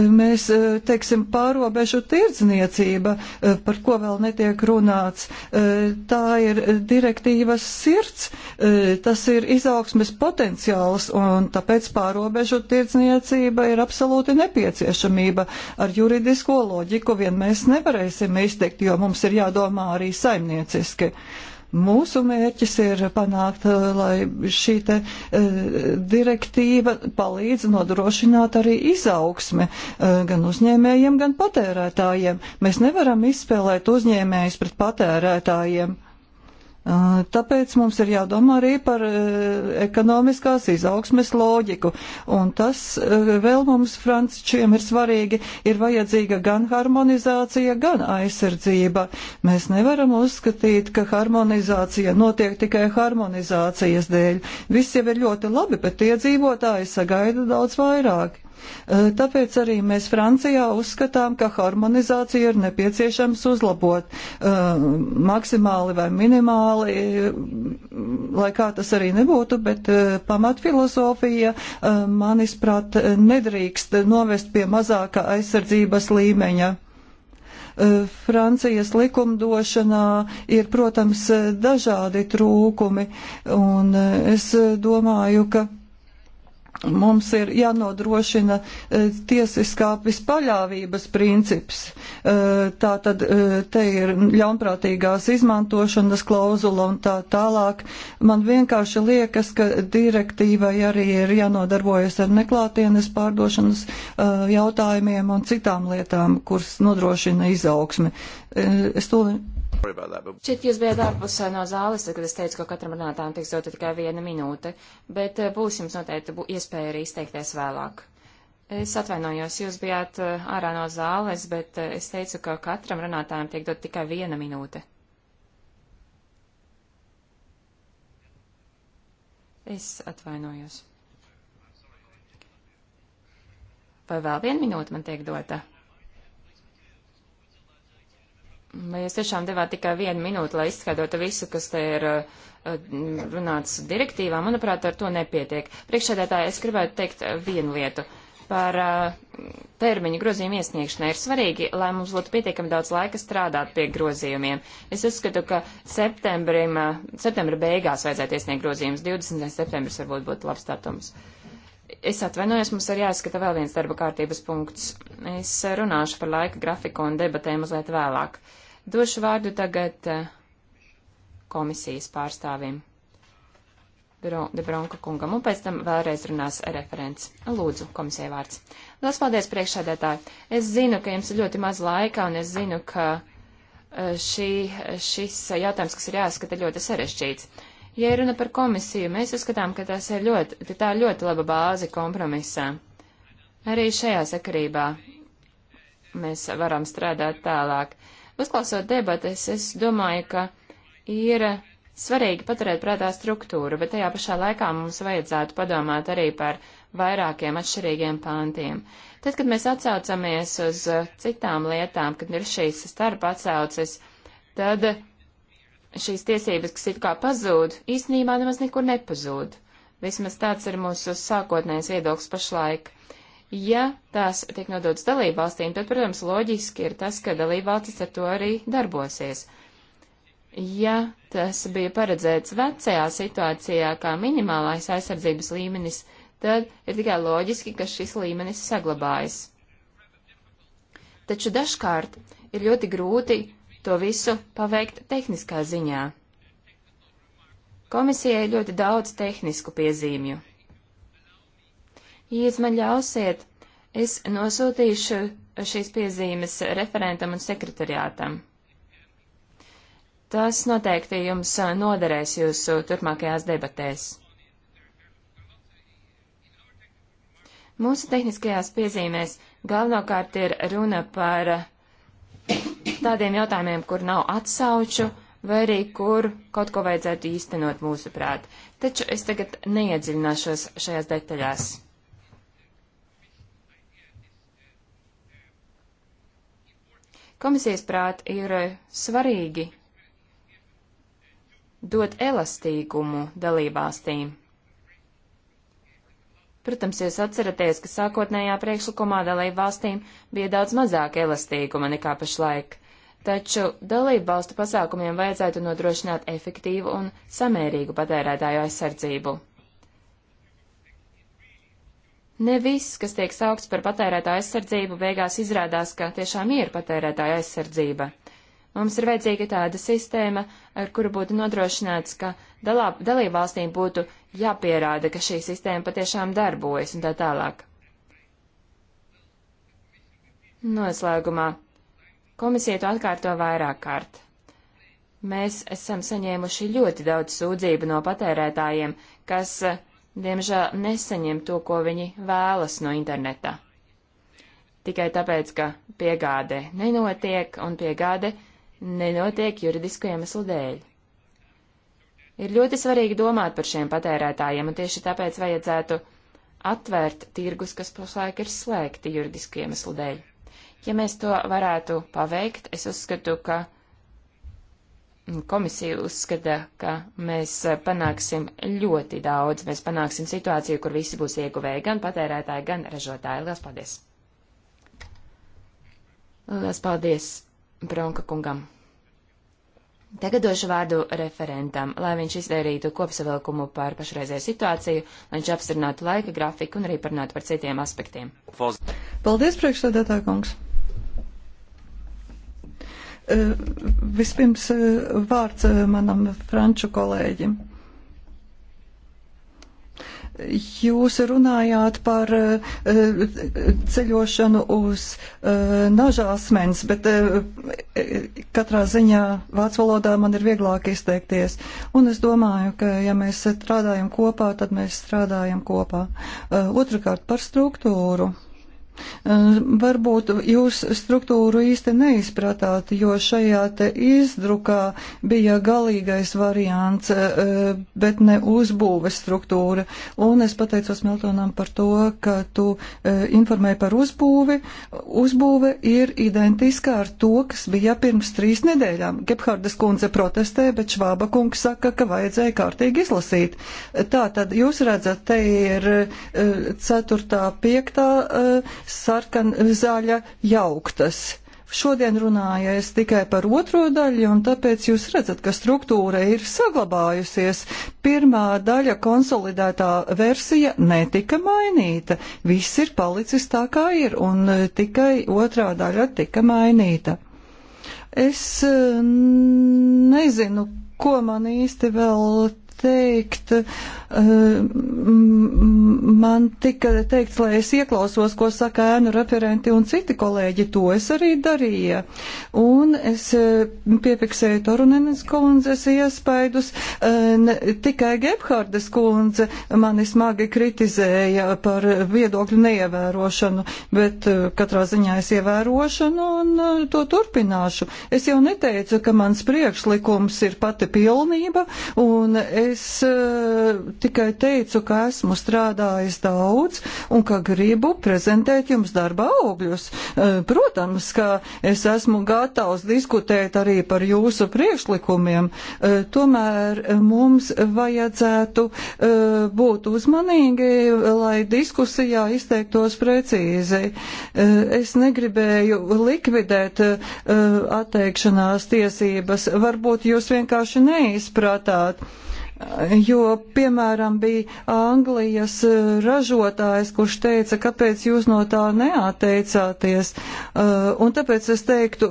mēs, eh, teiksim, pārobežu tirdzniecība, eh, par ko vēl netiek runāts, tā ir direktīvas sirds, tas ir izaugsmes potenciāls, un tāpēc pārobežu tirdzniecība ir absolūti nepieciešamība. Ar juridisko loģiku vien mēs nevarēsim izteikt, jo mums ir jādomā arī saimnieciski. Uh, Mūsu mērķis ir panākt, eh, lai šī te eh, direktīva palīdz nodrošināt arī izaugsmi eh, gan uzņēmējiem, gan patērētājiem. Mēs nevaram izspēlēt uzņēmējus pret patērētājiem. Tāpēc mums ir jādomā arī par ekonomiskās izaugsmes loģiku. Un tas vēl mums frančiem ir svarīgi, ir vajadzīga gan harmonizācija, gan aizsardzība. Mēs nevaram uzskatīt, ka harmonizācija notiek tikai harmonizācijas dēļ. Viss jau ir ļoti labi, bet iedzīvotāji sagaida daudz vairāk. Tāpēc arī mēs Francijā uzskatām, ka harmonizācija ir nepieciešams uzlabot maksimāli vai minimāli, lai kā tas arī nebūtu, bet pamatfilozofija, manisprāt, nedrīkst novest pie mazāka aizsardzības līmeņa. Francijas likumdošanā ir, protams, dažādi trūkumi, un es domāju, ka Mums ir jānodrošina e, tiesiskā vispaļāvības princips. E, tā tad e, te ir ļaunprātīgās izmantošanas klauzula un tā tālāk. Man vienkārši liekas, ka direktīvai arī ir jānodarbojas ar neklātienes pārdošanas jautājumiem un citām lietām, kuras nodrošina izaugsmi. Es tūlīt Šķiet, jūs bijat ārpusē no zāles, kad es teicu, ka katram runātājam tiks dota tikai viena minūte, bet būs jums noteikti bū iespēja arī izteikties vēlāk. Es atvainojos, jūs bijāt ārā no zāles, bet es teicu, ka katram runātājam tiek dot tikai viena minūte. Es atvainojos. Vai vēl viena minūte man tiek dota? Vai jūs tiešām devāt tikai vienu minūti, lai izskaidrotu visu, kas te ir eh, runāts direktīvā? Manuprāt, ar to nepietiek. Priekšsēdētāji, es gribētu teikt eh, vienu lietu. Par eh, termiņu grozījumu iesniegšanai ir svarīgi, lai mums būtu pietiekami daudz laika strādāt pie grozījumiem. Es uzskatu, ka septembrim, septembra beigās vajadzētu iesniegt grozījumus. 20. septembris varbūt būtu labs datums. Es atvainojos, mums ir jāizskata vēl viens darba kārtības punkts. Es runāšu par laika grafiku un debatēm mazliet vēlāk. Uh, Došu vārdu tagad eh, komisijas pārstāvim. De Bronka kungam, un pēc tam vēlreiz runās referents. Lūdzu, komisija vārds. Lielas paldies priekšādētāji. Es zinu, ka jums ir ļoti maz laika, un es zinu, ka eh, šī, šis jautājums, kas ir jāskata, ir ļoti sarežģīts. Ja runa par komisiju, mēs uzskatām, ka tas ir ļoti, tā ir ļoti laba bāze kompromisā. Arī šajā sakarībā mēs varam strādāt tālāk. Uzklausot debates, es domāju, ka ir svarīgi paturēt prātā struktūru, bet tajā pašā laikā mums vajadzētu padomāt arī par vairākiem atšķirīgiem pāntiem. Tad, kad mēs atsaucamies uz citām lietām, kad ir šīs starpa atsauces, tad šīs tiesības, kas it kā pazūd, īstenībā nemaz nekur nepazūd. Vismaz tāds ir mūsu sākotnējais viedoklis pašlaik. Ja tās tiek nodotas dalībvalstīm, tad, protams, loģiski ir tas, ka dalībvalstis ar to arī darbosies. Ja tas bija paredzēts vecajā situācijā kā minimālais aizsardzības līmenis, tad ir tikai loģiski, ka šis līmenis saglabājas. Taču dažkārt ir ļoti grūti to visu paveikt tehniskā ziņā. Komisijai ļoti daudz tehnisku piezīmju. Ja jūs man ļausiet, es nosūtīšu šīs piezīmes referentam un sekretariātam. Tas noteikti jums uh, noderēs jūsu turpmākajās debatēs. Mūsu tehniskajās piezīmēs galvenokārt ir runa par uh, tādiem jautājumiem, kur nav atsauču vai arī kur kaut ko vajadzētu īstenot mūsuprāt. Taču es tagad neiedziļināšos šajās detaļās. Komisijas prāt ir eh, svarīgi dot elastīgumu dalībvalstīm. Protams, jūs atceraties, ka sākotnējā priekšlikumā dalību valstīm bija daudz mazāk elastīguma nekā pašlaik, taču dalību valstu pasākumiem vajadzētu nodrošināt efektīvu un samērīgu patērētāju aizsardzību. Ne viss, kas tiek saukts par patērētāju aizsardzību, beigās izrādās, ka tiešām ir patērētāja aizsardzība. Mums ir vajadzīga tāda sistēma, ar kuru būtu nodrošināts, ka dalā, dalībvalstīm būtu jāpierāda, ka šī sistēma patiešām darbojas un tā tālāk. Noslēgumā. Komisija to atkārto vairāk kārt. Mēs esam saņēmuši ļoti daudz sūdzību no patērētājiem, kas uh, diemžēl nesaņem to, ko viņi vēlas no interneta. Tikai tāpēc, ka piegāde nenotiek un piegāde nenotiek juridisku iemeslu dēļ. Ir ļoti svarīgi domāt par šiem patērētājiem, un tieši tāpēc vajadzētu atvērt tirgus, kas pašlaik ir slēgti juridisku iemeslu dēļ. Ja mēs to varētu paveikt, es uzskatu, ka Komisija uzskata, ka mēs panāksim ļoti daudz. Mēs panāksim situāciju, kur visi būs ieguvēji, gan patērētāji, gan ražotāji. Lielas paldies! Lielas paldies Bronka kungam! Tagad došu vārdu referentam, lai viņš izdarītu kopsavilkumu par pašreizēju situāciju, lai viņš apstrinātu laika grafiku un arī parunātu par citiem aspektiem. Paldies, priekšsēdētāj kungs! Eh, vispirms eh, vārds eh, manam franču kolēģim. Jūs runājāt par ceļošanu uz nažāsmens, bet katrā ziņā vācu valodā man ir vieglāk izteikties. Un es domāju, ka ja mēs strādājam kopā, tad mēs strādājam kopā. Otrakārt par struktūru. Ehm, varbūt jūs struktūru īsti neizpratāt, jo šajā te izdrukā bija galīgais variants, ehm, bet ne uzbūves struktūra. Un es pateicos Miltonam par to, ka tu ehm, informēji par uzbūvi. Uzbūve ir identiskā ar to, kas bija pirms trīs nedēļām. Gebhardas kundze protestē, bet Švāba kungs saka, ka vajadzēja kārtīgi izlasīt. Tā tad jūs redzat, te ir ceturtā, piektā sarkan, zaļa, jauktas. Šodien runāju es tikai par otro daļu, un tāpēc jūs redzat, ka struktūra ir saglabājusies. Pirmā daļa konsolidētā versija netika mainīta. Viss ir palicis tā, kā ir, un tikai otrā daļa tika mainīta. Es mm, nezinu, ko man īsti vēl teikt, eh, man tika teikts, lai es ieklausos, ko saka ēnu referenti un citi kolēģi. To es arī darīju. Un es eh, piepiksēju Torunenes kundzes iespaidus. Eh, ne, tikai Gebhardes kundze mani smagi kritizēja par viedokļu neievērošanu, bet katrā ziņā es ievērošanu un to turpināšu. Es jau neteicu, ka mans priekšlikums ir pati pilnība un es es eh, tikai teicu, ka esmu strādājis daudz un ka gribu prezentēt jums darba augļus. Eh, protams, ka es esmu gatavs diskutēt arī par jūsu priekšlikumiem, eh, tomēr mums vajadzētu būt uzmanīgi, lai diskusijā izteiktos precīzi. Es negribēju likvidēt atteikšanās tiesības, varbūt jūs vienkārši neizpratāt. Jo, piemēram, bija Anglijas ražotājs, kurš teica, kāpēc jūs no tā neatteicāties. Eh, un tāpēc es teiktu,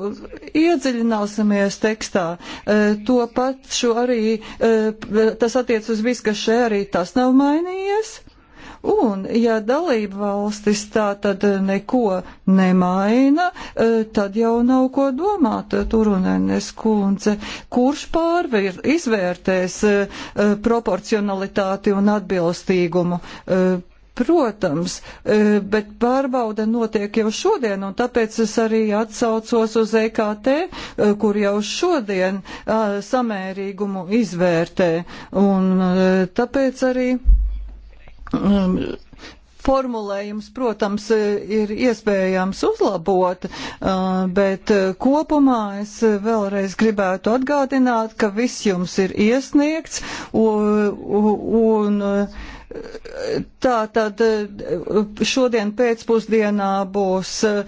iedziļināsimies tekstā. Eh, to pašu arī, eh, tas attiec uz visu, kas šeit arī tas nav mainījies. Un, ja dalība valstis tā tad neko nemaina, e, tad jau nav ko domāt, Turunenes kundze, kurš pārvir, izvērtēs e, e, proporcionalitāti un atbilstīgumu. Protams, bet pārbauda notiek jau šodien, un tāpēc es arī atsaucos uz EKT, kur jau šodien samērīgumu izvērtē. Un tāpēc arī um, formulējums, protams, ir iespējams uzlabot, uh, bet uh, kopumā es vēlreiz gribētu atgādināt, ka viss jums ir iesniegts un, un uh, Tā tad eh, šodien pēcpusdienā būs eh,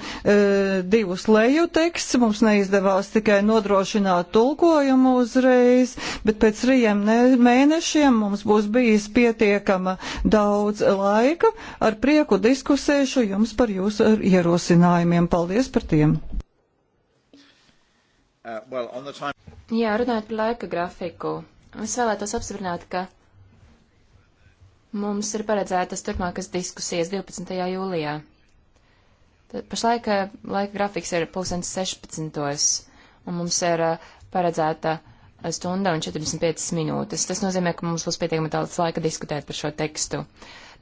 divus leju teksts. Mums neizdevās tikai nodrošināt tulkojumu uzreiz, bet pēc trījiem mēnešiem mums būs bijis pietiekama daudz laika. Ar prieku diskusēšu jums par jūsu ierosinājumiem. Paldies par tiem! Uh, well, time... Jā, runājot par laika grafiku. Es vēlētos apstiprināt, ka Mums ir paredzētas turpmākas diskusijas 12. jūlijā. Tad pašlaik laika grafiks ir pusdienas 16. un mums ir uh, paredzēta uh, stunda un 45 minūtes. Tas nozīmē, ka mums būs pietiekami daudz laika diskutēt par šo tekstu.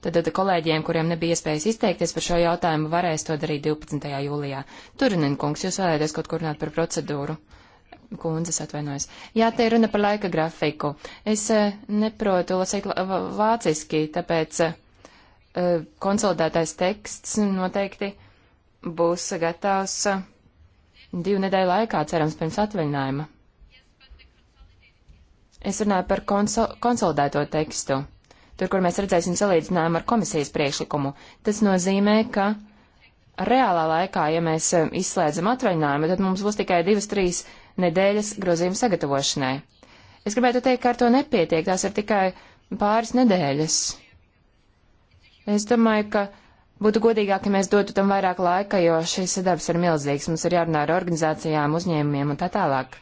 Tad, tad kolēģiem, kuriem nebija iespējas izteikties par šo jautājumu, varēs to darīt 12. jūlijā. Turinen kungs, jūs vēlēties kaut kur runāt par procedūru? Uh, kundzes atvainojas. Jā, te ir runa par laika grafiku. Es eh, neprotu lasīt vāciski, tāpēc eh, konsolidētais teksts noteikti būs gatavs eh, divu nedēļu laikā, cerams, pirms atvaļinājuma. Es runāju par konsol konsolidēto tekstu. Tur, kur mēs redzēsim salīdzinājumu ar komisijas priekšlikumu, tas nozīmē, ka reālā laikā, ja mēs izslēdzam atvaļinājumu, tad mums būs tikai divas, trīs nedēļas grozījuma sagatavošanai. Es gribētu teikt, ka ar to nepietiek, tās ir tikai pāris nedēļas. Es domāju, ka būtu godīgāk, ja mēs dotu tam vairāk laika, jo šis darbs ir milzīgs, mums ir jārunā ar organizācijām, uzņēmumiem un tā tālāk.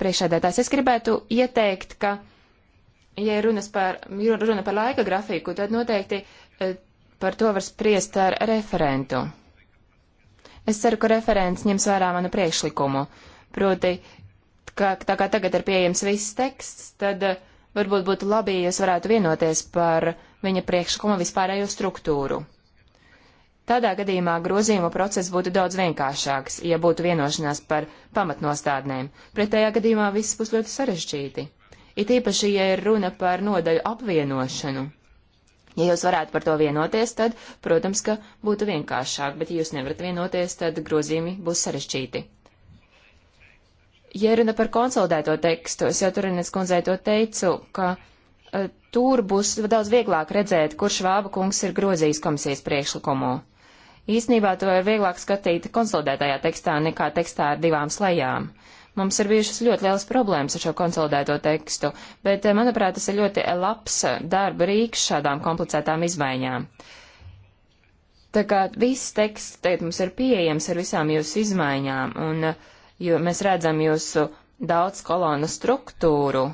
Priekšādētājs, es gribētu ieteikt, ka, ja runas par, runa par laika grafiku, tad noteikti eh, par to var spriest ar referentu. Es ceru, ka referents ņems vērā manu priekšlikumu. Proti, ka tā kā tagad ir pieejams viss teksts, tad eh, varbūt būtu labi, ja jūs varētu vienoties par viņa priekšlikuma vispārējo struktūru. Tādā gadījumā grozījumu process būtu daudz vienkāršāks, ja būtu vienošanās par pamatnostādnēm. Pretējā gadījumā viss būs ļoti sarežģīti. It īpaši, ja ir runa par nodaļu apvienošanu. Ja jūs varētu par to vienoties, tad, protams, ka būtu vienkāršāk, bet ja jūs nevarat vienoties, tad grozījumi būs sarežģīti. Ja runa par konsolidēto tekstu, es jau Turines kundzei to teicu, ka uh, tur būs daudz vieglāk redzēt, kurš Vāba kungs ir grozījis komisijas priekšlikumu. Īsnībā to ir vieglāk skatīt konsolidētajā tekstā nekā tekstā ar divām slajām. Uh, Mums ir bijušas ļoti lielas problēmas ar šo konsolidēto tekstu, bet, eh, manuprāt, tas ir ļoti eh, labs eh, darba rīks šādām komplicētām izmaiņām. Tā kā viss teksts tagad mums ir pieejams ar visām jūsu izmaiņām, un jo mēs redzam jūsu daudz kolonu struktūru,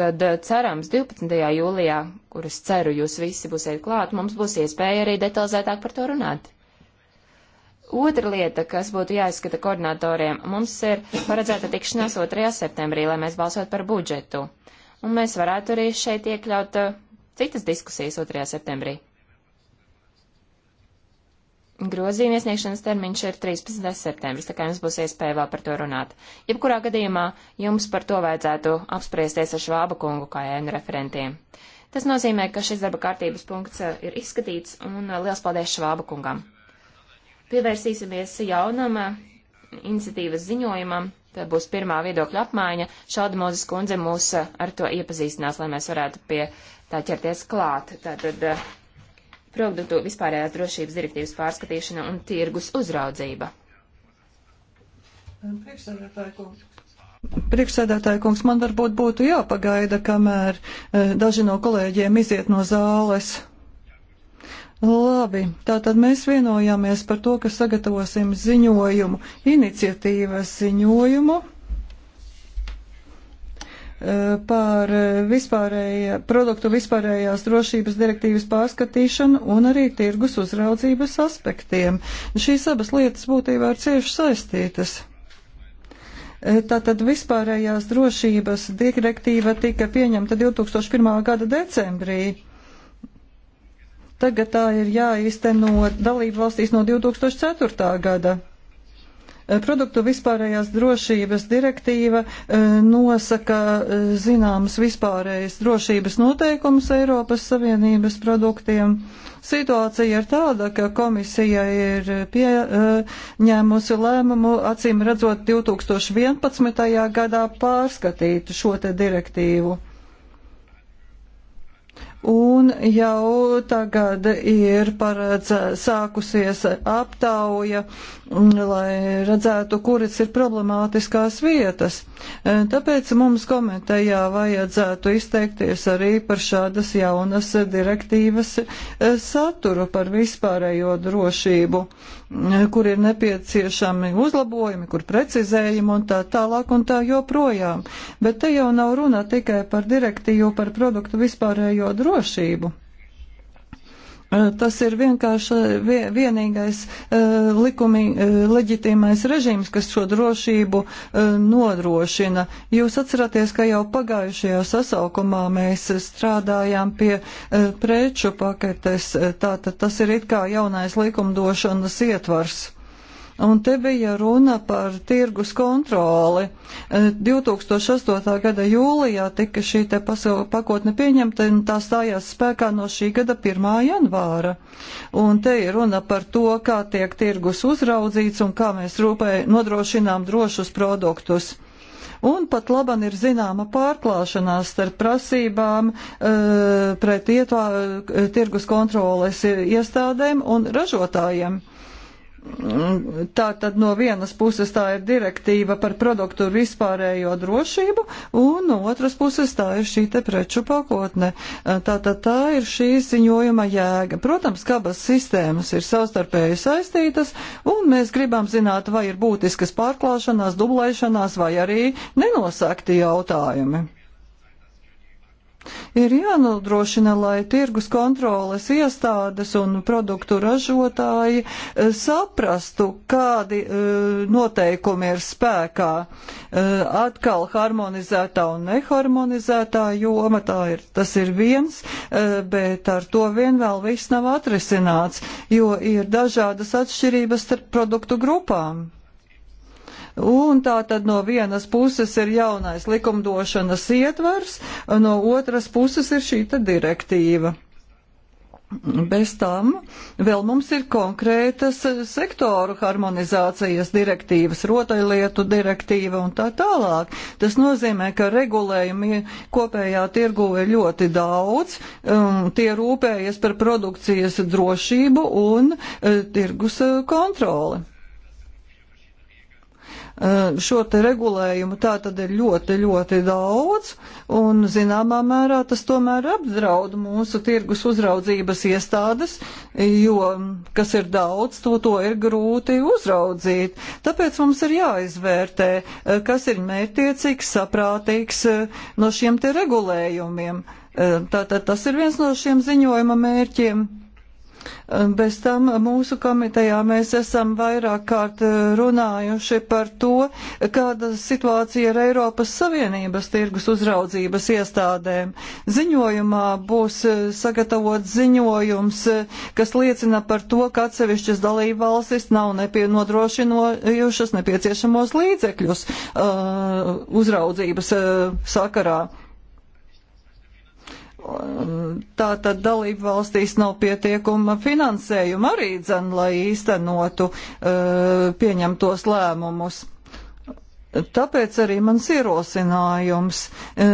tad cerams 12. jūlijā, kuras ceru jūs visi būsiet klāt, mums būs iespēja arī detalizētāk par to runāt. Otra lieta, kas būtu jāizskata koordinatoriem, mums ir paredzēta tikšanās 2. septembrī, lai mēs balsot par budžetu. Un mēs varētu arī šeit iekļaut uh, citas diskusijas 2. septembrī. Grozījuma iesniegšanas termiņš ir 13. septembris, tā kā jums būs iespēja vēl par to runāt. Jebkurā gadījumā jums par to vajadzētu apspriesties ar Švāba kungu kā ēnu referentiem. Tas nozīmē, ka šis darba kārtības punkts uh, ir izskatīts, un uh, liels paldies Švāba kungam! Pievērsīsimies jaunam eh, iniciatīvas ziņojumam. Tā būs pirmā viedokļa apmaiņa. Šāda mūzes kundze mūs eh, ar to iepazīstinās, lai mēs varētu pie tā ķerties klāt. Tātad eh, produktu vispārējās drošības direktīvas pārskatīšana un tirgus uzraudzība. Priekšsēdētāja kungs. Priekšsēdētāja kungs, man varbūt būtu jāpagaida, kamēr daži no kolēģiem iziet no zāles. Labi, tātad mēs vienojāmies par to, ka sagatavosim ziņojumu, iniciatīvas ziņojumu eh, par vispārējā, produktu vispārējās drošības direktīvas pārskatīšanu un arī tirgus uzraudzības aspektiem. Šīs abas lietas būtībā ir cieši saistītas. Eh, tātad vispārējās drošības direktīva tika pieņemta 2001. gada decembrī Tagad tā ir jāīsteno dalību valstīs no 2004. gada. Eh, Produktu vispārējās drošības direktīva eh, nosaka eh, zināmas vispārējas drošības noteikumus Eiropas Savienības produktiem. Situācija ir tāda, ka komisija ir pieņēmusi lēmumu, acīm redzot, 2011. gadā pārskatīt šo te direktīvu un jau tagad ir paredz, sākusies aptauja, mm, lai redzētu, kuras ir problemātiskās vietas. E, tāpēc mums komitejā vajadzētu izteikties arī par šādas jaunas direktīvas e, saturu par vispārējo drošību kur ir nepieciešami uzlabojumi, kur precizējumi un tā tālāk un tā joprojām. Bet te jau nav runa tikai par direktīvu par produktu vispārējo drošību. Eh, tas ir vienkārši vienīgais eh, likumi, eh, leģitīmais režīms, kas šo drošību nodrošina. Jūs atceraties, ka jau pagājušajā sasaukumā mēs strādājām pie preču paketes, tātad tas ir it kā jaunais likumdošanas ietvars. Un te bija runa par tirgus kontroli. 2008. Eh, gada jūlijā tika šī te pakotne pieņemta un tā stājās spēkā no šī gada 1. janvāra. Un te ir runa par to, kā tiek tirgus uzraudzīts un kā mēs rūpē nodrošinām drošus produktus un pat laban ir zināma pārklāšanās starp prasībām e, pret ietvā, eh, tirgus kontroles iestādēm un ražotājiem. Tā tad no vienas puses tā ir direktīva par produktu vispārējo drošību, un no otras puses tā ir šī te preču pakotne. Tā tad tā ir šī ziņojuma jēga. Protams, ka abas sistēmas ir savstarpēji saistītas, un mēs gribam zināt, vai ir būtiskas pārklāšanās, dublēšanās vai arī nenosakti jautājumi. Ir jānodrošina, lai tirgus kontroles iestādes un produktu ražotāji e, saprastu, kādi e, noteikumi ir spēkā. E, atkal harmonizētā un neharmonizētā joma, tā ir, tas ir viens, bet ar to vien vēl viss nav atrisināts, jo ir dažādas atšķirības starp produktu grupām. Un tā tad no vienas puses ir jaunais likumdošanas ietvers, no otras puses ir šīta direktīva. Bez tam vēl mums ir konkrētas sektoru harmonizācijas direktīvas, rotaļlietu direktīva un tā tālāk. Tas nozīmē, ka regulējumi kopējā tirgu ir ļoti daudz, um, tie rūpējas par produkcijas drošību un uh, tirgus eh, kontroli. Eh, šo te regulējumu tā tad ir ļoti, ļoti daudz, un zināmā mērā tas tomēr apdraud mūsu tirgus uzraudzības iestādes, jo, mm, kas ir daudz, to, to ir grūti uzraudzīt. Tāpēc mums ir jāizvērtē, eh, kas ir mērtiecīgs, saprātīgs eh, no šiem te regulējumiem. Tātad tas ir viens no šiem ziņojuma mērķiem. Ehm, bez tam mūsu komitejā mēs esam vairāk kārt eh, runājuši par to, kāda situācija ir Eiropas Savienības tirgus uzraudzības iestādēm. Ziņojumā būs eh, sagatavots ziņojums, eh, kas liecina par to, ka atsevišķas dalība valstis nav nodrošinojušas nepieciešamos līdzekļus uh, uzraudzības uh, sakarā. Tā tad dalību valstīs nav pietiekuma finansējuma arī dzen, lai īstenotu e, pieņemtos lēmumus. Tāpēc arī mans ierosinājums e,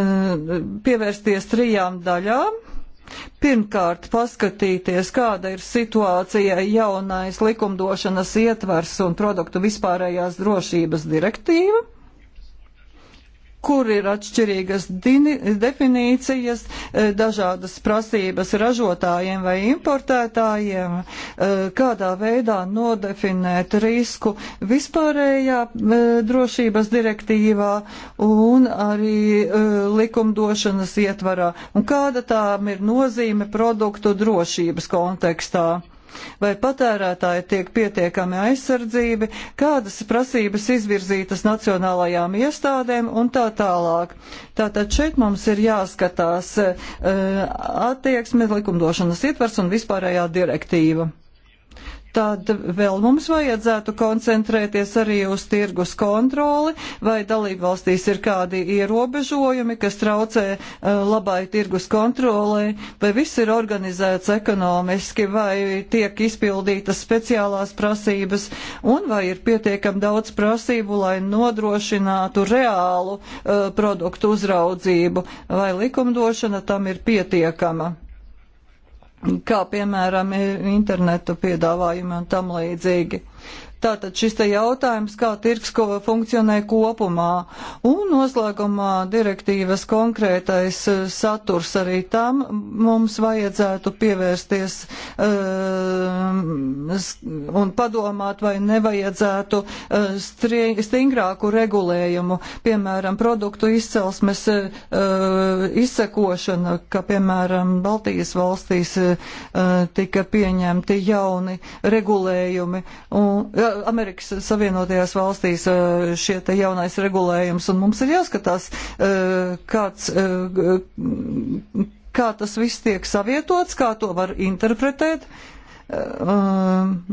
pievērsties trijām daļām. Pirmkārt, paskatīties, kāda ir situācija jaunais likumdošanas ietvers un produktu vispārējās drošības direktīva kur ir atšķirīgas definīcijas, e, dažādas prasības ražotājiem vai importētājiem, e, kādā veidā nodefinēt risku vispārējā e, drošības direktīvā un arī likumdošanas ietvarā, un kāda tām ir nozīme produktu drošības kontekstā vai patērētāji tiek pietiekami aizsardzībi, kādas prasības izvirzītas nacionālajām iestādēm un tā tālāk. Tātad šeit mums ir jāskatās eh, attieksme, likumdošanas ietvers un vispārējā direktīva tad vēl mums vajadzētu koncentrēties arī uz tirgus kontroli, vai dalību valstīs ir kādi ierobežojumi, kas traucē eh, labai tirgus kontrolē, vai viss ir organizēts ekonomiski, vai tiek izpildītas speciālās prasības, un vai ir pietiekam daudz prasību, lai nodrošinātu reālu uh, produktu uzraudzību, vai likumdošana tam ir pietiekama kā piemēram internetu piedāvājumi un tam līdzīgi. Uh, Tātad šis te jautājums, kā tirgs ko funkcionē kopumā. Un noslēgumā direktīvas konkrētais eh, saturs arī tam mums vajadzētu pievērsties uh, un padomāt, vai nevajadzētu uh, eh, stri, stingrāku regulējumu, piemēram, produktu izcelsmes uh, izsekošana, ka, piemēram, Baltijas valstīs uh, tika pieņemti jauni regulējumi. Un, Amerikas Savienotajās valstīs e, šie te jaunais regulējums, un mums ir jāskatās, e, kāds, e, kā tas viss tiek savietots, kā to var interpretēt.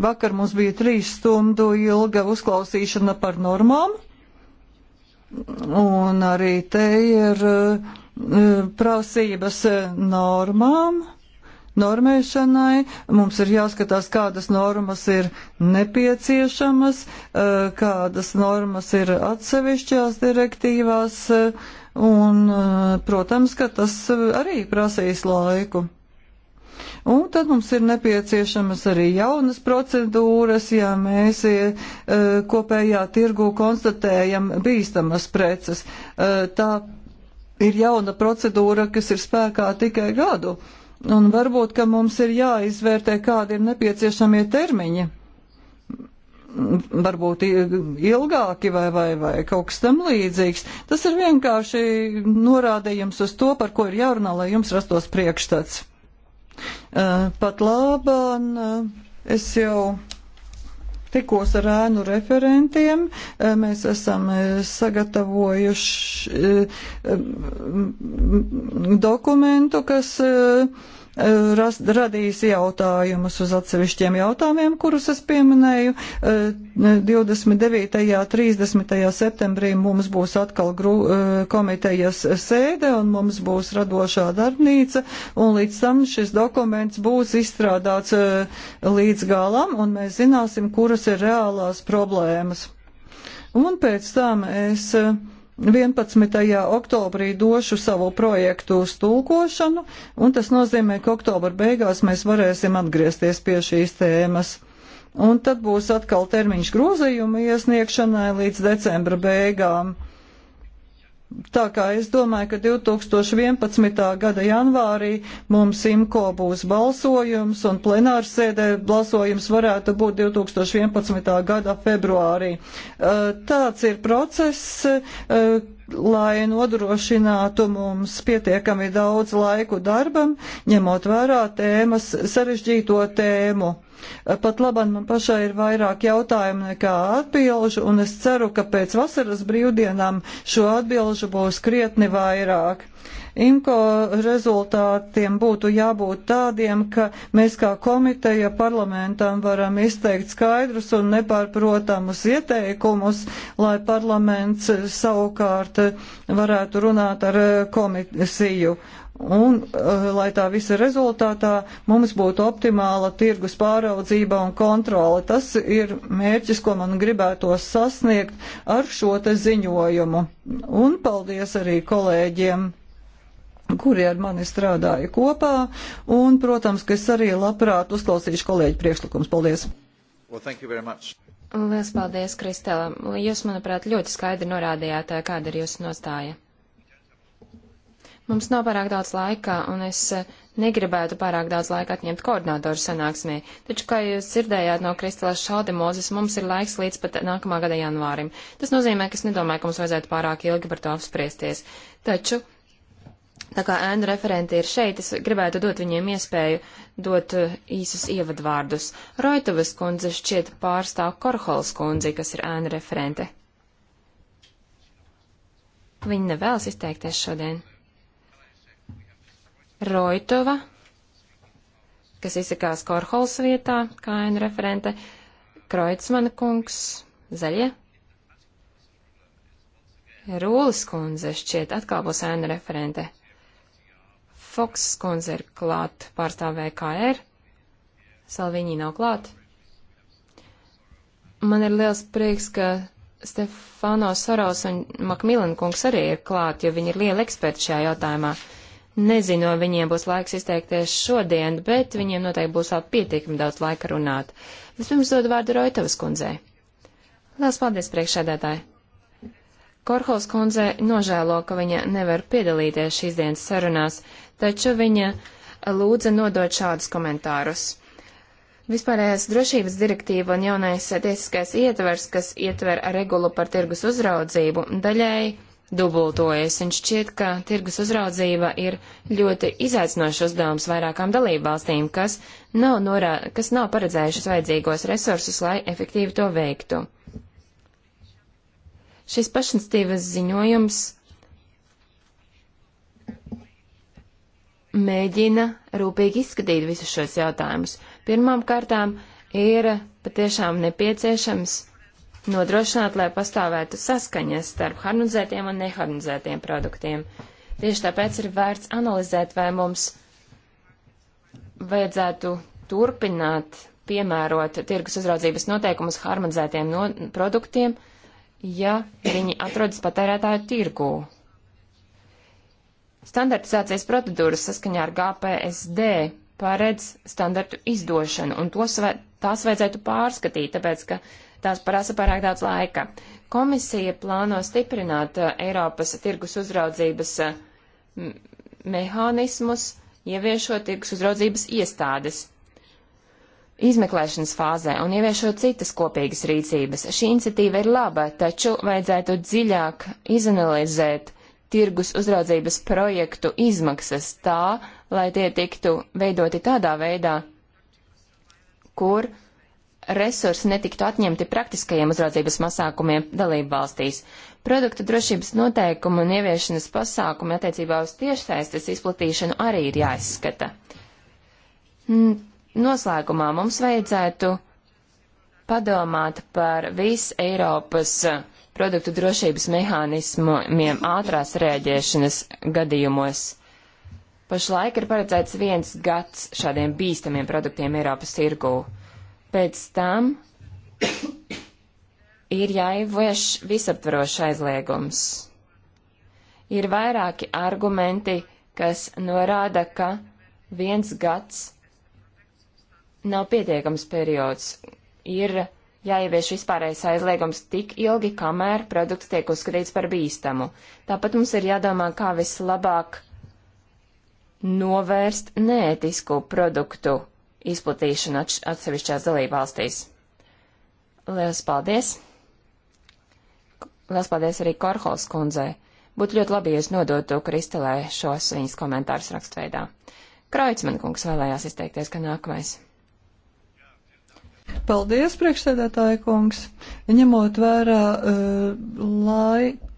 Vakar mums bija trīs stundu ilga uzklausīšana par normām, un arī te ir prasības normām normēšanai. Mums ir jāskatās, kādas normas ir nepieciešamas, eh, kādas normas ir atsevišķās direktīvās, eh, un, eh, protams, ka tas arī prasīs laiku. Un tad mums ir nepieciešamas arī jaunas procedūras, ja mēs e, kopējā tirgu konstatējam bīstamas preces. E, tā ir jauna procedūra, kas ir spēkā tikai gadu. E, Un varbūt, ka mums ir jāizvērtē, kādi ir nepieciešamie termiņi. Varbūt ilgāki vai, vai, vai kaut kas tam līdzīgs. Tas ir vienkārši norādījums uz to, par ko ir jārunā, lai jums rastos priekšstats. Pat labāk, es jau tikos ar ēnu referentiem. Eh, mēs esam eh, sagatavojuši eh, dokumentu, kas Eh, ras, radīs jautājumus uz atsevišķiem jautājumiem, kurus es pieminēju. 29. Eh, 30. septembrī mums būs atkal gru, eh, komitejas sēde un mums būs radošā darbnīca, un līdz tam šis dokuments būs izstrādāts līdz galam, un mēs zināsim, kuras ir reālās problēmas. Un pēc tam es uh, 11. oktobrī došu savu projektu uz tulkošanu, un tas nozīmē, ka oktobra beigās mēs varēsim atgriezties pie šīs tēmas. Un tad būs atkal termiņš grozījuma iesniegšanai līdz decembra beigām. Tā kā es domāju, ka 2011. gada janvārī mums IMCO būs balsojums un plenārsēdē balsojums varētu būt 2011. gada februārī. Tāds ir process, lai nodrošinātu mums pietiekami daudz laiku darbam, ņemot vērā tēmas, sarežģīto tēmu. Pat labam man pašai ir vairāk jautājumu nekā atbilžu, un es ceru, ka pēc vasaras brīvdienām šo atbilžu būs krietni vairāk. IMCO rezultātiem būtu jābūt tādiem, ka mēs kā komiteja parlamentam varam izteikt skaidrus un nepārprotamus ieteikumus, lai parlaments savukārt varētu runāt ar komisiju. Un, eh, lai tā visa rezultātā mums būtu optimāla tirgus pāraudzība un kontrole. Tas ir mērķis, ko man gribētos sasniegt ar šo te ziņojumu. Un paldies arī kolēģiem kuri ar mani strādāja kopā, un, protams, ka es arī labprāt uzklausīšu kolēģi priekšlikums. Paldies! Well, Lielas paldies, Kristela. Jūs, manuprāt, ļoti skaidri norādījāt, eh, kāda ir jūsu nostāja. Mums nav pārāk daudz laika, un es eh, negribētu pārāk daudz laika atņemt koordinātoru sanāksmē. Taču, kā jūs dzirdējāt no Kristelas Šaldemozes, mums ir laiks līdz pat nākamā gada janvārim. Tas nozīmē, ka es nedomāju, ka mums vajadzētu pārāk ilgi par to apspriesties. Taču Tā kā ēnu referenti ir šeit, es gribētu dot viņiem iespēju dot eh, īsus ievadvārdus. Roitavas kundze šķiet pārstāv Korholas kundzi, kas ir ēnu referente. Viņa nevēlas izteikties šodien. Roitova, kas izsakās Korholas vietā, kā ēnu referente, Kreutzmana kungs, zaļie. Rūlis kundze šķiet atkal būs ēnu referente. Foks skundze ir klāt pārstāvēja KR. Salviņī nav klāt. Man ir liels prieks, ka Stefano Soros un Makmilan kungs arī ir klāt, jo viņi ir lieli eksperti šajā jautājumā. Nezinu, vai viņiem būs laiks izteikties šodien, bet viņiem noteikti būs vēl pietiekami daudz laika runāt. Vispirms dodu vārdu Roitavas kundzei. Lielas paldies priekšsēdētāji! Korhols kundze nožēlo, ka viņa nevar piedalīties šīs dienas sarunās, taču viņa lūdza nodot šādus komentārus. Vispārējās drošības direktīva un jaunais tiesiskais ietvers, kas ietver regulu par tirgus uzraudzību, daļēji dubultojas, un šķiet, ka tirgus uzraudzība ir ļoti izaicinošs uzdevums vairākām dalībvalstīm, kas nav, norā, kas nav paredzējušas vajadzīgos resursus, lai efektīvi to veiktu. Šis pašinstīvas ziņojums mēģina rūpīgi izskatīt visus šos jautājumus. Pirmām kārtām ir patiešām nepieciešams nodrošināt, lai pastāvētu saskaņas starp harmonizētiem un neharmonizētiem produktiem. Tieši tāpēc ir vērts analizēt, vai mums vajadzētu turpināt piemērot tirgus uzraudzības noteikumus harmonizētiem no produktiem, uh, ja viņi atrodas patērētāju tirgū. Standartizācijas procedūras saskaņā ar GPSD paredz standartu izdošanu, un tos, tās vajadzētu pārskatīt, tāpēc, ka tās prasa pārāk daudz laika. Komisija plāno stiprināt uh, Eiropas tirgus uzraudzības uh, mehānismus, ieviešot tirgus uzraudzības iestādes izmeklēšanas fāzē un ieviešot citas kopīgas rīcības. Šī iniciatīva ir laba, taču vajadzētu dziļāk izanalizēt tirgus uzraudzības projektu izmaksas tā, lai tie tiktu veidoti tādā veidā, kur resursi netiktu atņemti praktiskajiem uzraudzības pasākumiem dalību valstīs. Produktu drošības noteikumu un ieviešanas pasākumi attiecībā uz tiešsaistes izplatīšanu arī ir jāizskata. Noslēgumā mums vajadzētu padomāt par visu Eiropas eh, produktu drošības mehānismiem ātrās rēģēšanas gadījumos. Pašlaik ir paredzēts viens gads šādiem bīstamiem produktiem Eiropas tirgū. Pēc tam ir jāievieš visaptvarošs aizliegums. Ir vairāki argumenti, kas norāda, ka viens gads nav pietiekams periods. Ir jāievieš vispārējais aizliegums tik ilgi, kamēr produkts tiek uzskatīts par bīstamu. Tāpat mums ir jādomā, kā vislabāk novērst neētisku produktu izplatīšanu atsevišķās dalībvalstīs. Lielas paldies! Lielas paldies arī Korhols kundzei. Būtu ļoti labi, ja es nodotu Kristelē šos viņas komentārus rakstveidā. Kraucman kungs vēlējās izteikties, ka nākamais. Paldies, priekšsēdētāja kungs, ņemot vērā uh, eh, laiku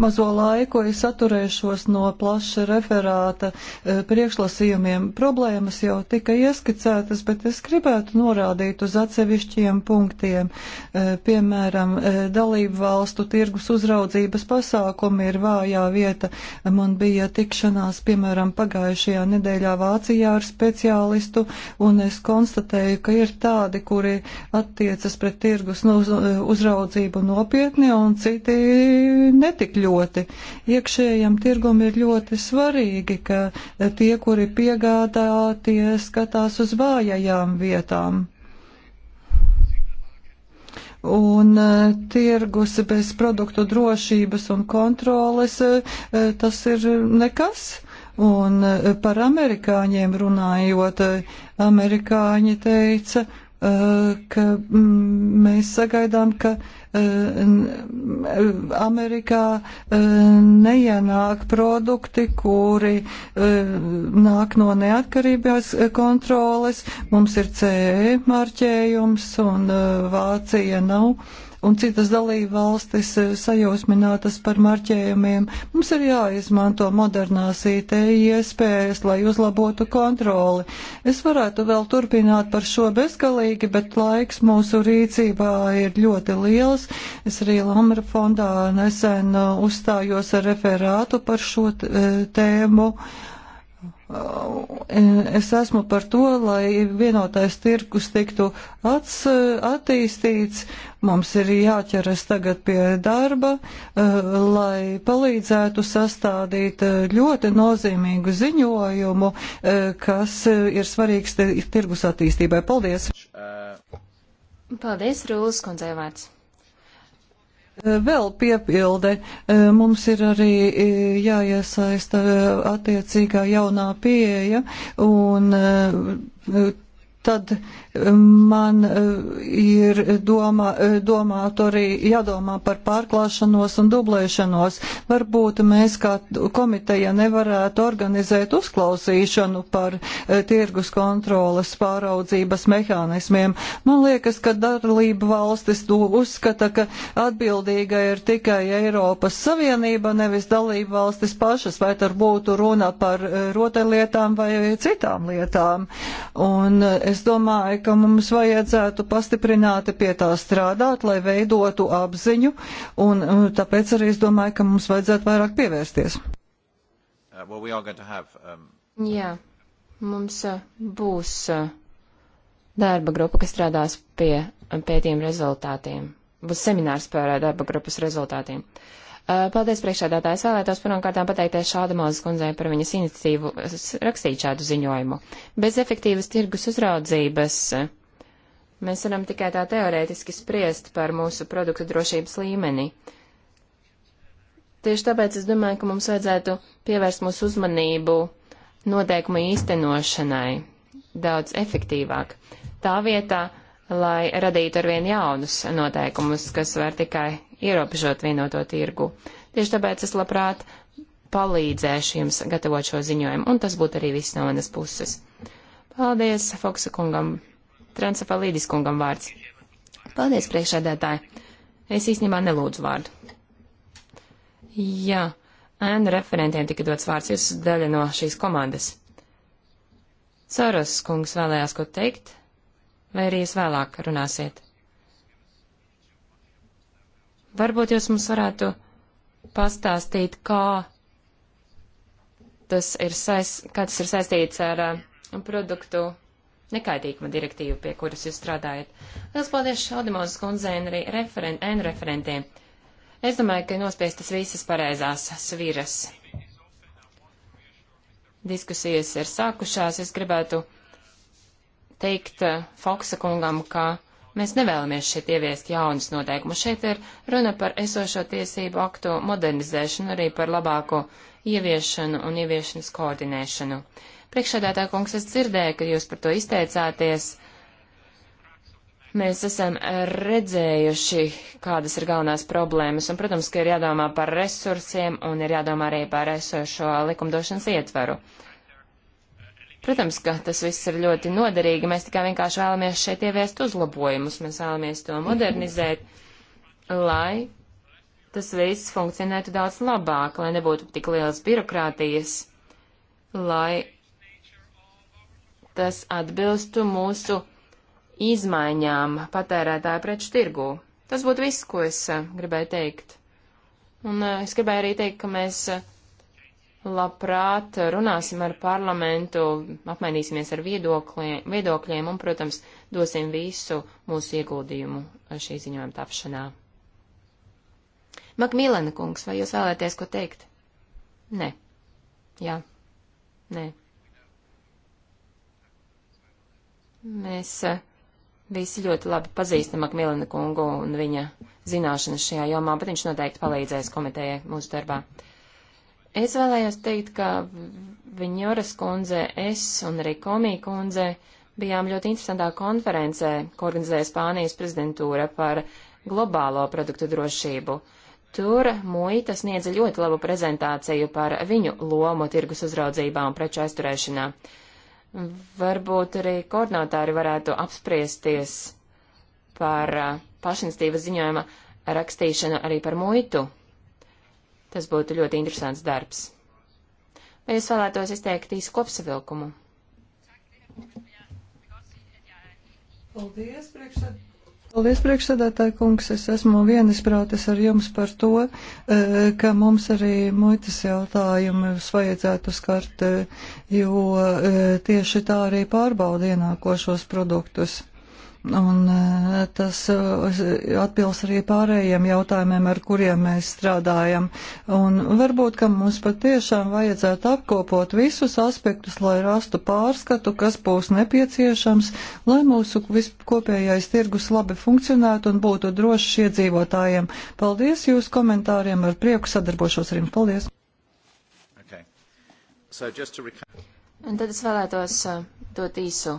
mazo laiku es atturēšos no plaša referāta eh, priekšlasījumiem. Problēmas jau tika ieskicētas, bet es gribētu norādīt uz atsevišķiem punktiem. Eh, piemēram, eh, dalību valstu tirgus uzraudzības pasākumi ir vājā vieta. Man bija tikšanās, piemēram, pagājušajā nedēļā Vācijā ar speciālistu, un es konstatēju, ka ir tādi, kuri attiecas pret tirgus uzraudzību nopietni, un citi ne netik ļoti. Iekšējam tirgum ir ļoti svarīgi, ka tie, kuri piegādā, tie skatās uz vājajām vietām. Un uh, tirgus bez produktu drošības un kontroles, uh, tas ir nekas. Un uh, par amerikāņiem runājot, uh, amerikāņi teica, uh, Eh, ka mm, mēs sagaidām, ka eh, Amerikā eh, neienāk produkti, kuri nāk no neatkarībās kontroles. Mums ir CE marķējums un Vācija nav un citas dalība valstis eh, sajūsminātas par marķējumiem. Mums ir jāizmanto modernās IT iespējas, lai uzlabotu kontroli. Es varētu vēl turpināt par šo bezgalīgi, bet laiks mūsu rīcībā ir ļoti liels. Es arī Lamra fondā nesen eh, uzstājos ar referātu par šo eh, tēmu. Uh, Uh, es esmu par to, lai vienotais tirkus tiktu ats, attīstīts. Mums ir jāķeras tagad pie darba, uh, lai palīdzētu sastādīt uh, ļoti nozīmīgu ziņojumu, kas ir svarīgs tirgus attīstībai. Paldies! Paldies, Rūlis Kondzēvārds! Eh, vēl piebilde. Eh, mums ir arī eh, jāiesaista attiecīgā jaunā pieeja un tad eh, man eh, ir domā, eh, domāt arī jādomā par pārklāšanos un dublēšanos. Varbūt mēs kā komiteja nevarētu organizēt uzklausīšanu par tirgus kontrolas pāraudzības mehānismiem. Man liekas, ka darlība valstis to uzskata, ka atbildīga ir tikai Eiropas Savienība, nevis dalība valstis pašas, vai tur būtu runa par rotaļlietām vai citām lietām. Un es Es domāju, ka mums vajadzētu pastiprināti pie tā strādāt, lai veidotu apziņu, un uh, tāpēc arī es domāju, ka mums vajadzētu vairāk pievērsties. Uh, well, we have, um... Jā, mums uh, būs uh, darba grupa, kas strādās pie, uh, pie tiem rezultātiem. Būs seminārs par uh, darba grupas rezultātiem. Uh, Uh, paldies priekšādātājs vēlētos pirmkārtām pateikties šāda mazas kundzei par viņas iniciatīvu rakstīt šādu ziņojumu. Bez efektīvas tirgus uzraudzības uh, mēs varam tikai tā teorētiski spriest par mūsu produktu drošības līmeni. Tieši tāpēc es domāju, ka mums vajadzētu pievērst mūsu uzmanību noteikumu īstenošanai daudz efektīvāk. Tā vietā, lai radītu arvien jaunus noteikumus, kas var tikai ierobežot vienoto tirgu. Tieši tāpēc es labprāt palīdzēšu jums gatavot šo ziņojumu, un tas būtu arī viss no manas puses. Paldies Foksa kungam, Transafalīdis kungam vārds. Paldies priekšādētāji. Es īstenībā nelūdzu vārdu. Jā, ēnu referentiem tika dots vārds, jūs esat daļa no šīs komandas. Soros kungs vēlējās ko teikt, vai arī jūs vēlāk runāsiet? Varbūt jūs mums varētu pastāstīt, kā tas ir, sais, kā tas ir saistīts ar uh, produktu nekaitīguma direktīvu, pie kuras jūs strādājat. Lielas paldies Šaudimozes kundzei un arī referen referentiem. Es domāju, ka nospiestas visas pareizās sviras. Diskusijas ir sākušās. Es gribētu teikt uh, Foksa kungam, ka Mēs nevēlamies šeit ieviest jaunas noteikumus. Šeit ir runa par esošo tiesību aktu modernizēšanu, arī par labāko ieviešanu un ieviešanas koordinēšanu. Priekšādātā kungs, es dzirdēju, ka jūs par to izteicāties. Mēs esam redzējuši, kādas ir galvenās problēmas, un, protams, ka ir jādomā par resursiem un ir jādomā arī par esošo likumdošanas ietvaru. Protams, ka tas viss ir ļoti noderīgi, mēs tikai vienkārši vēlamies šeit ieviest uzlabojumus, mēs vēlamies to modernizēt, lai tas viss funkcionētu daudz labāk, lai nebūtu tik lielas birokrātijas, lai tas atbilstu mūsu izmaiņām patērētāju preču tirgū. Tas būtu viss, ko es eh, gribēju teikt. Un eh, es gribēju arī teikt, ka mēs eh, labprāt runāsim ar parlamentu, apmainīsimies ar viedokļiem, viedokļiem un, protams, dosim visu mūsu ieguldījumu šī ziņojuma tapšanā. Makmīlēna kungs, vai jūs vēlēties ko teikt? Nē. Jā. Nē. Mēs eh, visi ļoti labi pazīstam Makmīlēna kungu un viņa zināšanas šajā jomā, bet viņš noteikti palīdzēs komitejai mūsu darbā. Uh, Es vēlējos teikt, ka Viņoras kundze, es un arī Komī kundze bijām ļoti interesantā konferencē, ko organizēja Spānijas prezidentūra par globālo produktu drošību. Tur muita sniedza ļoti labu prezentāciju par viņu lomu tirgus uzraudzībā un preču aizturēšanā. Varbūt arī koordinātāri varētu apspriesties par uh, pašinstīvas ziņojuma rakstīšanu arī par muitu Tas būtu ļoti interesants darbs. Vai jūs vēlētos izteikt īsu kopsavilkumu? Paldies, priekšsēdētāj. Paldies, priekšsēdētāji kungs. Es esmu vienisprātis ar jums par to, e, ka mums arī muitas jautājumus vajadzētu skart, e, jo e, tieši tā arī pārbauda ienākošos produktus. Un eh, tas eh, atbilst arī pārējiem jautājumiem, ar kuriem mēs strādājam. Un varbūt, ka mums patiešām vajadzētu apkopot visus aspektus, lai rastu pārskatu, kas būs nepieciešams, lai mūsu kopējais tirgus labi funkcionētu un būtu drošs iedzīvotājiem. Paldies jūsu komentāriem, ar prieku sadarbošos ar jums. Paldies! So to... Un tad es vēlētos eh, dot īsu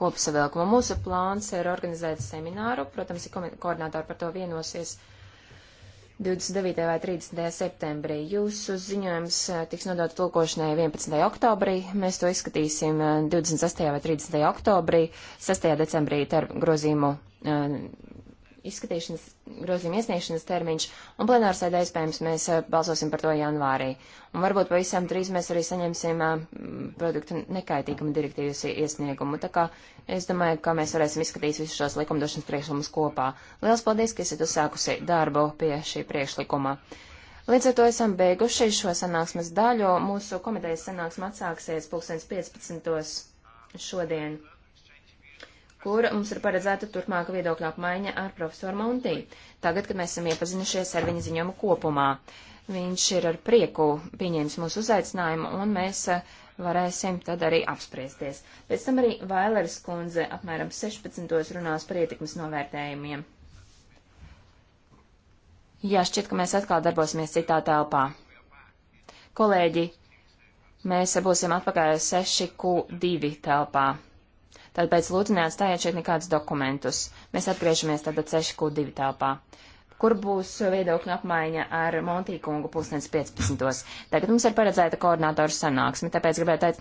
kopsavilkumu. Mūsu plāns ir organizēt semināru, protams, ir koordinātori par to vienosies 29. vai 30. septembrī. Jūsu ziņojums eh, tiks nodota tulkošanai 11. oktobrī, mēs to izskatīsim 26. Eh, vai 30. oktobrī, 6. decembrī ar grozīmu eh, izskatīšanas grozījuma iesniegšanas termiņš, un plenārsēdē iespējams mēs eh, balsosim par to janvārī. Un varbūt pavisam drīz mēs arī saņemsim eh, produktu nekaitīguma direktīvas iesniegumu. Tā kā es domāju, ka mēs varēsim izskatīt visus šos likumdošanas priekšlikumus kopā. Lielas paldies, ka esat uzsākusi darbu pie šī priekšlikuma. Līdz ar to esam beiguši šo sanāksmes daļu. Mūsu komitejas sanāksme atsāksies 2015. šodien kur mums ir paredzēta turpmāka viedokļa apmaiņa ar profesoru Montī. Tagad, kad mēs esam iepazinušies ar viņa ziņojumu kopumā, viņš ir ar prieku pieņēmis mūsu uzaicinājumu, un mēs eh, varēsim tad arī apspriesties. Pēc tam arī Vailers kundze apmēram 16. runās par ietekmes novērtējumiem. Jā, šķiet, ka mēs atkal darbosimies citā telpā. Kolēģi, mēs būsim atpakaļ 6Q2 telpā. Tāpēc lūdzu neatstājiet šeit nekādus dokumentus. Mēs atgriežamies tātad 6Q2 tāpā kur būs viedokļu apmaiņa ar Montīkungu pusdienas 15. Tagad mums ir paredzēta koordinātoru sanāksme, tāpēc gribētu aicināt.